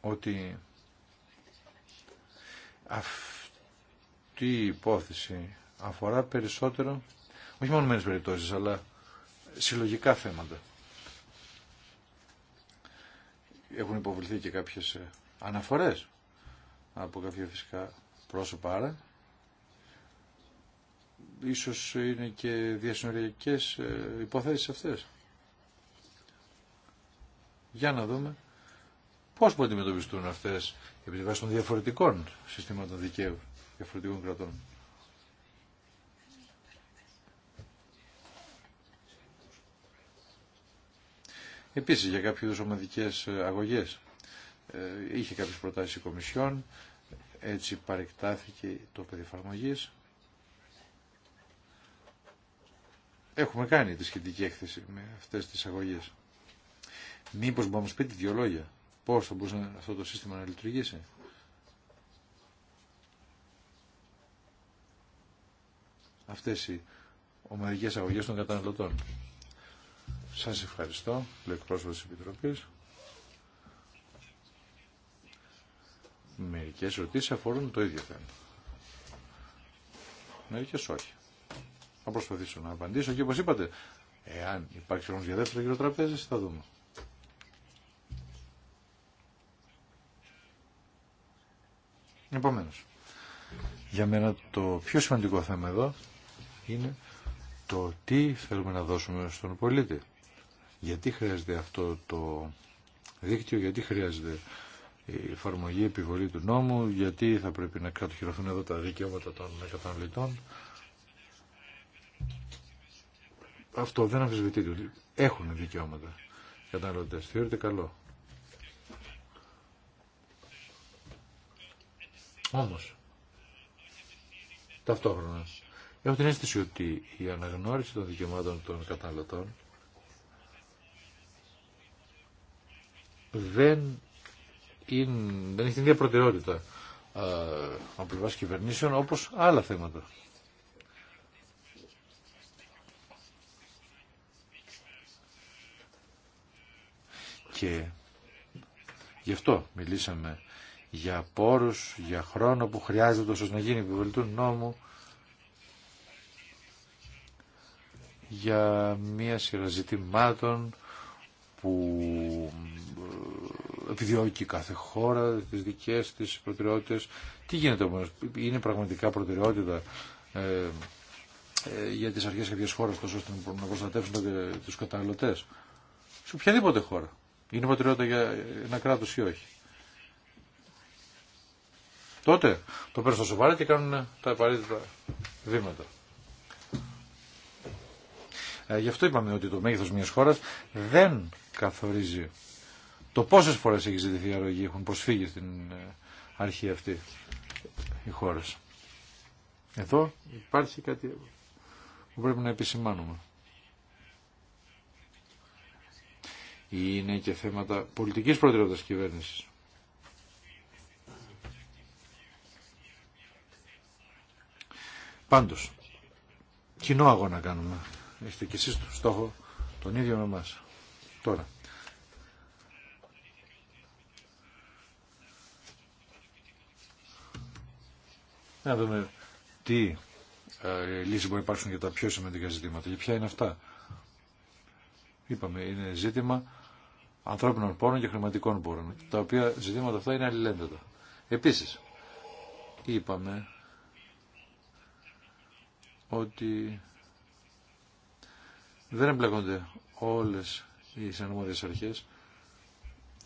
ότι αυτή η υπόθεση αφορά περισσότερο όχι μόνο περιπτώσεις, αλλά συλλογικά θέματα. Έχουν υποβληθεί και κάποιες ε, αναφορές από κάποια φυσικά πρόσωπα, άρα ίσως είναι και διασυνοριακές ε, υποθέσεις αυτές. Για να δούμε πώς μπορεί να αντιμετωπιστούν αυτές επί των διαφορετικών συστήματων δικαίου, διαφορετικών κρατών. Επίσης για κάποιες ομαδικές ε, αγωγές ε, είχε κάποιες προτάσεις η Κομισιόν, έτσι παρεκτάθηκε το πεδίο Έχουμε κάνει τη σχετική έκθεση με αυτές τις αγωγές. Μήπως μπορούμε να μας πείτε δύο λόγια πώς θα μπορούσε αυτό το σύστημα να λειτουργήσει. Αυτές οι ομαδικές αγωγές των καταναλωτών. Σας ευχαριστώ, λέει πρόσωπο της Επιτροπής. Μερικές ερωτήσεις αφορούν το ίδιο θέμα. Μερικές όχι. Θα προσπαθήσω να απαντήσω και όπως είπατε, εάν υπάρχει χρόνος για δεύτερο γύρο τραπέζι, θα δούμε. Επομένως, για μένα το πιο σημαντικό θέμα εδώ είναι το τι θέλουμε να δώσουμε στον πολίτη. Γιατί χρειάζεται αυτό το δίκτυο, γιατί χρειάζεται η εφαρμογή, επιβολή του νόμου, γιατί θα πρέπει να κατοχυρωθούν εδώ τα δικαιώματα των καταναλωτών. Αυτό δεν αμφισβητείται ότι έχουν δικαιώματα οι καταναλωτές. Θεωρείται καλό. Όμως, ταυτόχρονα, έχω την αίσθηση ότι η αναγνώριση των δικαιωμάτων των καταναλωτών δεν, είναι, δεν έχει την ίδια προτεραιότητα από πλευρά κυβερνήσεων όπως άλλα θέματα. Και γι' αυτό μιλήσαμε για πόρους, για χρόνο που χρειάζεται ώστε να γίνει επιβολή νόμου, για μία σειρά ζητημάτων που επιδιώκει κάθε χώρα, τις δικές της προτεραιότητες. Τι γίνεται όμως, είναι πραγματικά προτεραιότητα ε, ε, για τις αρχές κάποιες χώρες τόσο ώστε να προστατεύσουν τους καταναλωτές. Σε οποιαδήποτε χώρα. Είναι προτεραιότητα για ένα κράτος ή όχι. Τότε το παίρνουν στα σοβαρά και κάνουν τα απαραίτητα βήματα. Ε, γι' αυτό είπαμε ότι το μέγεθος μιας χώρας δεν καθορίζει το πόσες φορές έχει ζητηθεί αρρωγή, έχουν προσφύγει στην ε, αρχή αυτή οι χώρα Εδώ υπάρχει κάτι που πρέπει να επισημάνουμε. Είναι και θέματα πολιτικής προτεραιότητας κυβέρνησης. Πάντως, κοινό αγώνα κάνουμε. Είστε κι εσείς στόχο τον ίδιο με εμάς. Τώρα. να δούμε τι ε, λύσεις μπορεί να υπάρξουν για τα πιο σημαντικά ζητήματα. Και ποια είναι αυτά. Είπαμε, είναι ζήτημα ανθρώπινων πόρων και χρηματικών πόρων, τα οποία ζητήματα αυτά είναι αλληλένδετα. Επίσης, είπαμε ότι δεν εμπλέκονται όλες οι συναρμόδιες αρχές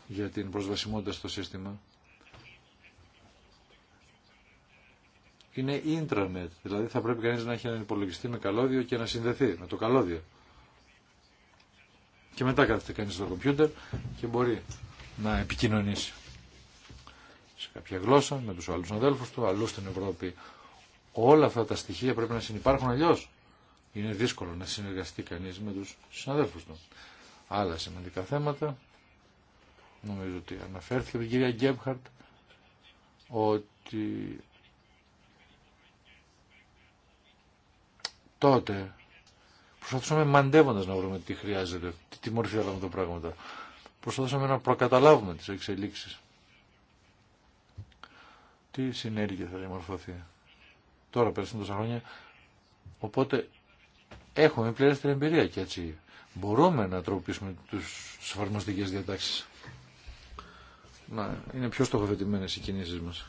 για την προσβασιμότητα στο σύστημα είναι intranet, δηλαδή θα πρέπει κανείς να έχει έναν υπολογιστή με καλώδιο και να συνδεθεί με το καλώδιο. Και μετά κάθεται κανείς στο κομπιούτερ και μπορεί να επικοινωνήσει σε κάποια γλώσσα με τους άλλους αδέλφους του, αλλού στην Ευρώπη. Όλα αυτά τα στοιχεία πρέπει να συνεπάρχουν αλλιώ. Είναι δύσκολο να συνεργαστεί κανείς με τους συναδέλφους του. Άλλα σημαντικά θέματα, νομίζω ότι αναφέρθηκε από την κυρία Γκέμπχαρτ, ότι τότε προσπαθούσαμε μαντεύοντας να βρούμε τι χρειάζεται, τι, τι μορφή έλαβαν τα πράγματα. Προσπαθούσαμε να προκαταλάβουμε τις εξελίξεις. Τι συνέργεια θα διαμορφωθεί. Τώρα πέρασαν τόσα χρόνια. Οπότε έχουμε την εμπειρία και έτσι μπορούμε να τροποποιήσουμε τους εφαρμοστικές διατάξεις. Να είναι πιο στοχοθετημένες οι κινήσεις μας.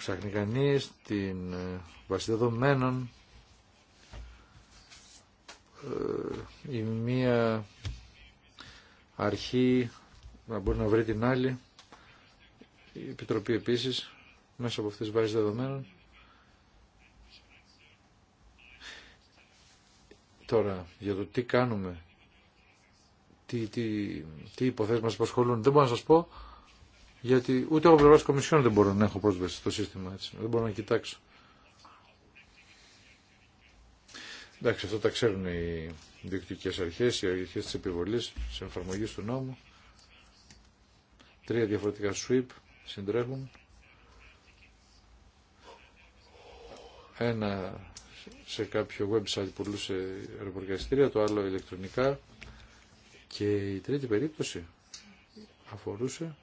ψάχνει κανείς την ε, βάση δεδομένων ε, η μία αρχή να μπορεί να βρει την άλλη η Επιτροπή επίσης μέσα από αυτές τις βάσεις δεδομένων τώρα για το τι κάνουμε τι, τι, τι υποθέσεις μας απασχολούν δεν μπορώ να σας πω γιατί ούτε από πλευρά Κομισιόν δεν μπορώ να έχω πρόσβαση στο σύστημα έτσι. Δεν μπορώ να κοιτάξω. Εντάξει, αυτό τα ξέρουν οι διοικητικές αρχές, οι αρχές της επιβολής, της εφαρμογής του νόμου. Τρία διαφορετικά sweep συντρέχουν. Ένα σε κάποιο website που πουλούσε αεροπορικαστήρια, το άλλο ηλεκτρονικά. Και η τρίτη περίπτωση αφορούσε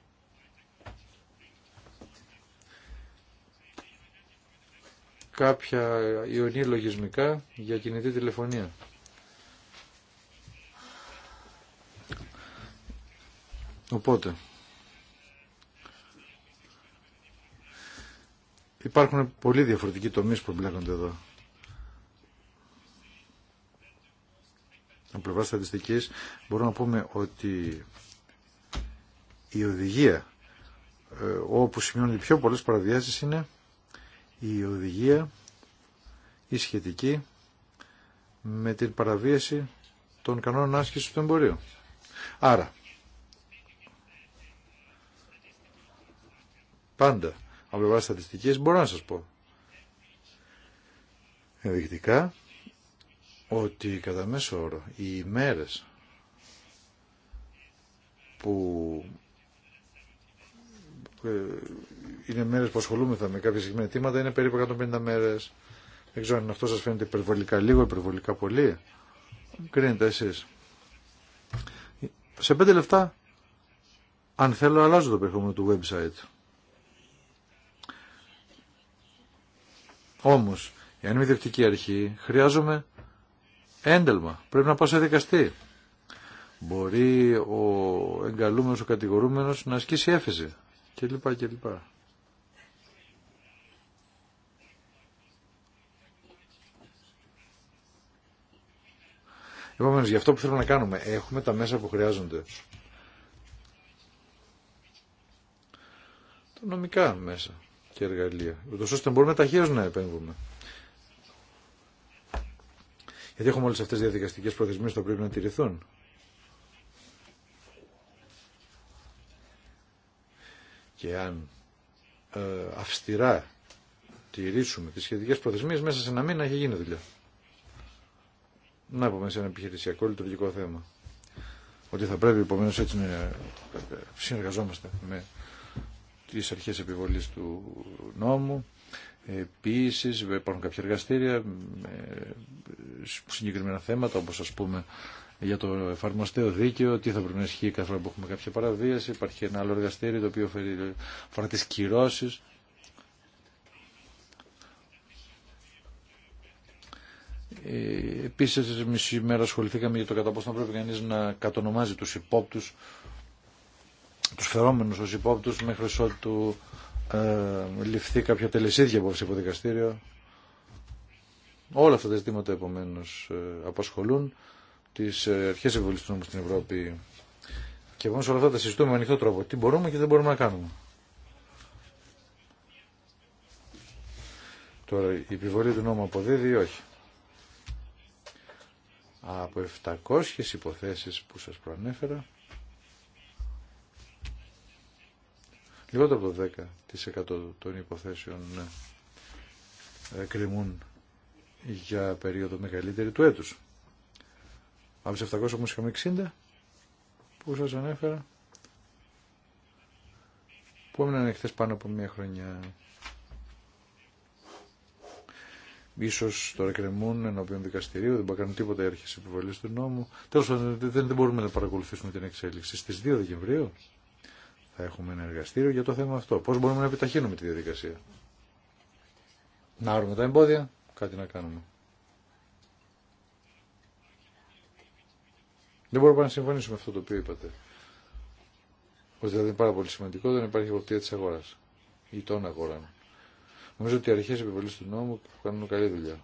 κάποια ιονή λογισμικά για κινητή τηλεφωνία. Οπότε, υπάρχουν πολύ διαφορετικοί τομείς που εμπλέκονται εδώ. Από πλευρά στατιστική μπορούμε να πούμε ότι η οδηγία ε, όπου σημειώνει πιο πολλές παραδιάσεις, είναι η οδηγία η σχετική με την παραβίαση των κανόνων άσκησης του εμπορίου. Άρα, πάντα από πλευρά στατιστικής μπορώ να σας πω ενδεικτικά ότι κατά μέσο όρο οι ημέρες που ε, είναι μέρε που ασχολούμεθα με κάποια συγκεκριμένα αιτήματα, είναι περίπου 150 μέρε. Δεν ξέρω αν αυτό σα φαίνεται υπερβολικά λίγο, υπερβολικά πολύ. Κρίνετε εσείς. Σε πέντε λεπτά, αν θέλω, αλλάζω το περιεχόμενο του website. Όμως, εάν είμαι αρχή, χρειάζομαι έντελμα. Πρέπει να πάω σε δικαστή. Μπορεί ο εγκαλούμενος, ο κατηγορούμενος να ασκήσει έφεση και λοιπά και για αυτό που θέλουμε να κάνουμε, έχουμε τα μέσα που χρειάζονται. Τα νομικά μέσα και εργαλεία, ούτως ώστε μπορούμε ταχύως να επέμβουμε. Γιατί έχουμε όλες αυτές τις διαδικαστικές προθεσμίες που πρέπει να τηρηθούν. και αν ε, αυστηρά τηρήσουμε τις σχετικές προθεσμίες μέσα σε ένα μήνα έχει γίνει δουλειά. Να πούμε σε ένα επιχειρησιακό λειτουργικό θέμα. Ότι θα πρέπει επομένω έτσι να ε, συνεργαζόμαστε με τις αρχές επιβολής του νόμου. Επίση, υπάρχουν κάποια εργαστήρια με ε, συγκεκριμένα θέματα όπως ας πούμε για το εφαρμοστέο δίκαιο, τι θα πρέπει να ισχύει κάθε φορά που έχουμε κάποια παραβίαση. Υπάρχει ένα άλλο εργαστήριο το οποίο φέρει αφορά τι κυρώσει. Ε, Επίση, μισή μέρα ασχοληθήκαμε για το κατά πόσο πρέπει κανεί να κατονομάζει του υπόπτου, του φερόμενου ω υπόπτου, μέχρι ότου ε, ληφθεί κάποια τελεσίδια από δικαστήριο. Όλα αυτά τα ζητήματα επομένω ε, απασχολούν τις ε, αρχές επιβολής του νόμου στην Ευρώπη. Και εγώ όλα αυτά τα συζητούμε με ανοιχτό τρόπο. Τι μπορούμε και δεν μπορούμε να κάνουμε. Τώρα, η επιβολή του νόμου αποδίδει ή όχι. Από 700 υποθέσεις που σας προανέφερα, λιγότερο από το 10% των υποθέσεων ε, κρυμούν για περίοδο μεγαλύτερη του έτους. Από τις 700 όμως είχαμε 60 που σας ανέφερα που έμειναν χθες πάνω από μία χρονιά. Ίσως τώρα κρεμούν ενώπιον δικαστηρίου, δεν μπορούν να κάνουν τίποτα οι αρχές επιβολής του νόμου. Τέλος πάντων δεν, δεν μπορούμε να παρακολουθήσουμε την εξέλιξη. Στις 2 Δεκεμβρίου θα έχουμε ένα εργαστήριο για το θέμα αυτό. Πώς μπορούμε να επιταχύνουμε τη διαδικασία. Να άρουμε τα εμπόδια, κάτι να κάνουμε. Δεν μπορούμε να συμφωνήσουμε με αυτό το οποίο είπατε. Ότι δηλαδή είναι πάρα πολύ σημαντικό, δεν υπάρχει βοηθεία τη αγορά ή των αγορών. Νομίζω ότι οι αρχέ επιβολή του νόμου κάνουν καλή δουλειά.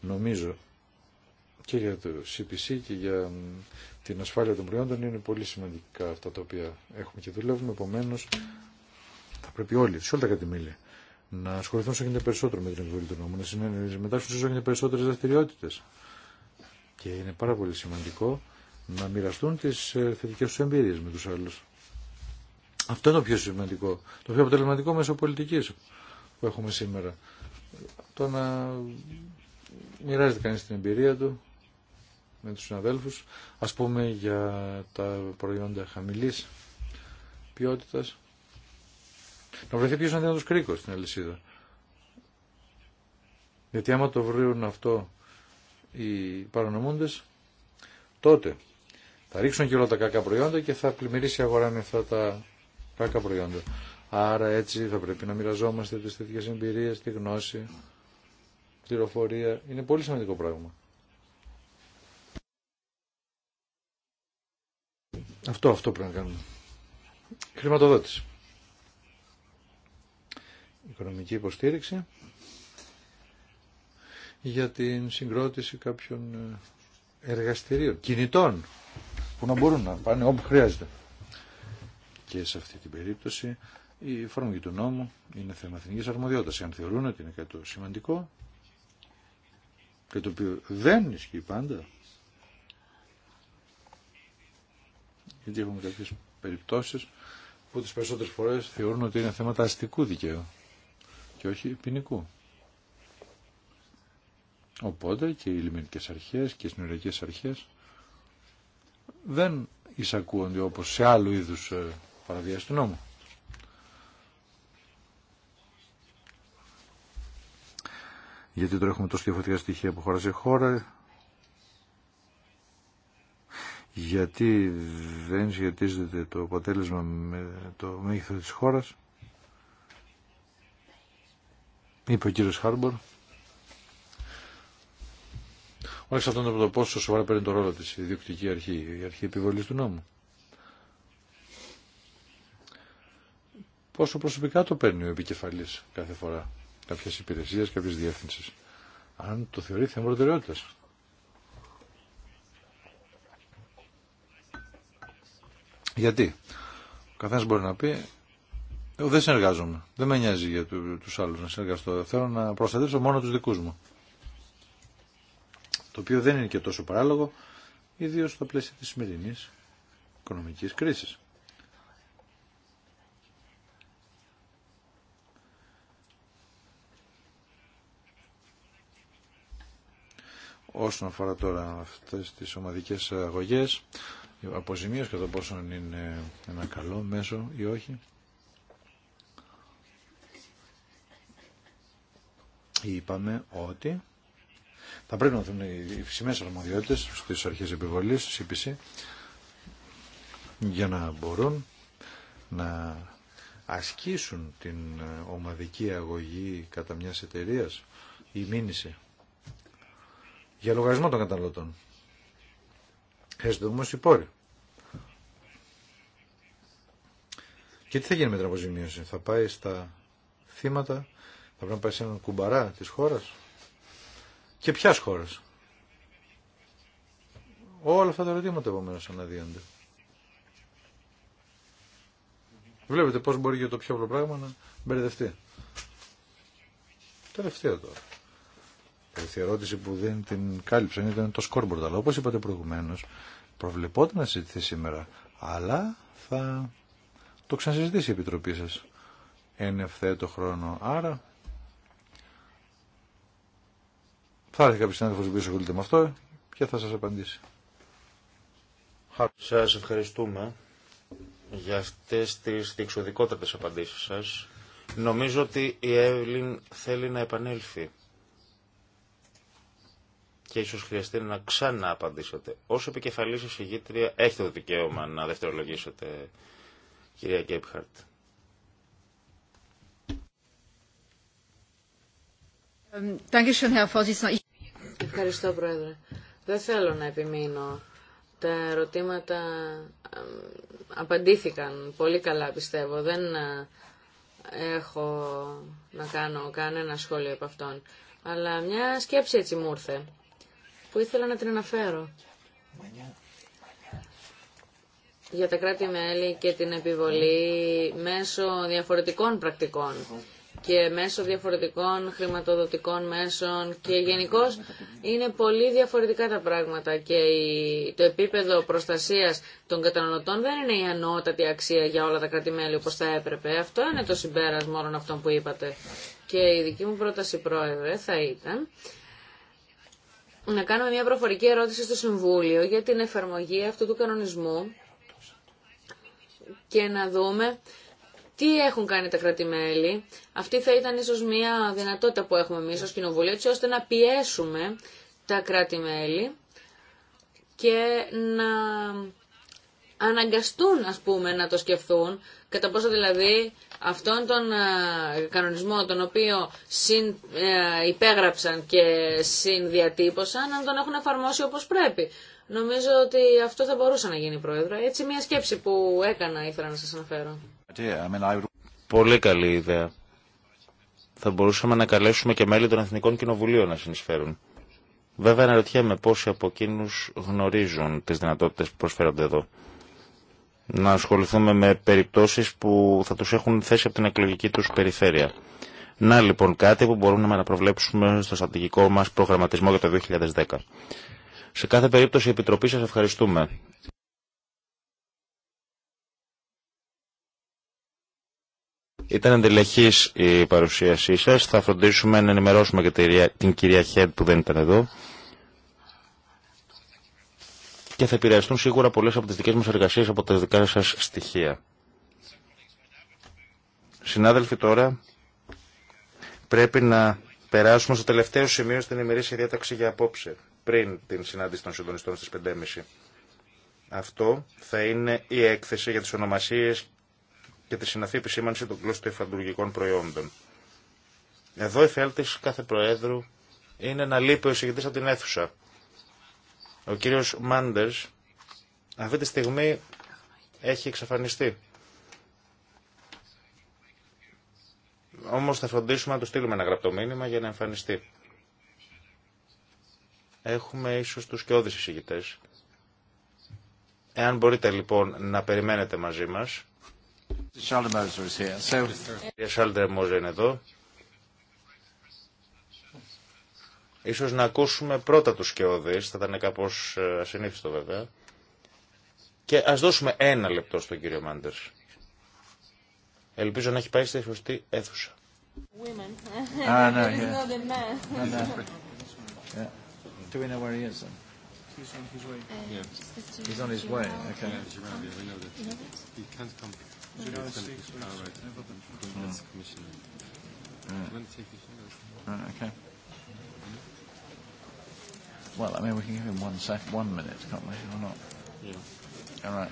Νομίζω και για το CPC και για την ασφάλεια των προϊόντων είναι πολύ σημαντικά αυτά τα οποία έχουμε και δουλεύουμε. Επομένω, θα πρέπει όλοι, σε όλα τα κατημήλια, να ασχοληθούν όσο γίνεται περισσότερο με την εκδοχή του νόμου, να συμμετάσχουν όσο γίνεται περισσότερε δραστηριότητε. Και είναι πάρα πολύ σημαντικό να μοιραστούν τι ε, θετικέ του εμπειρίε με του άλλου. Αυτό είναι το πιο σημαντικό, το πιο αποτελεσματικό μέσο πολιτική που έχουμε σήμερα. Το να μοιράζεται κανεί την εμπειρία του με του συναδέλφου, α πούμε για τα προϊόντα χαμηλή ποιότητα να βρεθεί ποιος είναι ο κρίκος στην αλυσίδα. Γιατί άμα το βρουν αυτό οι παρανομούντες, τότε θα ρίξουν και όλα τα κακά προϊόντα και θα πλημμυρίσει η αγορά με αυτά τα κακά προϊόντα. Άρα έτσι θα πρέπει να μοιραζόμαστε τις τέτοιες εμπειρίες, τη γνώση, πληροφορία. Είναι πολύ σημαντικό πράγμα. Αυτό, αυτό πρέπει να κάνουμε. Χρηματοδότηση οικονομική υποστήριξη για την συγκρότηση κάποιων ε, εργαστηρίων, κινητών που να μπορούν να πάνε όπου χρειάζεται. Και σε αυτή την περίπτωση η εφαρμογή του νόμου είναι θέμα εθνικής αρμοδιότητας. Αν θεωρούν ότι είναι κάτι σημαντικό και το οποίο δεν ισχύει πάντα, γιατί έχουμε κάποιες περιπτώσεις που τις περισσότερες φορές θεωρούν ότι είναι θέματα αστικού δικαίου και όχι ποινικού. Οπότε και οι λιμενικές αρχές και οι συνοριακές αρχές δεν εισακούονται όπως σε άλλου είδους ε, παραδείας του νόμου. Γιατί τώρα έχουμε τόσο διαφορετικά στοιχεία από χώρα σε χώρα. Γιατί δεν σχετίζεται το αποτέλεσμα με το μέγεθο της χώρας είπε ο κύριος Χάρμπορ. Όχι σε αυτόν τον το πόσο σοβαρά παίρνει το ρόλο της η διοικητική αρχή, η αρχή επιβολής του νόμου. Πόσο προσωπικά το παίρνει ο επικεφαλής κάθε φορά κάποιες υπηρεσίες, κάποιες διεύθυνσεις. Αν το θεωρεί θέμα προτεραιότητας. Γιατί. Ο καθένας μπορεί να πει δεν συνεργάζομαι. Δεν με νοιάζει για τους άλλους να συνεργαστώ. Θέλω να προστατεύσω μόνο τους δικούς μου. Το οποίο δεν είναι και τόσο παράλογο, ιδίω στο πλαίσιο της σημερινή οικονομικής κρίσης. Όσον αφορά τώρα αυτές τις ομαδικές αγωγές, αποζημίως και το πόσο είναι ένα καλό μέσο ή όχι, είπαμε ότι θα πρέπει να δουν οι φυσικές αρμοδιότητες στις αρχές επιβολής, CPC, για να μπορούν να ασκήσουν την ομαδική αγωγή κατά μιας εταιρεία ή μήνυση για λογαριασμό των καταναλωτών. εστω όμω οι πόροι. Και τι θα γίνει με την αποζημίωση. Θα πάει στα θύματα θα πρέπει να πάει σε έναν κουμπαρά τη χώρα Και ποια χώρα. Όλα αυτά τα ερωτήματα επομένω αναδύονται. Βλέπετε πώς μπορεί για το πιο απλό πράγμα να μπερδευτεί. Τελευταία τώρα. Τελευταία ερώτηση που δεν την κάλυψαν ήταν το σκόρμπορντ. Αλλά όπως είπατε προηγουμένω, προβλεπόταν να συζητηθεί σήμερα. Αλλά θα το ξανασυζητήσει η Επιτροπή σας εν ευθέτω χρόνο. Άρα Θα έρθει κάποιο συνάδελφο που ασχολείται με αυτό και θα σα απαντήσει. Σα ευχαριστούμε για αυτέ τι διεξοδικότατε απαντήσει σα. Νομίζω ότι η Εύλην θέλει να επανέλθει και ίσω χρειαστεί να ξανά απαντήσετε. Ω επικεφαλή εισηγήτρια έχετε το δικαίωμα να δευτερολογήσετε, κυρία Γκέπχαρτ. Ευχαριστώ, Πρόεδρε. Δεν θέλω να επιμείνω. Τα ερωτήματα απαντήθηκαν πολύ καλά, πιστεύω. Δεν ε, έχω να κάνω κανένα σχόλιο από αυτόν. Αλλά μια σκέψη έτσι μου ήρθε, που ήθελα να την αναφέρω. Για τα κράτη-μέλη και την επιβολή μέσω διαφορετικών πρακτικών και μέσω διαφορετικών χρηματοδοτικών μέσων και γενικώ είναι πολύ διαφορετικά τα πράγματα και το επίπεδο προστασίας των καταναλωτών δεν είναι η ανώτατη αξία για όλα τα κρατημέλη όπως θα έπρεπε. Αυτό είναι το συμπέρασμα όλων αυτών που είπατε. Και η δική μου πρόταση πρόεδρε θα ήταν να κάνουμε μια προφορική ερώτηση στο Συμβούλιο για την εφαρμογή αυτού του κανονισμού και να δούμε τι έχουν κάνει τα κρατημέλη. Αυτή θα ήταν ίσως μια δυνατότητα που έχουμε εμείς ως Κοινοβουλίο, έτσι ώστε να πιέσουμε τα κράτη-μέλη και να αναγκαστούν, ας πούμε, να το σκεφτούν, κατά πόσο δηλαδή αυτόν τον ε, κανονισμό τον οποίο συν, ε, υπέγραψαν και συνδιατύπωσαν, αν τον έχουν εφαρμόσει όπως πρέπει. Νομίζω ότι αυτό θα μπορούσε να γίνει, Πρόεδρε. Έτσι μια σκέψη που έκανα ήθελα να σας αναφέρω. Πολύ καλή ιδέα. Θα μπορούσαμε να καλέσουμε και μέλη των Εθνικών Κοινοβουλίων να συνεισφέρουν. Βέβαια, αναρωτιέμαι πόσοι από εκείνου γνωρίζουν τι δυνατότητε που προσφέρονται εδώ. Να ασχοληθούμε με περιπτώσει που θα του έχουν θέσει από την εκλογική του περιφέρεια. Να λοιπόν κάτι που μπορούμε να προβλέψουμε στο στρατηγικό μα προγραμματισμό για το 2010. Σε κάθε περίπτωση, η Επιτροπή σα ευχαριστούμε. Ήταν εντελεχής η παρουσίασή σα. Θα φροντίσουμε να ενημερώσουμε και την κυρία Χέντ που δεν ήταν εδώ. Και θα επηρεαστούν σίγουρα πολλέ από τι δικέ μα εργασίε από τα δικά σα στοιχεία. Συνάδελφοι τώρα, πρέπει να περάσουμε στο τελευταίο σημείο στην ημερήσια διάταξη για απόψε, πριν την συνάντηση των συντονιστών στις 5.30. Αυτό θα είναι η έκθεση για τις ονομασίες και τη συναφή επισήμανση των εφαντουργικών προϊόντων. Εδώ η φέλτη κάθε Προέδρου είναι να λείπει ο εισηγητή από την αίθουσα. Ο κύριο Μάντερ αυτή τη στιγμή έχει εξαφανιστεί. Όμως θα φροντίσουμε να του στείλουμε ένα γραπτό μήνυμα για να εμφανιστεί. Έχουμε ίσως τους και όδης εισηγητές. Εάν μπορείτε λοιπόν να περιμένετε μαζί μας, η Σάλντερ Μόζε είναι εδώ. Ίσως να ακούσουμε πρώτα τους σκεώδεις, θα ήταν κάπως ε, ασυνήθιστο βέβαια. Και ας δώσουμε ένα λεπτό στον κύριο Μάντερς. Ελπίζω να έχει πάει στη σωστή αίθουσα. Well, I mean, we can give him one sec, one minute, can't we, or not? Yeah. All right.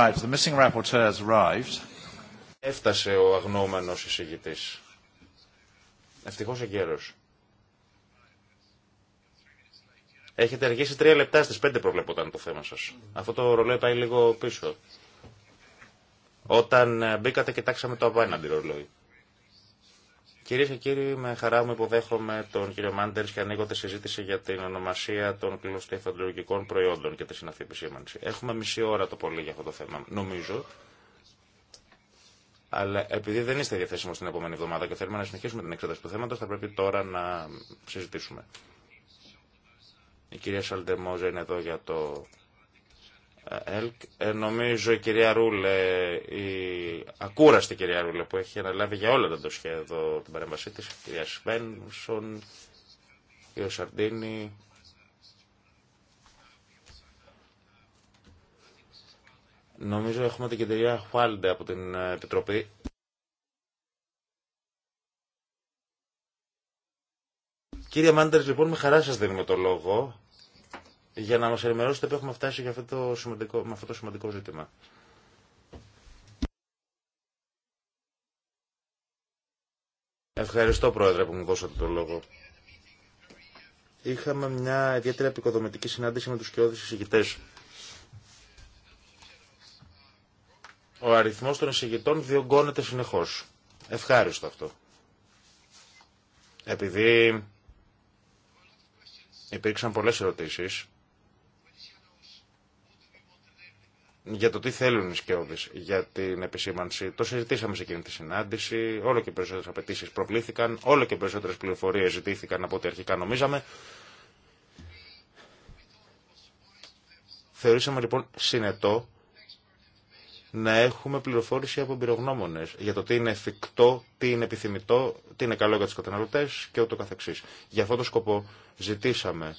Right, the missing rapporteur arrived. Έφτασε ο αγνώμενος εισηγητής. Ευτυχώς εγκαίρος. Έχετε αργήσει τρία λεπτά στις πέντε προβλέπονταν το θέμα σας. Αυτό το ρολόι πάει λίγο πίσω. Όταν ε, μπήκατε κοιτάξαμε το απέναντι ρολόι. Κυρίε και κύριοι, με χαρά μου υποδέχομαι τον κύριο Μάντερ και ανοίγω τη συζήτηση για την ονομασία των κλωστοϊφαντολογικών προϊόντων και τη συναφή επισήμανση. Έχουμε μισή ώρα το πολύ για αυτό το θέμα, νομίζω. Αλλά επειδή δεν είστε διαθέσιμο την επόμενη εβδομάδα και θέλουμε να συνεχίσουμε την εξέταση του θέματο, θα πρέπει τώρα να συζητήσουμε. Η κυρία Σαλτεμόζα είναι εδώ για το ΕΛΚ. Ε, νομίζω η κυρία Ρούλε, η ακούραστη κυρία Ρούλε που έχει αναλάβει για όλα τα ντοσιά εδώ την παρέμβασή της, η κυρία Σβένσον, η κυρία Σαρντίνη. Νομίζω έχουμε την κυρία Χουάλντε από την ε, Επιτροπή. Κύριε Μάντερς, λοιπόν, με χαρά σας δίνουμε το λόγο για να μας ενημερώσετε που έχουμε φτάσει για αυτό το σημαντικό, με αυτό το σημαντικό ζήτημα. Ευχαριστώ Πρόεδρε που μου δώσατε το λόγο. Είχαμε μια ιδιαίτερη επικοδομητική συνάντηση με τους κοιόδης εισηγητές. Ο αριθμός των εισηγητών διωγγώνεται συνεχώς. Ευχάριστο αυτό. Επειδή υπήρξαν πολλές ερωτήσεις, για το τι θέλουν οι σκιώδει για την επισήμανση. Το συζητήσαμε σε εκείνη τη συνάντηση, όλο και περισσότερε απαιτήσει προβλήθηκαν. όλο και περισσότερε πληροφορίε ζητήθηκαν από ό,τι αρχικά νομίζαμε. Θεωρήσαμε λοιπόν συνετό να έχουμε πληροφόρηση από εμπειρογνώμονε για το τι είναι εφικτό, τι είναι επιθυμητό, τι είναι καλό για του καταναλωτέ και ούτω καθεξή. Για αυτό το σκοπό ζητήσαμε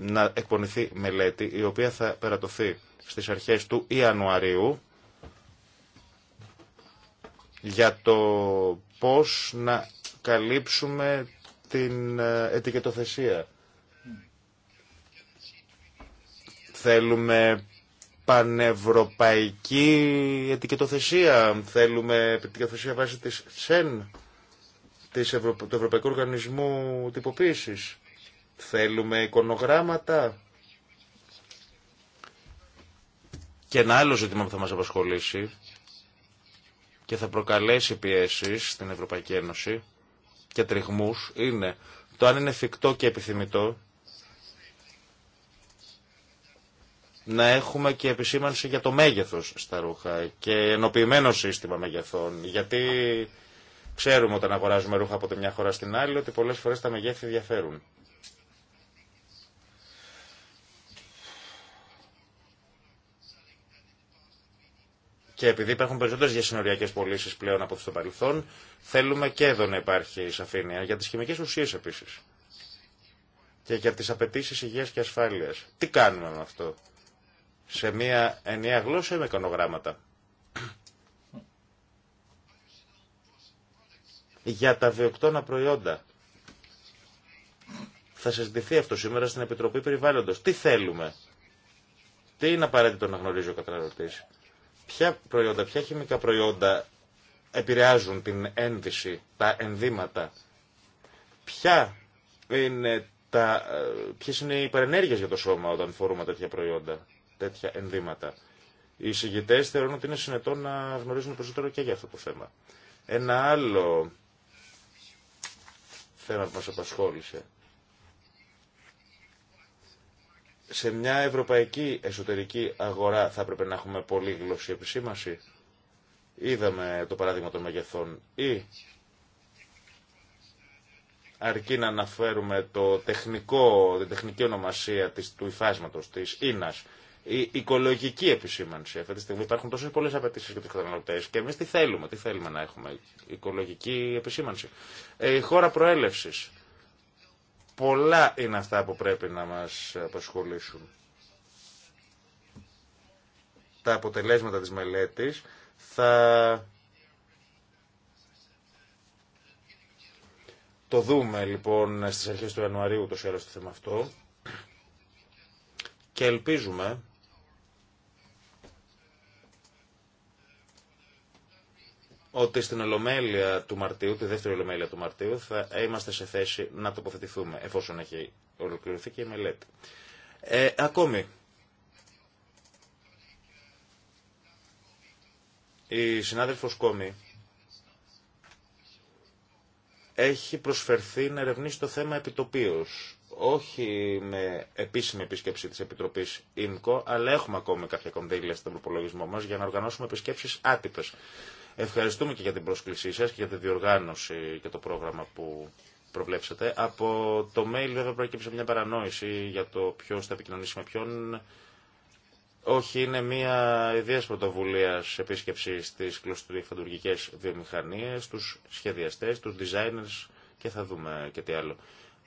να εκπονηθεί μελέτη η οποία θα περατωθεί στις αρχές του Ιανουαρίου για το πώς να καλύψουμε την ε, ετικετοθεσία. Θέλουμε πανευρωπαϊκή ετικετοθεσία. Θέλουμε ετικετοθεσία βάσει της ΣΕΝ, της του Ευρωπαϊκού Οργανισμού Τυποποίησης. Θέλουμε εικονογράμματα. Και ένα άλλο ζήτημα που θα μας απασχολήσει και θα προκαλέσει πιέσεις στην Ευρωπαϊκή Ένωση και τριγμούς είναι το αν είναι εφικτό και επιθυμητό να έχουμε και επισήμανση για το μέγεθος στα ρούχα και ενοποιημένο σύστημα μεγεθών. Γιατί ξέρουμε όταν αγοράζουμε ρούχα από τη μια χώρα στην άλλη ότι πολλές φορές τα μεγέθη διαφέρουν. Και επειδή υπάρχουν περισσότερε διασυνοριακέ πωλήσει πλέον από το παρελθόν, θέλουμε και εδώ να υπάρχει σαφήνεια για τι χημικέ ουσίε επίση. Και για τι απαιτήσει υγεία και ασφάλεια. Τι κάνουμε με αυτό. Σε μία ενιαία γλώσσα ή με εικονογράμματα. Για τα βιοκτώνα προϊόντα. Θα συζητηθεί αυτό σήμερα στην Επιτροπή Περιβάλλοντος. Τι θέλουμε. Τι είναι απαραίτητο να γνωρίζει ο καταναλωτής ποια προϊόντα, ποια χημικά προϊόντα επηρεάζουν την ένδυση, τα ενδύματα, ποια είναι τα, ε, ποιες είναι οι παρενέργειες για το σώμα όταν φορούμε τέτοια προϊόντα, τέτοια ενδύματα. Οι εισηγητέ θεωρούν ότι είναι συνετό να γνωρίζουν περισσότερο και για αυτό το θέμα. Ένα άλλο θέμα που μας απασχόλησε σε μια ευρωπαϊκή εσωτερική αγορά θα έπρεπε να έχουμε πολύ γλωσσή επισήμαση. Είδαμε το παράδειγμα των μεγεθών ή αρκεί να αναφέρουμε το τεχνικό, την τεχνική ονομασία του υφάσματος της Ίνας η οικολογική επισήμανση. Αυτή τη στιγμή υπάρχουν τόσε πολλέ απαιτήσεις για τους καταναλωτέ και εμεί τι θέλουμε, τι θέλουμε να έχουμε, οικολογική επισήμανση. Ε, η χώρα προέλευση. Πολλά είναι αυτά που πρέπει να μας απασχολήσουν. Τα αποτελέσματα της μελέτης θα το δούμε λοιπόν στις αρχές του Ιανουαρίου το το θέμα αυτό και ελπίζουμε ότι στην Ολομέλεια του Μαρτίου, τη δεύτερη Ολομέλεια του Μαρτίου, θα είμαστε σε θέση να τοποθετηθούμε, εφόσον έχει ολοκληρωθεί και η μελέτη. Ε, ακόμη, η συνάδελφος Κόμη έχει προσφερθεί να ερευνήσει το θέμα επιτοπίως. Όχι με επίσημη επίσκεψη της Επιτροπής ΙΜΚΟ, αλλά έχουμε ακόμη κάποια κονδύλια στον προπολογισμό μας για να οργανώσουμε επισκέψεις άτυπες Ευχαριστούμε και για την πρόσκλησή σας και για τη διοργάνωση και το πρόγραμμα που προβλέψατε. Από το mail βέβαια προέκυψε μια παρανόηση για το ποιο θα επικοινωνήσει με ποιον. Όχι, είναι μια ιδέα πρωτοβουλία επίσκεψη στι κλωστουριφαντουργικέ βιομηχανίε, στου σχεδιαστέ, στου designers και θα δούμε και τι άλλο.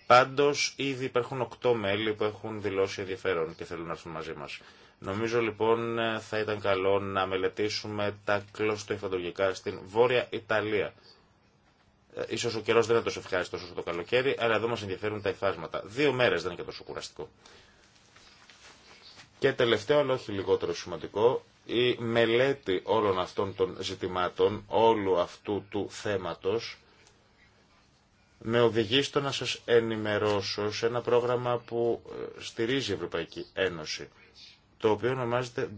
Πάντω, ήδη υπάρχουν οκτώ μέλη που έχουν δηλώσει ενδιαφέρον και θέλουν να έρθουν μαζί μα. Νομίζω λοιπόν θα ήταν καλό να μελετήσουμε τα κλωστοϊφαντουργικά στην Βόρεια Ιταλία. Ε, ίσως ο καιρός δεν είναι τόσο ευχάριστο όσο το καλοκαίρι, αλλά εδώ μας ενδιαφέρουν τα υφάσματα. Δύο μέρες δεν είναι και τόσο κουραστικό. Και τελευταίο, αλλά όχι λιγότερο σημαντικό, η μελέτη όλων αυτών των ζητημάτων, όλου αυτού του θέματος, με οδηγεί στο να σας ενημερώσω σε ένα πρόγραμμα που ε, στηρίζει η Ευρωπαϊκή Ένωση το οποίο ονομάζεται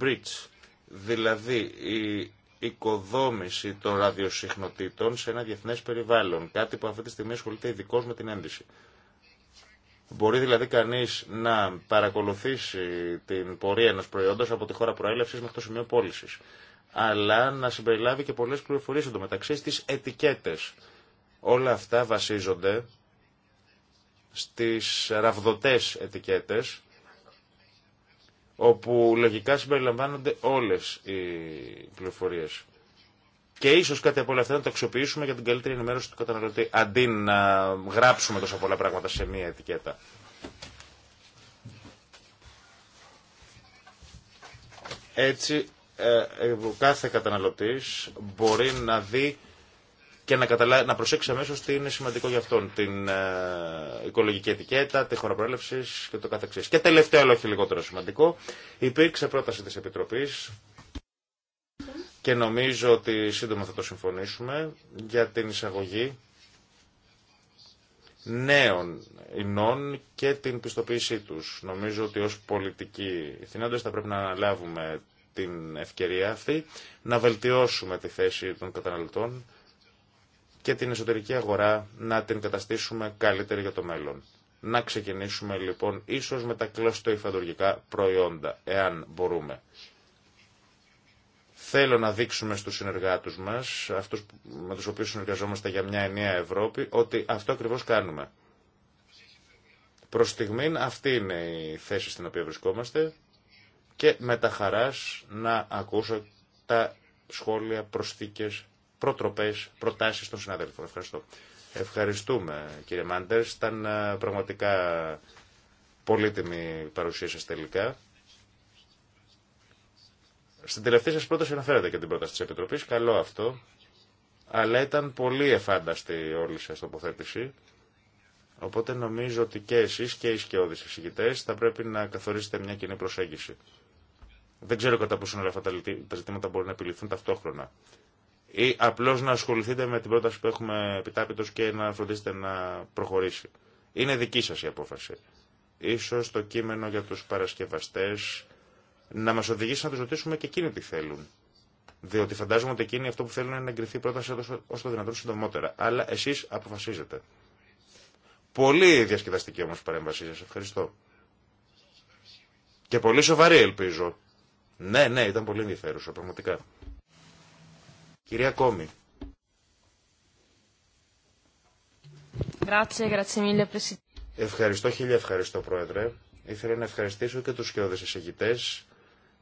bridge, δηλαδή η οικοδόμηση των ραδιοσυχνοτήτων σε ένα διεθνές περιβάλλον, κάτι που αυτή τη στιγμή ασχολείται ειδικό με την ένδυση. Μπορεί δηλαδή κανείς να παρακολουθήσει την πορεία ενός προϊόντος από τη χώρα προέλευσης μέχρι το σημείο πώλησης, αλλά να συμπεριλάβει και πολλές πληροφορίες εντωμεταξύ στις ετικέτες. Όλα αυτά βασίζονται στις ραβδοτές ετικέτες, όπου λογικά συμπεριλαμβάνονται όλες οι πληροφορίες. Και ίσω κάτι από όλα αυτά να το αξιοποιήσουμε για την καλύτερη ενημέρωση του καταναλωτή, αντί να γράψουμε τόσα πολλά πράγματα σε μία ετικέτα. Έτσι, ε, ε, κάθε καταναλωτής μπορεί να δει και να, καταλά... να προσέξει αμέσω τι είναι σημαντικό για αυτόν. Την ε, οικολογική ετικέτα, τη χώρα προέλευση και το καθεξή. Και τελευταίο, αλλά όχι λιγότερο σημαντικό, υπήρξε πρόταση τη Επιτροπή και νομίζω ότι σύντομα θα το συμφωνήσουμε για την εισαγωγή νέων ινών και την πιστοποίησή τους. Νομίζω ότι ως πολιτικοί θυνάντες θα πρέπει να αναλάβουμε την ευκαιρία αυτή, να βελτιώσουμε τη θέση των καταναλωτών και την εσωτερική αγορά να την καταστήσουμε καλύτερη για το μέλλον. Να ξεκινήσουμε λοιπόν ίσως με τα κλωστοϊφαντουργικά προϊόντα, εάν μπορούμε. Θέλω να δείξουμε στους συνεργάτους μας, αυτούς με τους οποίους συνεργαζόμαστε για μια ενιαία Ευρώπη, ότι αυτό ακριβώς κάνουμε. Προ στιγμήν αυτή είναι η θέση στην οποία βρισκόμαστε και με τα χαράς να ακούσω τα σχόλια, προσθήκες προτροπέ, προτάσει των συναδέλφων. Ευχαριστώ. Ευχαριστούμε κύριε Μάντερς. Ήταν ε, πραγματικά πολύτιμη παρουσία σα τελικά. Στην τελευταία σα πρόταση αναφέρατε και την πρόταση τη Επιτροπή, Καλό αυτό. Αλλά ήταν πολύ εφάνταστη όλη σα τοποθέτηση. Οπότε νομίζω ότι και εσεί και οι σκιώδει εισηγητέ θα πρέπει να καθορίσετε μια κοινή προσέγγιση. Δεν ξέρω κατά πόσο όλα αυτά τα ζητήματα μπορούν να επιληθούν ταυτόχρονα ή απλώ να ασχοληθείτε με την πρόταση που έχουμε επιτάπητο και να φροντίσετε να προχωρήσει. Είναι δική σα η απόφαση. σω το κείμενο για του παρασκευαστέ να μα οδηγήσει να του ρωτήσουμε και εκείνοι τι θέλουν. Διότι φαντάζομαι ότι εκείνοι αυτό που θέλουν είναι να εγκριθεί η πρόταση όσο το δυνατόν συντομότερα. Αλλά εσεί αποφασίζετε. Πολύ διασκεδαστική όμως παρέμβασή σα Ευχαριστώ. Και πολύ σοβαρή ελπίζω. Ναι, ναι, ήταν πολύ ενδιαφέρουσα, πραγματικά. Κυρία Κόμη. Ευχαριστώ, χίλια ευχαριστώ, Πρόεδρε. Ήθελα να ευχαριστήσω και τους σκιώδες εισηγητές,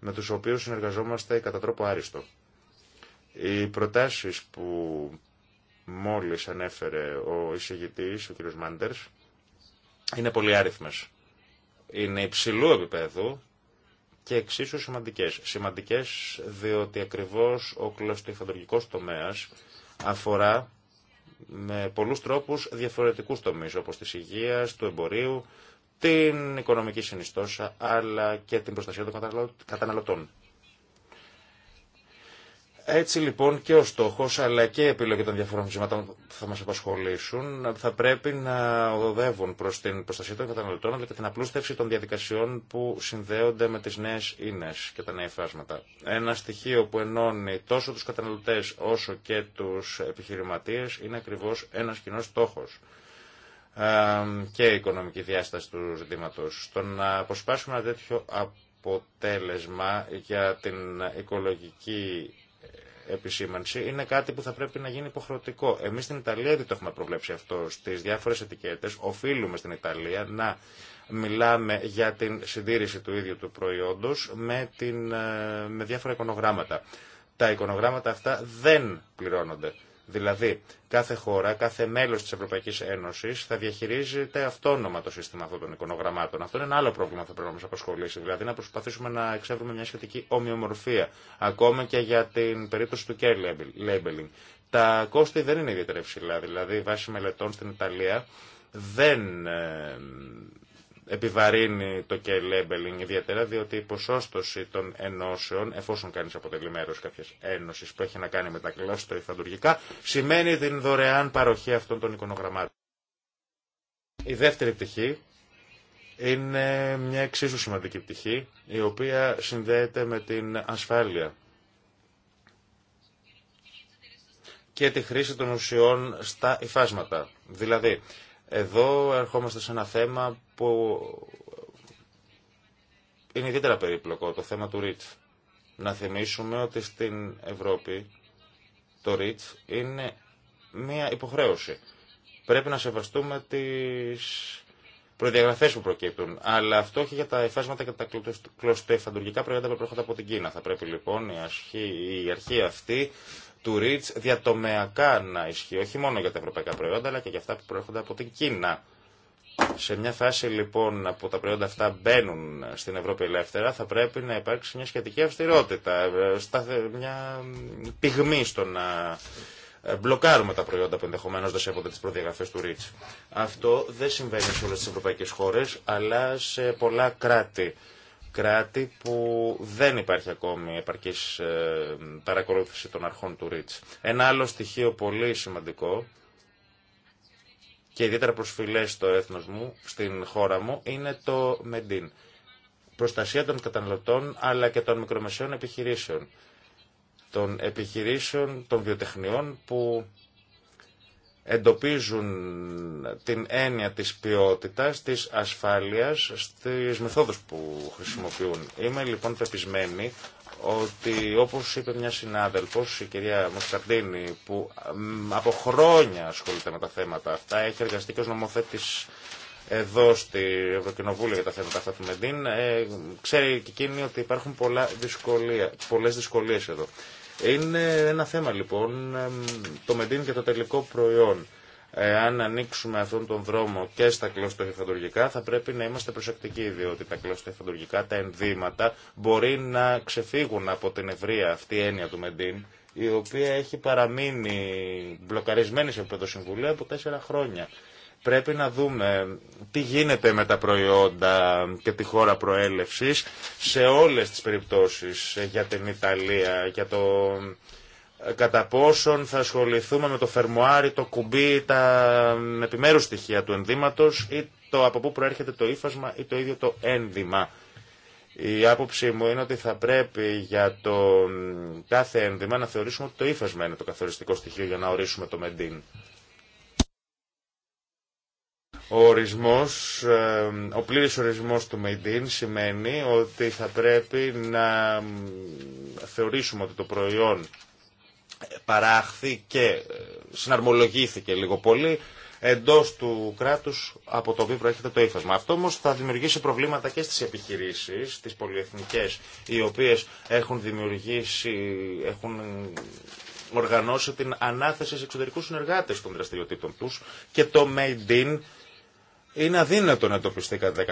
με τους οποίους συνεργαζόμαστε κατά τρόπο άριστο. Οι προτάσεις που μόλις ανέφερε ο εισηγητής, ο κ. Μάντερς, είναι πολύ άριθμες. Είναι υψηλού επίπεδου και εξίσου σημαντικές. Σημαντικές διότι ακριβώς ο κλωστοϊφαντουργικός τομέας αφορά με πολλούς τρόπους διαφορετικούς τομείς όπως της υγείας, του εμπορίου, την οικονομική συνιστόσα αλλά και την προστασία των καταναλωτών. Έτσι λοιπόν και ο στόχος αλλά και η επιλογή των διαφορών ζημάτων που θα μας απασχολήσουν θα πρέπει να οδεύουν προς την προστασία των καταναλωτών αλλά και την απλούστευση των διαδικασιών που συνδέονται με τις νέες ίνες και τα νέα εφάσματα. Ένα στοιχείο που ενώνει τόσο τους καταναλωτές όσο και τους επιχειρηματίες είναι ακριβώς ένας κοινός στόχος και η οικονομική διάσταση του ζητήματο. Το να αποσπάσουμε ένα τέτοιο αποτέλεσμα για την οικολογική επισήμανση είναι κάτι που θα πρέπει να γίνει υποχρεωτικό. Εμεί στην Ιταλία δεν το έχουμε προβλέψει αυτό. Στι διάφορε ετικέτε οφείλουμε στην Ιταλία να μιλάμε για την συντήρηση του ίδιου του προϊόντο με, ε, με διάφορα εικονογράμματα. Τα εικονογράμματα αυτά δεν πληρώνονται. Δηλαδή, κάθε χώρα, κάθε μέλο τη Ευρωπαϊκή Ένωση θα διαχειρίζεται αυτόνομα το σύστημα αυτών των εικονογραμμάτων. Αυτό είναι ένα άλλο πρόβλημα που θα πρέπει να μα απασχολήσει. Δηλαδή, να προσπαθήσουμε να εξεύρουμε μια σχετική ομοιομορφία. Ακόμα και για την περίπτωση του care labeling. Τα κόστη δεν είναι ιδιαίτερα υψηλά. Δηλαδή, βάσει μελετών στην Ιταλία δεν ε, επιβαρύνει το και labeling ιδιαίτερα, διότι η ποσόστοση των ενώσεων, εφόσον κανείς αποτελεί μέρος κάποιες ένωση που έχει να κάνει με τα κλώστρα ή φαντουργικά, σημαίνει την δωρεάν παροχή αυτών των εικονογραμμάτων. Η δεύτερη πτυχή είναι μια εξίσου σημαντική πτυχή, η οποία συνδέεται με την ασφάλεια και τη χρήση των ουσιών στα υφάσματα. Δηλαδή, εδώ ερχόμαστε σε ένα θέμα που είναι ιδιαίτερα περίπλοκο, το θέμα του REACH. Να θυμίσουμε ότι στην Ευρώπη το REACH είναι μια υποχρέωση. Πρέπει να σεβαστούμε τις προδιαγραφές που προκύπτουν. Αλλά αυτό όχι για τα εφάσματα και τα κλωστέφαντουργικά προϊόντα που προέρχονται από την Κίνα. Θα πρέπει λοιπόν η αρχή, η αρχή αυτή του REACH διατομεακά να ισχύει, όχι μόνο για τα ευρωπαϊκά προϊόντα, αλλά και για αυτά που προέρχονται από την Κίνα. Σε μια φάση λοιπόν που τα προϊόντα αυτά μπαίνουν στην Ευρώπη ελεύθερα, θα πρέπει να υπάρξει μια σχετική αυστηρότητα, ε, ε, μια πυγμή στο να ε, μπλοκάρουμε τα προϊόντα που ενδεχομένω δεν σέβονται τι προδιαγραφέ του REACH. Αυτό δεν συμβαίνει σε όλε τι ευρωπαϊκέ χώρε, αλλά σε πολλά κράτη κράτη που δεν υπάρχει ακόμη επαρκής ε, παρακολούθηση των αρχών του ΡΙΤΣ. Ένα άλλο στοιχείο πολύ σημαντικό και ιδιαίτερα προσφυλές στο έθνος μου, στην χώρα μου, είναι το ΜΕΝΤΙΝ. Προστασία των καταναλωτών αλλά και των μικρομεσαίων επιχειρήσεων. Των επιχειρήσεων, των βιοτεχνιών που εντοπίζουν την έννοια της ποιότητας, της ασφάλειας, στις μεθόδους που χρησιμοποιούν. Είμαι λοιπόν πεπισμένη ότι όπως είπε μια συνάδελφος, η κυρία Μοσκαρντίνη, που από χρόνια ασχολείται με τα θέματα αυτά, έχει εργαστεί και ως νομοθέτης εδώ στη Ευρωκοινοβούλια για τα θέματα αυτά του Μεντίν, ε, ξέρει και εκείνη ότι υπάρχουν πολλά δυσκολία, πολλές δυσκολίες εδώ. Είναι ένα θέμα λοιπόν το μεντίν και το τελικό προϊόν. Αν ανοίξουμε αυτόν τον δρόμο και στα εφαντουργικά θα πρέπει να είμαστε προσεκτικοί διότι τα εφαντουργικά, τα ενδύματα μπορεί να ξεφύγουν από την ευρεία αυτή έννοια του μεντίν η οποία έχει παραμείνει μπλοκαρισμένη σε επίπεδο από τέσσερα χρόνια. Πρέπει να δούμε τι γίνεται με τα προϊόντα και τη χώρα προέλευσης σε όλες τις περιπτώσεις ε, για την Ιταλία, για το ε, κατά πόσον θα ασχοληθούμε με το φερμοάρι, το κουμπί, τα επιμέρους στοιχεία του ενδύματος ή το από πού προέρχεται το ύφασμα ή το ίδιο το ένδυμα. Η άποψή μου είναι ότι θα πρέπει για το κάθε ένδυμα να θεωρήσουμε ότι το ύφασμα είναι το καθοριστικό στοιχείο για να ορίσουμε το μεντίν. Ο ορισμός, ο πλήρης ορισμός του Made in σημαίνει ότι θα πρέπει να θεωρήσουμε ότι το προϊόν παράχθη και ε, συναρμολογήθηκε λίγο πολύ εντός του κράτους από το οποίο προέρχεται το ύφασμα. Αυτό όμως θα δημιουργήσει προβλήματα και στις επιχειρήσεις, τις πολυεθνικές, οι οποίες έχουν δημιουργήσει, έχουν οργανώσει την ανάθεση σε εξωτερικούς συνεργάτες των δραστηριοτήτων τους και το Made in είναι αδύνατο να το πιστεί κατά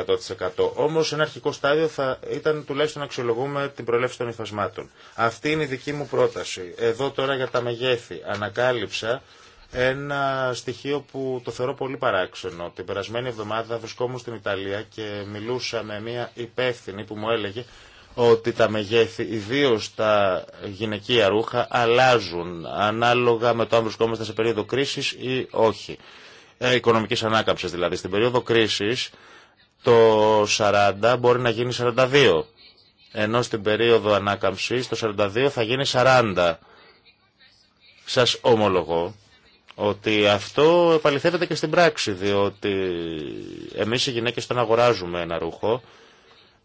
100%. Όμω ένα αρχικό στάδιο θα ήταν τουλάχιστον να αξιολογούμε την προέλευση των υφασμάτων. Αυτή είναι η δική μου πρόταση. Εδώ τώρα για τα μεγέθη. Ανακάλυψα ένα στοιχείο που το θεωρώ πολύ παράξενο. Την περασμένη εβδομάδα βρισκόμουν στην Ιταλία και μιλούσα με μια υπεύθυνη που μου έλεγε ότι τα μεγέθη, ιδίω τα γυναικεία ρούχα, αλλάζουν ανάλογα με το αν βρισκόμαστε σε περίοδο κρίση ή όχι. Ε, οικονομικής ανάκαμψης δηλαδή. Στην περίοδο κρίσης το 40 μπορεί να γίνει 42, ενώ στην περίοδο ανάκαμψης το 42 θα γίνει 40. Σας ομολογώ ότι αυτό επαληθεύεται και στην πράξη, διότι εμείς οι γυναίκες τον αγοράζουμε ένα ρούχο,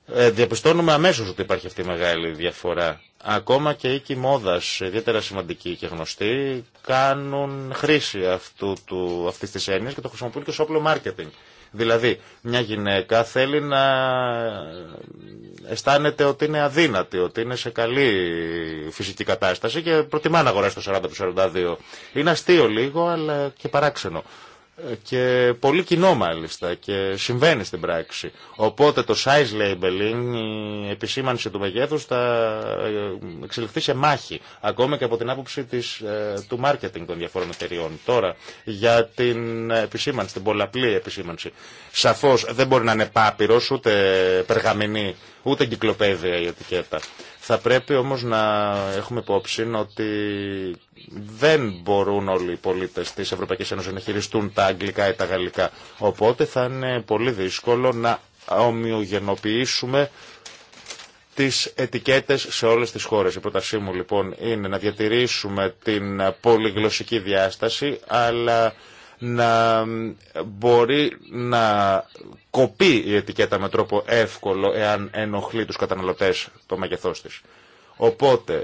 ε, διαπιστώνουμε αμέσως ότι υπάρχει αυτή η μεγάλη διαφορά. Ακόμα και οίκοι μόδας, ιδιαίτερα σημαντικοί και γνωστοί, κάνουν χρήση αυτού του, αυτής της έννοιας και το χρησιμοποιούν και ως όπλο μάρκετινγκ. Δηλαδή, μια γυναίκα θέλει να αισθάνεται ότι είναι αδύνατη, ότι είναι σε καλή φυσική κατάσταση και προτιμά να αγοράσει το 40 42. Είναι αστείο λίγο, αλλά και παράξενο και πολύ κοινό μάλιστα και συμβαίνει στην πράξη. Οπότε το size labeling, η επισήμανση του μεγέθους θα ε, εξελιχθεί σε μάχη, ακόμα και από την άποψη της, ε, του marketing των διαφόρων εταιριών. Τώρα, για την επισήμανση, την πολλαπλή επισήμανση. Σαφώς δεν μπορεί να είναι πάπυρος, ούτε περγαμηνή, ούτε κυκλοπαίδεια η ετικέτα. Θα πρέπει όμως να έχουμε υπόψη ότι δεν μπορούν όλοι οι πολίτες της Ευρωπαϊκής Ένωσης να χειριστούν τα αγγλικά ή τα γαλλικά. Οπότε θα είναι πολύ δύσκολο να ομοιογενοποιήσουμε τις ετικέτες σε όλες τις χώρες. Η πρότασή μου λοιπόν είναι να διατηρήσουμε την πολυγλωσσική διάσταση, αλλά να μπορεί να κοπεί η ετικέτα με τρόπο εύκολο εάν ενοχλεί τους καταναλωτές το μεγεθός της. Οπότε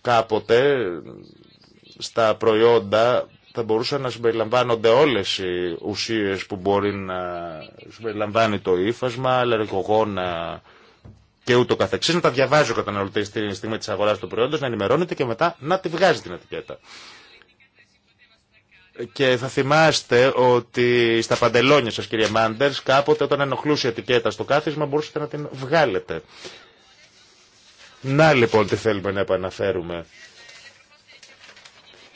κάποτε στα προϊόντα θα μπορούσαν να συμπεριλαμβάνονται όλες οι ουσίες που μπορεί να συμπεριλαμβάνει το ύφασμα, αλλεργογόνα και ούτω καθεξής. Να τα διαβάζει ο καταναλωτής στη στιγμή της αγοράς του προϊόντος, να ενημερώνεται και μετά να τη βγάζει την ετικέτα. Και θα θυμάστε ότι στα παντελόνια σας κύριε Μάντερς κάποτε όταν ενοχλούσε η ετικέτα στο κάθισμα μπορούσατε να την βγάλετε. Να λοιπόν τι θέλουμε να επαναφέρουμε.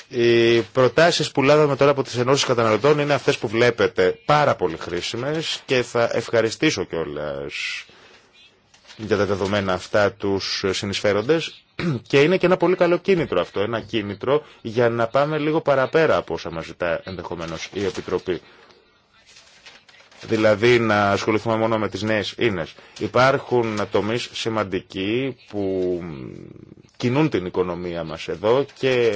Οι προτάσεις που λάβαμε τώρα από τις ενώσεις καταναλωτών είναι αυτές που βλέπετε πάρα πολύ χρήσιμες και θα ευχαριστήσω κιόλας για τα δεδομένα αυτά τους συνεισφέροντες Και είναι και ένα πολύ καλό κίνητρο αυτό, ένα κίνητρο για να πάμε λίγο παραπέρα από όσα μας ζητά ενδεχομένως η Επιτροπή. Δηλαδή να ασχοληθούμε μόνο με τις νέες ίνες. Υπάρχουν τομείς σημαντικοί που κινούν την οικονομία μας εδώ και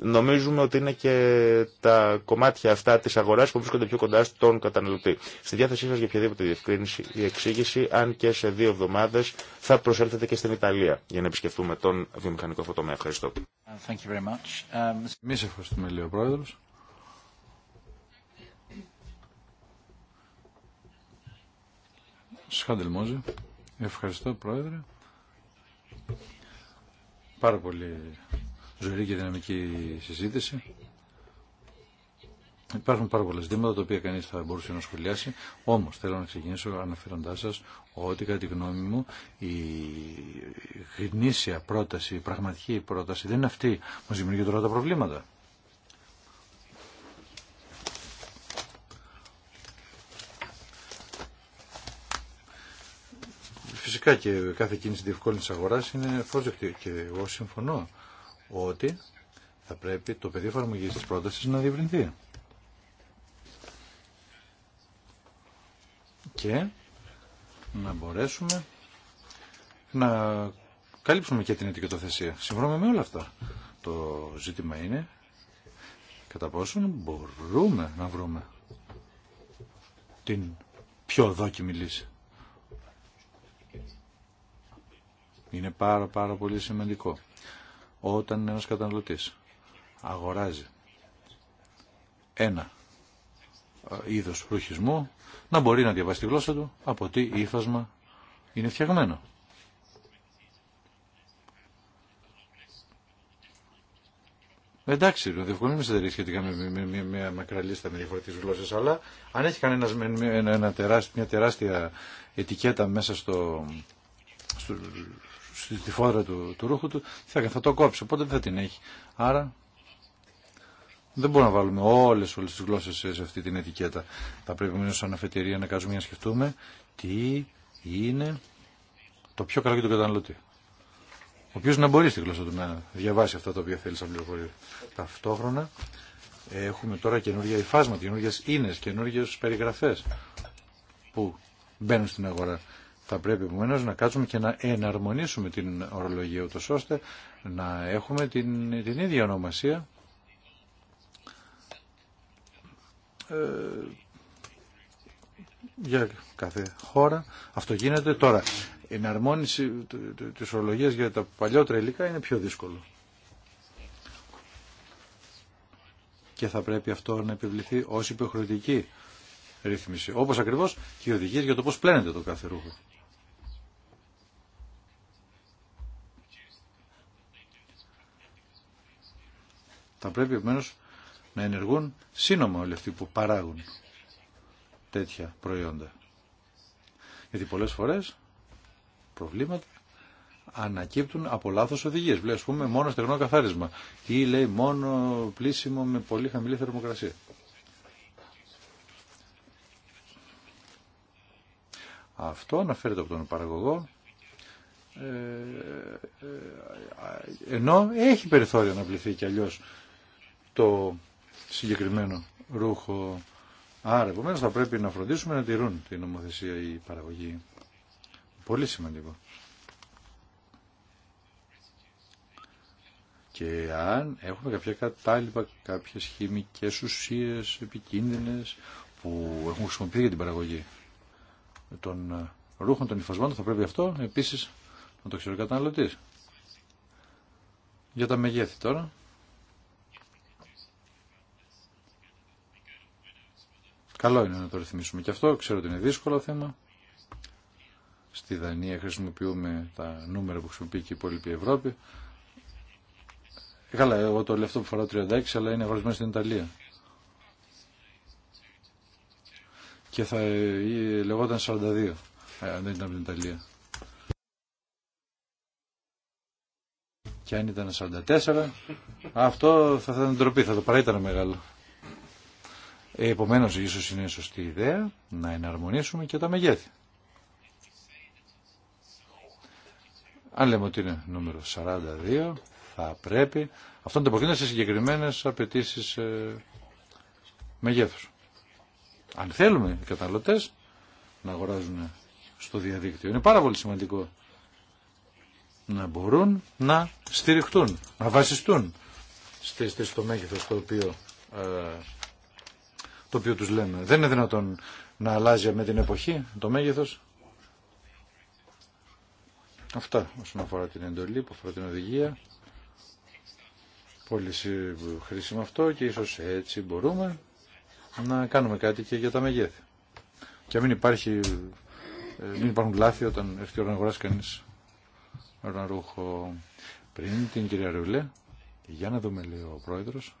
Νομίζουμε ότι είναι και τα κομμάτια αυτά της αγοράς που βρίσκονται πιο κοντά στον καταναλωτή. Στη διάθεσή σας για οποιαδήποτε διευκρίνηση ή εξήγηση, αν και σε δύο εβδομάδες θα προσέλθετε και στην Ιταλία για να επισκεφτούμε τον βιομηχανικό αυτό τομέα. Ευχαριστώ. Um, Εμεί ευχαριστούμε, λέει Πρόεδρος. Ευχαριστώ, Πρόεδρε. Πάρα πολύ ζωηρή και δυναμική συζήτηση. Υπάρχουν πάρα πολλά ζητήματα τα οποία κανείς θα μπορούσε να σχολιάσει, όμως θέλω να ξεκινήσω αναφέροντάς σας ότι κατά τη γνώμη μου η γνήσια πρόταση, η πραγματική πρόταση δεν είναι αυτή που μας δημιουργεί τώρα τα προβλήματα. Φυσικά και κάθε κίνηση διευκόλυνση αγορά είναι ευπρόσδεκτη και εγώ συμφωνώ ότι θα πρέπει το πεδίο εφαρμογή της πρότασης να διευρυνθεί. Και να μπορέσουμε να καλύψουμε και την ετικετοθεσία. Συμφωνούμε με όλα αυτά. Το ζήτημα είναι κατά πόσον μπορούμε να βρούμε την πιο δόκιμη λύση. Είναι πάρα πάρα πολύ σημαντικό όταν ένας καταναλωτής αγοράζει ένα ε, είδος ρουχισμού να μπορεί να διαβάσει τη γλώσσα του από τι ύφασμα είναι φτιαγμένο. Εντάξει, δεν τι εταιρείε σχετικά με μια μακρά λίστα με διαφορετικέ γλώσσε, αλλά αν έχει κανένα μια τεράστια ετικέτα μέσα στο, στο, στη φόρα του, του ρούχου του, θα, θα το κόψει, οπότε δεν θα την έχει. Άρα δεν μπορούμε να βάλουμε όλες, όλες τις γλώσσες σε αυτή την ετικέτα. Θα πρέπει εμείς σαν αφετηρία να κάνουμε να σκεφτούμε τι είναι το πιο καλό για τον καταναλωτή. Ο οποίο να μπορεί στη γλώσσα του να διαβάσει αυτά τα οποία θέλει να πληροφορία. Ταυτόχρονα έχουμε τώρα καινούργια υφάσματα, καινούργιες ίνες, καινούργιες περιγραφές που μπαίνουν στην αγορά. Θα πρέπει επομένω να κάτσουμε και να εναρμονίσουμε την ορολογία ούτως ώστε να έχουμε την, την ίδια ονομασία ε, για κάθε χώρα. Αυτό γίνεται τώρα. Η εναρμόνιση της ορολογίας για τα παλιότερα υλικά είναι πιο δύσκολο. Και θα πρέπει αυτό να επιβληθεί ως υποχρεωτική ρύθμιση. Όπως ακριβώς και οι οδηγίες για το πώς πλένεται το κάθε ρούχο. Θα πρέπει επομένω να ενεργούν σύνομα όλοι αυτοί που παράγουν τέτοια προϊόντα. Γιατί πολλές φορές προβλήματα ανακύπτουν από λάθο οδηγίες. Λέει, πούμε, μόνο στεγνό καθάρισμα ή λέει μόνο πλήσιμο με πολύ χαμηλή θερμοκρασία. Αυτό αναφέρεται από τον παραγωγό ε, ε, ε, ενώ έχει περιθώριο να πληθεί και αλλιώς το συγκεκριμένο ρούχο. Άρα, επομένως, θα πρέπει να φροντίσουμε να τηρούν την νομοθεσία η παραγωγή. Πολύ σημαντικό. Και αν έχουμε κάποια κατάλοιπα, κάποιες χημικές ουσίες επικίνδυνες που έχουν χρησιμοποιηθεί για την παραγωγή των ε, ρούχων, των υφασμάτων, θα πρέπει αυτό επίσης να το ξέρει ο Για τα μεγέθη τώρα. Καλό είναι να το ρυθμίσουμε και αυτό. Ξέρω ότι είναι δύσκολο θέμα. Στη Δανία χρησιμοποιούμε τα νούμερα που χρησιμοποιεί και η υπόλοιπη Ευρώπη. Καλά, εγώ το λεφτό που φοράω 36, αλλά είναι αγορισμένο στην Ιταλία. Και θα ε, λεγόταν 42, ε, αν δεν ήταν από την Ιταλία. Και αν ήταν 44, αυτό θα ήταν ντροπή, θα το παρά μεγάλο. Επομένως, ίσως είναι σωστή ιδέα να εναρμονίσουμε και τα μεγέθη. Αν λέμε ότι είναι νούμερο 42, θα πρέπει αυτό να το σε συγκεκριμένες απαιτήσει ε, μεγέθους. Αν θέλουμε οι καταναλωτές να αγοράζουν στο διαδίκτυο, είναι πάρα πολύ σημαντικό να μπορούν να στηριχτούν, να βασιστούν στο μέγεθος το οποίο ε, το οποίο τους λέμε. Δεν είναι δυνατόν να αλλάζει με την εποχή το μέγεθος. Αυτά όσον αφορά την εντολή που αφορά την οδηγία. Πολύ χρήσιμο αυτό και ίσως έτσι μπορούμε να κάνουμε κάτι και για τα μεγέθη. Και μην, υπάρχει, ε, μην υπάρχουν λάθη όταν έρθει η ώρα να αγοράσει ρούχο πριν την κυρία Ρουλέ. Για να δούμε λέει ο πρόεδρος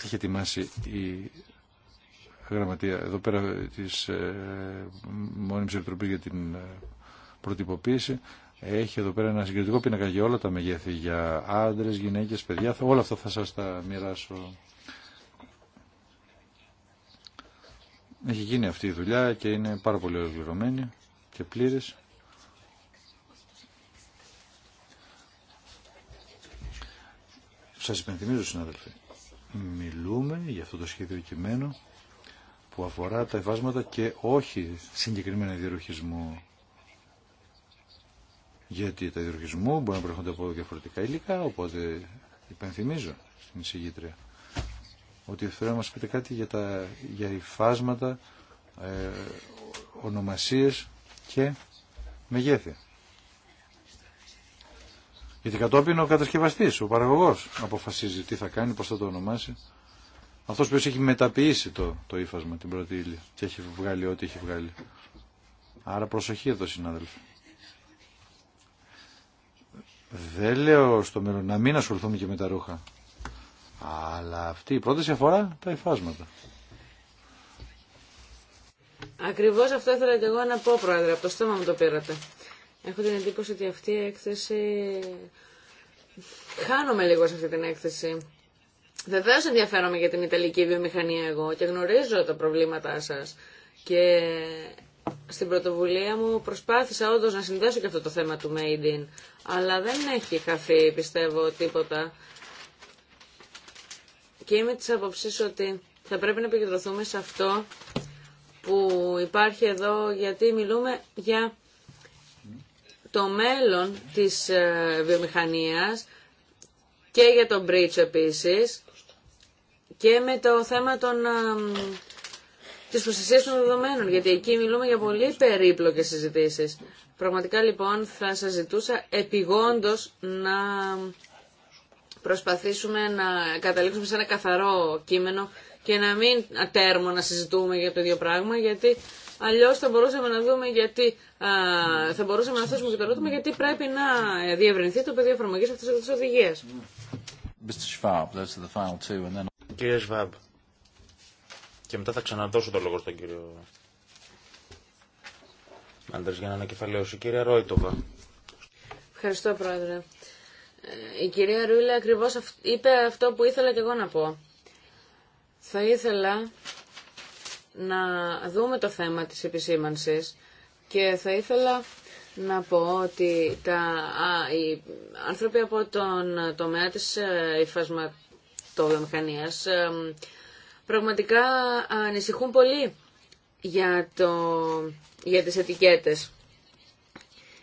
τι είχε ετοιμάσει η γραμματεία εδώ πέρα της ε, Μόνιμης Επιτροπής για την ε, προτυποποίηση. Έχει εδώ πέρα ένα συγκριτικό πίνακα για όλα τα μεγέθη, για άντρες, γυναίκες, παιδιά. Όλα αυτά θα σας τα μοιράσω. Έχει γίνει αυτή η δουλειά και είναι πάρα πολύ ολοκληρωμένη και πλήρης. Σας υπενθυμίζω συνάδελφοι μιλούμε για αυτό το σχέδιο κειμένο που αφορά τα εφάσματα και όχι συγκεκριμένα διαρροχισμό. Γιατί τα διαρροχισμό μπορεί να προέρχονται από διαφορετικά υλικά, οπότε υπενθυμίζω στην εισηγήτρια ότι θέλω να μας πείτε κάτι για, τα, για υφάσματα, ε, ονομασίες και μεγέθη. Γιατί κατόπιν ο κατασκευαστή ο παραγωγός αποφασίζει τι θα κάνει, πώ θα το ονομάσει. Αυτός που έχει μεταποιήσει το, το ύφασμα την πρώτη ύλη και έχει βγάλει ό,τι έχει βγάλει. Άρα προσοχή εδώ συνάδελφοι. Δεν λέω στο μέλλον να μην ασχοληθούμε και με τα ρούχα. Αλλά αυτή η πρόταση αφορά τα υφάσματα. Ακριβώς αυτό ήθελα και εγώ να πω, Πρόεδρε. Από το στόμα μου το πήρατε. Έχω την εντύπωση ότι αυτή η έκθεση... Χάνομαι λίγο σε αυτή την έκθεση. Βεβαίω ενδιαφέρομαι για την Ιταλική βιομηχανία εγώ και γνωρίζω τα προβλήματά σας. Και στην πρωτοβουλία μου προσπάθησα όντω να συνδέσω και αυτό το θέμα του Made in. Αλλά δεν έχει χαθεί, πιστεύω, τίποτα. Και είμαι τη άποψη ότι θα πρέπει να επικεντρωθούμε σε αυτό που υπάρχει εδώ, γιατί μιλούμε για το μέλλον της ε, βιομηχανίας και για τον bridge επίσης και με το θέμα των, ε, της προστασίας των δεδομένων, γιατί εκεί μιλούμε για πολύ περίπλοκες συζητήσεις. Πραγματικά λοιπόν θα σας ζητούσα επιγόντως να προσπαθήσουμε να καταλήξουμε σε ένα καθαρό κείμενο και να μην ατέρμο να συζητούμε για το ίδιο πράγμα, γιατί Αλλιώ θα μπορούσαμε να δούμε γιατί, θα μπορούσαμε να θέσουμε και το γιατί πρέπει να διευρυνθεί το πεδίο εφαρμογή αυτή τη οδηγία. Κύριε Σβάμπ, και μετά θα ξαναδώσω το λόγο στον κύριο Μάντερ για να ανακεφαλαίωσει. Κύριε Ρόιτοβα. Ευχαριστώ, Πρόεδρε. Ε, η κυρία Ρούλα ακριβώς είπε αυτό που ήθελα και εγώ να πω. Θα ήθελα να δούμε το θέμα της επισήμανσης και θα ήθελα να πω ότι τα, α, οι άνθρωποι από τον τομέα της ε, υφασματοβιομηχανίας ε, πραγματικά ανησυχούν πολύ για, το, για τις ετικέτες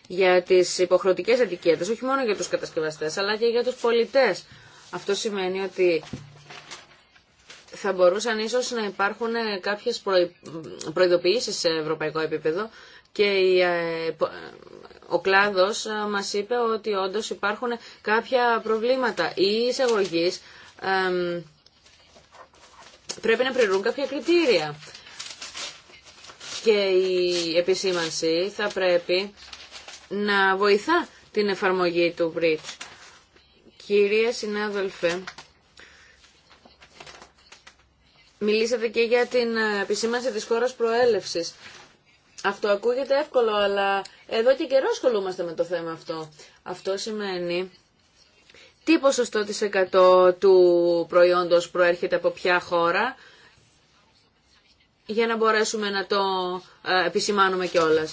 για τις υποχρεωτικές ετικέτες, όχι μόνο για τους κατασκευαστές, αλλά και για τους πολιτές. Αυτό σημαίνει ότι θα μπορούσαν ίσως να υπάρχουν ε, κάποιες προειδοποιήσεις σε ευρωπαϊκό επίπεδο και ε, ε, ο κλάδος μας είπε ότι όντως υπάρχουν κάποια προβλήματα. Οι εισαγωγείς πρέπει να πληρούν κάποια κριτήρια και η επισήμανση θα πρέπει να βοηθά την εφαρμογή του bridge Κύριε συνάδελφε, Μιλήσατε και για την ε, επισήμανση της χώρας προέλευσης. Αυτό ακούγεται εύκολο, αλλά εδώ και καιρό ασχολούμαστε με το θέμα αυτό. Αυτό σημαίνει τι ποσοστό της 100 του προϊόντος προέρχεται από ποια χώρα, για να μπορέσουμε να το ε, επισημάνουμε κιόλα.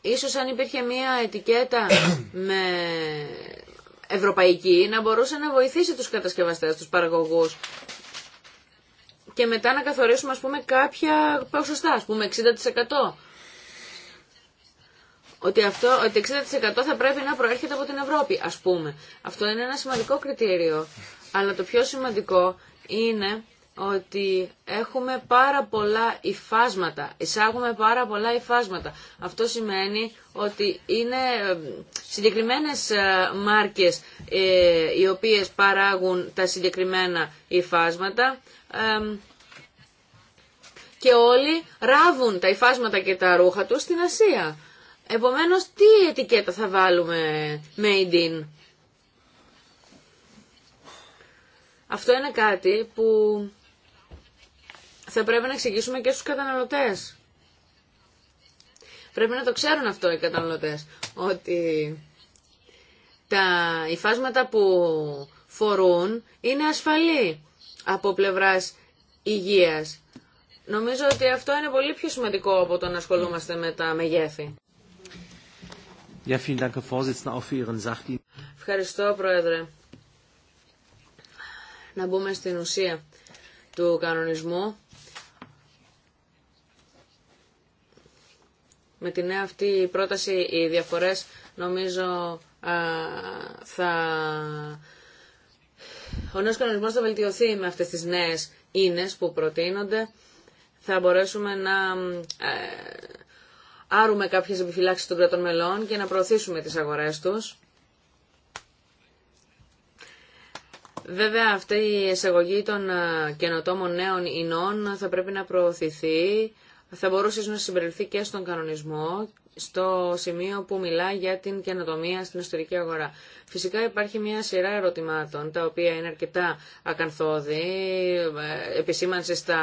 Ίσως αν υπήρχε μία ετικέτα με ευρωπαϊκή να μπορούσε να βοηθήσει τους κατασκευαστές, τους παραγωγούς και μετά να καθορίσουμε ας πούμε κάποια ποσοστά, ας πούμε 60%. Ότι, αυτό, ότι 60% θα πρέπει να προέρχεται από την Ευρώπη, ας πούμε. Αυτό είναι ένα σημαντικό κριτήριο. Αλλά το πιο σημαντικό είναι ότι έχουμε πάρα πολλά υφάσματα, εισάγουμε πάρα πολλά υφάσματα. Αυτό σημαίνει ότι είναι ε, συγκεκριμένες ε, μάρκες ε, οι οποίες παράγουν τα συγκεκριμένα υφάσματα και όλοι ράβουν τα υφάσματα και τα ρούχα τους στην Ασία. Επομένως, τι ετικέτα θα βάλουμε made in. Αυτό είναι κάτι που θα πρέπει να εξηγήσουμε και στους καταναλωτές. Πρέπει να το ξέρουν αυτό οι καταναλωτές, ότι τα υφάσματα που φορούν είναι ασφαλή από πλευράς υγείας. Νομίζω ότι αυτό είναι πολύ πιο σημαντικό από το να ασχολούμαστε με τα μεγέθη. Ευχαριστώ, Πρόεδρε. Να μπούμε στην ουσία του κανονισμού. με την νέα αυτή πρόταση οι διαφορές νομίζω θα... Ο νέος κανονισμός θα βελτιωθεί με αυτές τις νέες ίνες που προτείνονται. Θα μπορέσουμε να ε, άρουμε κάποιες επιφυλάξεις των κρατών μελών και να προωθήσουμε τις αγορές τους. Βέβαια αυτή η εισαγωγή των ε, καινοτόμων νέων ινών θα πρέπει να προωθηθεί θα μπορούσε να συμπεριληφθεί και στον κανονισμό, στο σημείο που μιλά για την καινοτομία στην εσωτερική αγορά. Φυσικά υπάρχει μια σειρά ερωτημάτων, τα οποία είναι αρκετά ακαθόδη, ε, επισήμανση στα,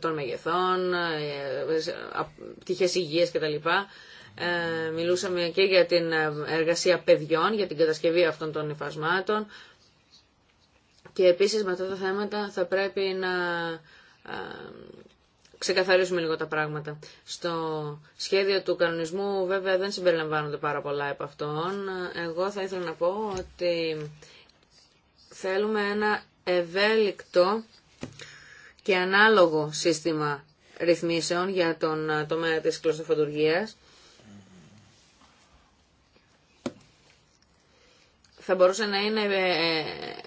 των μεγεθών, ε, πτυχές υγείας κτλ. Ε, μιλούσαμε και για την εργασία παιδιών, για την κατασκευή αυτών των υφασμάτων. Και επίσης με αυτά τα θέματα θα πρέπει να ξεκαθαρίσουμε λίγο τα πράγματα. Στο σχέδιο του κανονισμού βέβαια δεν συμπεριλαμβάνονται πάρα πολλά από αυτόν. Εγώ θα ήθελα να πω ότι θέλουμε ένα ευέλικτο και ανάλογο σύστημα ρυθμίσεων για τον τομέα της κλωστοφοντουργίας. θα μπορούσε να είναι ε, ε,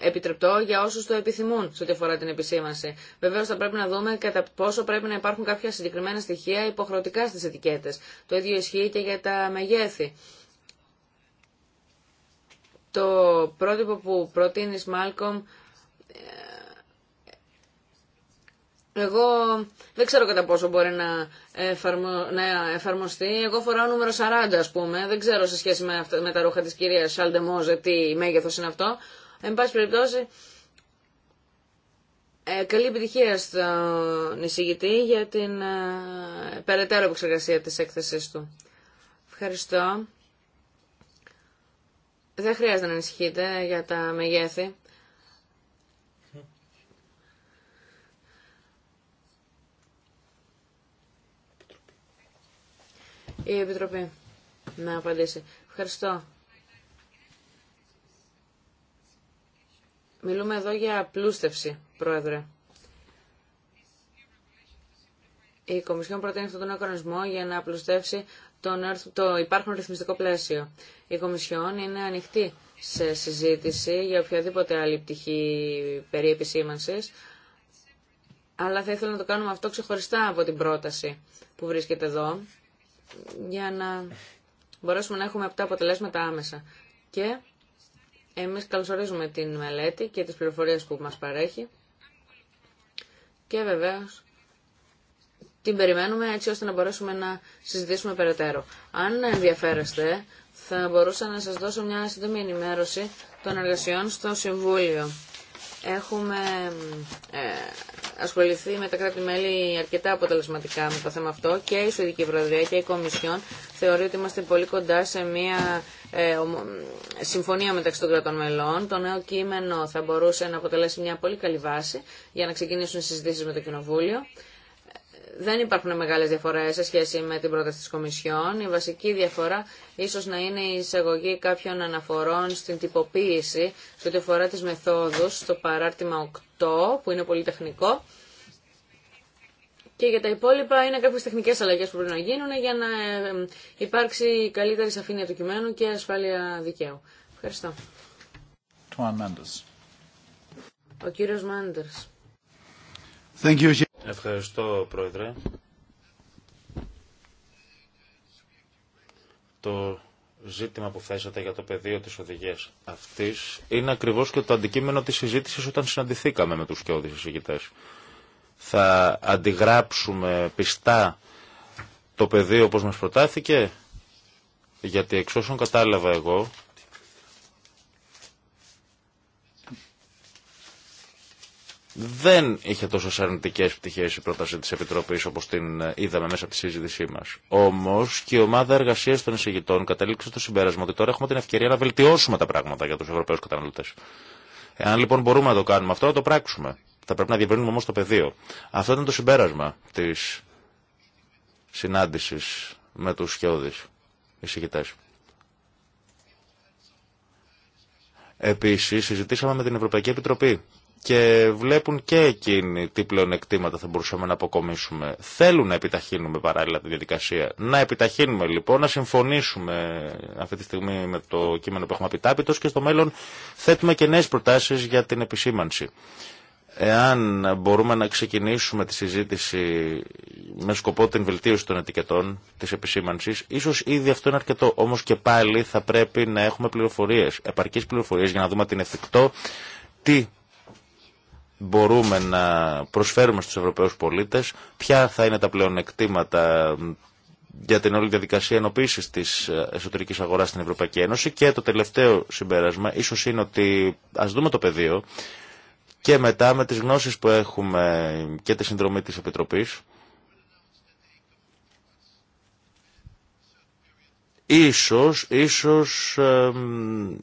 επιτρεπτό για όσους το επιθυμούν σε ό,τι αφορά την επισήμανση. Βεβαίως θα πρέπει να δούμε κατά πόσο πρέπει να υπάρχουν κάποια συγκεκριμένα στοιχεία υποχρεωτικά στις ετικέτες. Το ίδιο ισχύει και για τα μεγέθη. Το πρότυπο που προτείνεις Μάλκομ Εγώ δεν ξέρω κατά πόσο μπορεί να, να εφαρμοστεί. Εγώ φοράω νούμερο 40, ας πούμε. Δεν ξέρω σε σχέση με, αυτά... με τα ρούχα της κυρίας Μόζε τι μέγεθο είναι αυτό. Εν πάση περιπτώσει, ε, καλή επιτυχία στον εισηγητή για την ε, περαιτέρω επεξεργασία της έκθεσης του. Ευχαριστώ. Δεν χρειάζεται να ανησυχείτε για τα μεγέθη. η Επιτροπή να απαντήσει. Ευχαριστώ. Μιλούμε εδώ για απλούστευση, Πρόεδρε. Η Κομισιόν προτείνει αυτόν τον οικονομισμό για να απλουστεύσει τον, το υπάρχον ρυθμιστικό πλαίσιο. Η Κομισιόν είναι ανοιχτή σε συζήτηση για οποιαδήποτε άλλη πτυχή περί επισήμανσης, αλλά θα ήθελα να το κάνουμε αυτό ξεχωριστά από την πρόταση που βρίσκεται εδώ για να μπορέσουμε να έχουμε αυτά αποτελέσματα άμεσα. Και εμείς καλωσορίζουμε την μελέτη και τις πληροφορίες που μας παρέχει και βεβαίως την περιμένουμε έτσι ώστε να μπορέσουμε να συζητήσουμε περαιτέρω. Αν ενδιαφέρεστε, θα μπορούσα να σας δώσω μια σύντομη ενημέρωση των εργασιών στο Συμβούλιο. Έχουμε ε, ασχοληθεί με τα κράτη-μέλη αρκετά αποτελεσματικά με το θέμα αυτό και η Σουηδική Προεδρία και η Κομισιόν θεωρεί ότι είμαστε πολύ κοντά σε μια ε, συμφωνία μεταξύ των κρατών μελών. Το νέο κείμενο θα μπορούσε να αποτελέσει μια πολύ καλή βάση για να ξεκινήσουν συζητήσεις με το Κοινοβούλιο δεν υπάρχουν μεγάλες διαφορές σε σχέση με την πρόταση τη Κομισιόν. Η βασική διαφορά ίσως να είναι η εισαγωγή κάποιων αναφορών στην τυποποίηση σε ό,τι αφορά τι μεθόδου στο παράρτημα 8 που είναι πολύ τεχνικό. Και για τα υπόλοιπα είναι κάποιες τεχνικές αλλαγέ που πρέπει να γίνουν για να ε, υπάρξει καλύτερη σαφήνεια του κειμένου και ασφάλεια δικαίου. Ευχαριστώ. Ευχαριστώ, Πρόεδρε. Το ζήτημα που θέσατε για το πεδίο της οδηγίας αυτής είναι ακριβώς και το αντικείμενο της συζήτησης όταν συναντηθήκαμε με τους κοιόδης εισηγητές. Θα αντιγράψουμε πιστά το πεδίο όπως μας προτάθηκε, γιατί εξ όσων κατάλαβα εγώ, δεν είχε τόσο αρνητικέ πτυχέ η πρόταση τη Επιτροπή όπω την ε, είδαμε μέσα από τη συζήτησή μα. Όμω και η ομάδα εργασία των εισηγητών κατέληξε στο συμπέρασμα ότι τώρα έχουμε την ευκαιρία να βελτιώσουμε τα πράγματα για του Ευρωπαίου καταναλωτέ. Εάν λοιπόν μπορούμε να το κάνουμε αυτό, να το πράξουμε. Θα πρέπει να διευρύνουμε όμω το πεδίο. Αυτό ήταν το συμπέρασμα τη συνάντηση με του σχεώδει εισηγητέ. Επίση, συζητήσαμε με την Ευρωπαϊκή Επιτροπή και βλέπουν και εκείνοι τι πλέον εκτίματα θα μπορούσαμε να αποκομίσουμε. Θέλουν να επιταχύνουμε παράλληλα τη διαδικασία. Να επιταχύνουμε λοιπόν, να συμφωνήσουμε αυτή τη στιγμή με το κείμενο που έχουμε απειτάπητο και στο μέλλον θέτουμε και νέε προτάσει για την επισήμανση. Εάν μπορούμε να ξεκινήσουμε τη συζήτηση με σκοπό την βελτίωση των ετικετών τη επισήμανση, ίσω ήδη αυτό είναι αρκετό. Όμω και πάλι θα πρέπει να έχουμε πληροφορίε, επαρκεί πληροφορίε για να δούμε την εφικτό, τι μπορούμε να προσφέρουμε στους Ευρωπαίους πολίτες, ποια θα είναι τα πλεονεκτήματα για την όλη διαδικασία ενοποίησης της εσωτερικής αγοράς στην Ευρωπαϊκή Ένωση και το τελευταίο συμπέρασμα ίσως είναι ότι ας δούμε το πεδίο και μετά με τις γνώσεις που έχουμε και τη συνδρομή της Επιτροπής Ίσως, ίσως ε,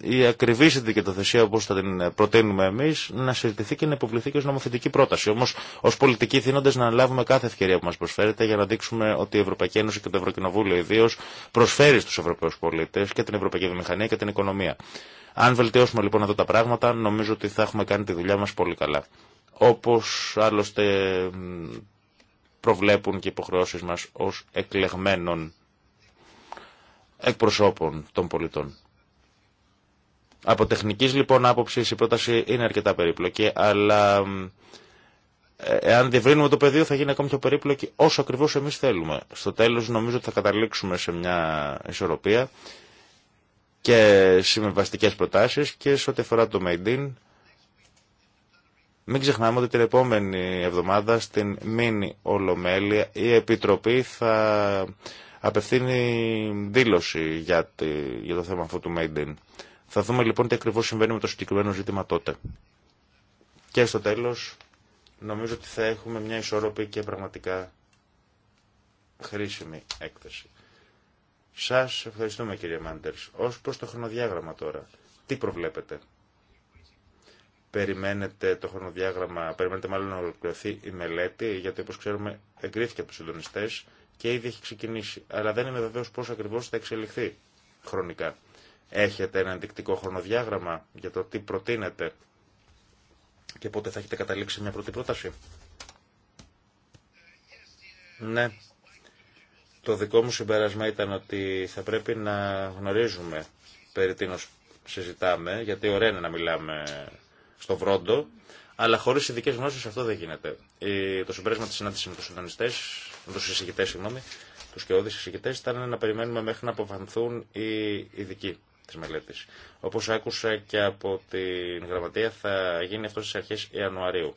η ακριβή συνδικαιτοθεσία όπως θα την προτείνουμε εμείς να συζητηθεί και να υποβληθεί και ως νομοθετική πρόταση. Όμως ως πολιτικοί θύνοντες να λάβουμε κάθε ευκαιρία που μας προσφέρεται για να δείξουμε ότι η Ευρωπαϊκή Ένωση και το Ευρωκοινοβούλιο ιδίως προσφέρει στους Ευρωπαίους πολίτες και την Ευρωπαϊκή Βιομηχανία και την οικονομία. Αν βελτιώσουμε λοιπόν εδώ τα πράγματα νομίζω ότι θα έχουμε κάνει τη δουλειά μας πολύ καλά. Όπως άλλωστε προβλέπουν και οι υποχρεώσεις μας ως εκλεγμένων εκπροσώπων των πολιτών. Από τεχνικής λοιπόν άποψης η πρόταση είναι αρκετά περίπλοκη, αλλά ε, εάν διευρύνουμε το πεδίο θα γίνει ακόμη πιο περίπλοκη όσο ακριβώς εμείς θέλουμε. Στο τέλος νομίζω ότι θα καταλήξουμε σε μια ισορροπία και συμβαστικές προτάσεις και σε ό,τι αφορά το Made μην ξεχνάμε ότι την επόμενη εβδομάδα στην μήνυ Ολομέλεια η Επιτροπή θα απευθύνει δήλωση για, για το θέμα αυτό του Made Θα δούμε λοιπόν τι ακριβώς συμβαίνει με το συγκεκριμένο ζήτημα τότε. Και στο τέλος νομίζω ότι θα έχουμε μια ισορροπή και πραγματικά χρήσιμη έκθεση. Σας ευχαριστούμε κύριε Μάντερς. Ως προς το χρονοδιάγραμμα τώρα. Τι προβλέπετε. Περιμένετε το χρονοδιάγραμμα, περιμένετε μάλλον να ολοκληρωθεί η μελέτη, γιατί όπως ξέρουμε εγκρίθηκε από τους συντονιστές και ήδη έχει ξεκινήσει, αλλά δεν είμαι βεβαίω πώ ακριβώ θα εξελιχθεί χρονικά. Έχετε ένα ενδεικτικό χρονοδιάγραμμα για το τι προτείνετε και πότε θα έχετε καταλήξει μια πρώτη πρόταση. Ναι. Το δικό μου συμπέρασμα ήταν ότι θα πρέπει να γνωρίζουμε περί τίνος συζητάμε, γιατί ωραία είναι να μιλάμε στο βρόντο, αλλά χωρίς ειδικέ γνώσεις αυτό δεν γίνεται. Το συμπέρασμα της συνάντησης με τους συντονιστές τους εισηγητές, συγγνώμη, τους σκεώδεις εισηγητές, ήταν να περιμένουμε μέχρι να αποφανθούν οι ειδικοί της μελέτη. Όπω άκουσα και από την γραμματεία θα γίνει αυτό στι αρχές Ιανουαρίου.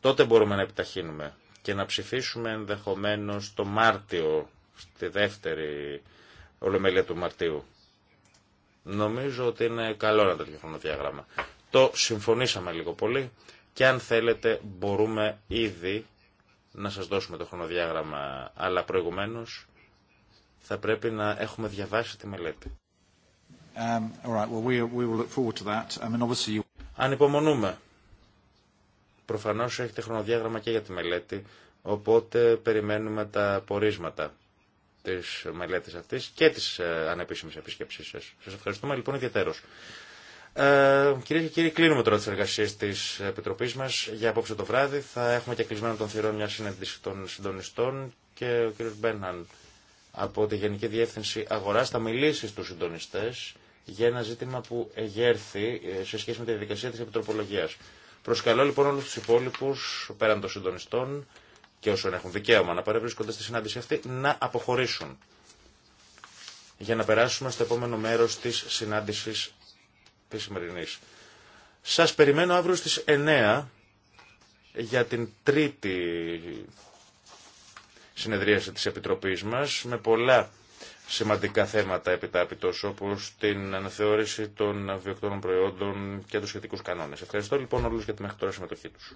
Τότε μπορούμε να επιταχύνουμε και να ψηφίσουμε ενδεχομένω το Μάρτιο, στη δεύτερη ολομέλεια του Μαρτίου. Νομίζω ότι είναι καλό ένα τέτοιο χρονοδιάγραμμα. Το συμφωνήσαμε λίγο πολύ και αν θέλετε μπορούμε ήδη να σας δώσουμε το χρονοδιάγραμμα, αλλά προηγουμένως θα πρέπει να έχουμε διαβάσει τη μελέτη. Ανυπομονούμε. Προφανώς έχετε χρονοδιάγραμμα και για τη μελέτη, οπότε περιμένουμε τα πορίσματα της μελέτης αυτής και της ε, ανεπίσημης επισκέψής σας. Σας ευχαριστούμε λοιπόν ιδιαίτερως. Ε, κυρίε και κύριοι, κλείνουμε τώρα τι εργασίε τη Επιτροπή μα. Για απόψε το βράδυ θα έχουμε και κλεισμένο των θηρών μια συνέντευξη των συντονιστών και ο κύριο Μπέναν από τη Γενική Διεύθυνση Αγορά θα μιλήσει στου συντονιστέ για ένα ζήτημα που εγέρθη ε, σε σχέση με τη διαδικασία τη επιτροπολογία. Προσκαλώ λοιπόν όλου του υπόλοιπου πέραν των συντονιστών και όσων έχουν δικαίωμα να παρευρίσκονται στη συνάντηση αυτή να αποχωρήσουν για να περάσουμε στο επόμενο μέρος της συνάντησης σας περιμένω αύριο στις 9 για την τρίτη συνεδρίαση της Επιτροπής μας με πολλά σημαντικά θέματα επιτάπητος όπως την αναθεώρηση των βιοκτώνων προϊόντων και τους σχετικούς κανόνες. Ευχαριστώ λοιπόν όλους για τη μέχρι τώρα συμμετοχή τους.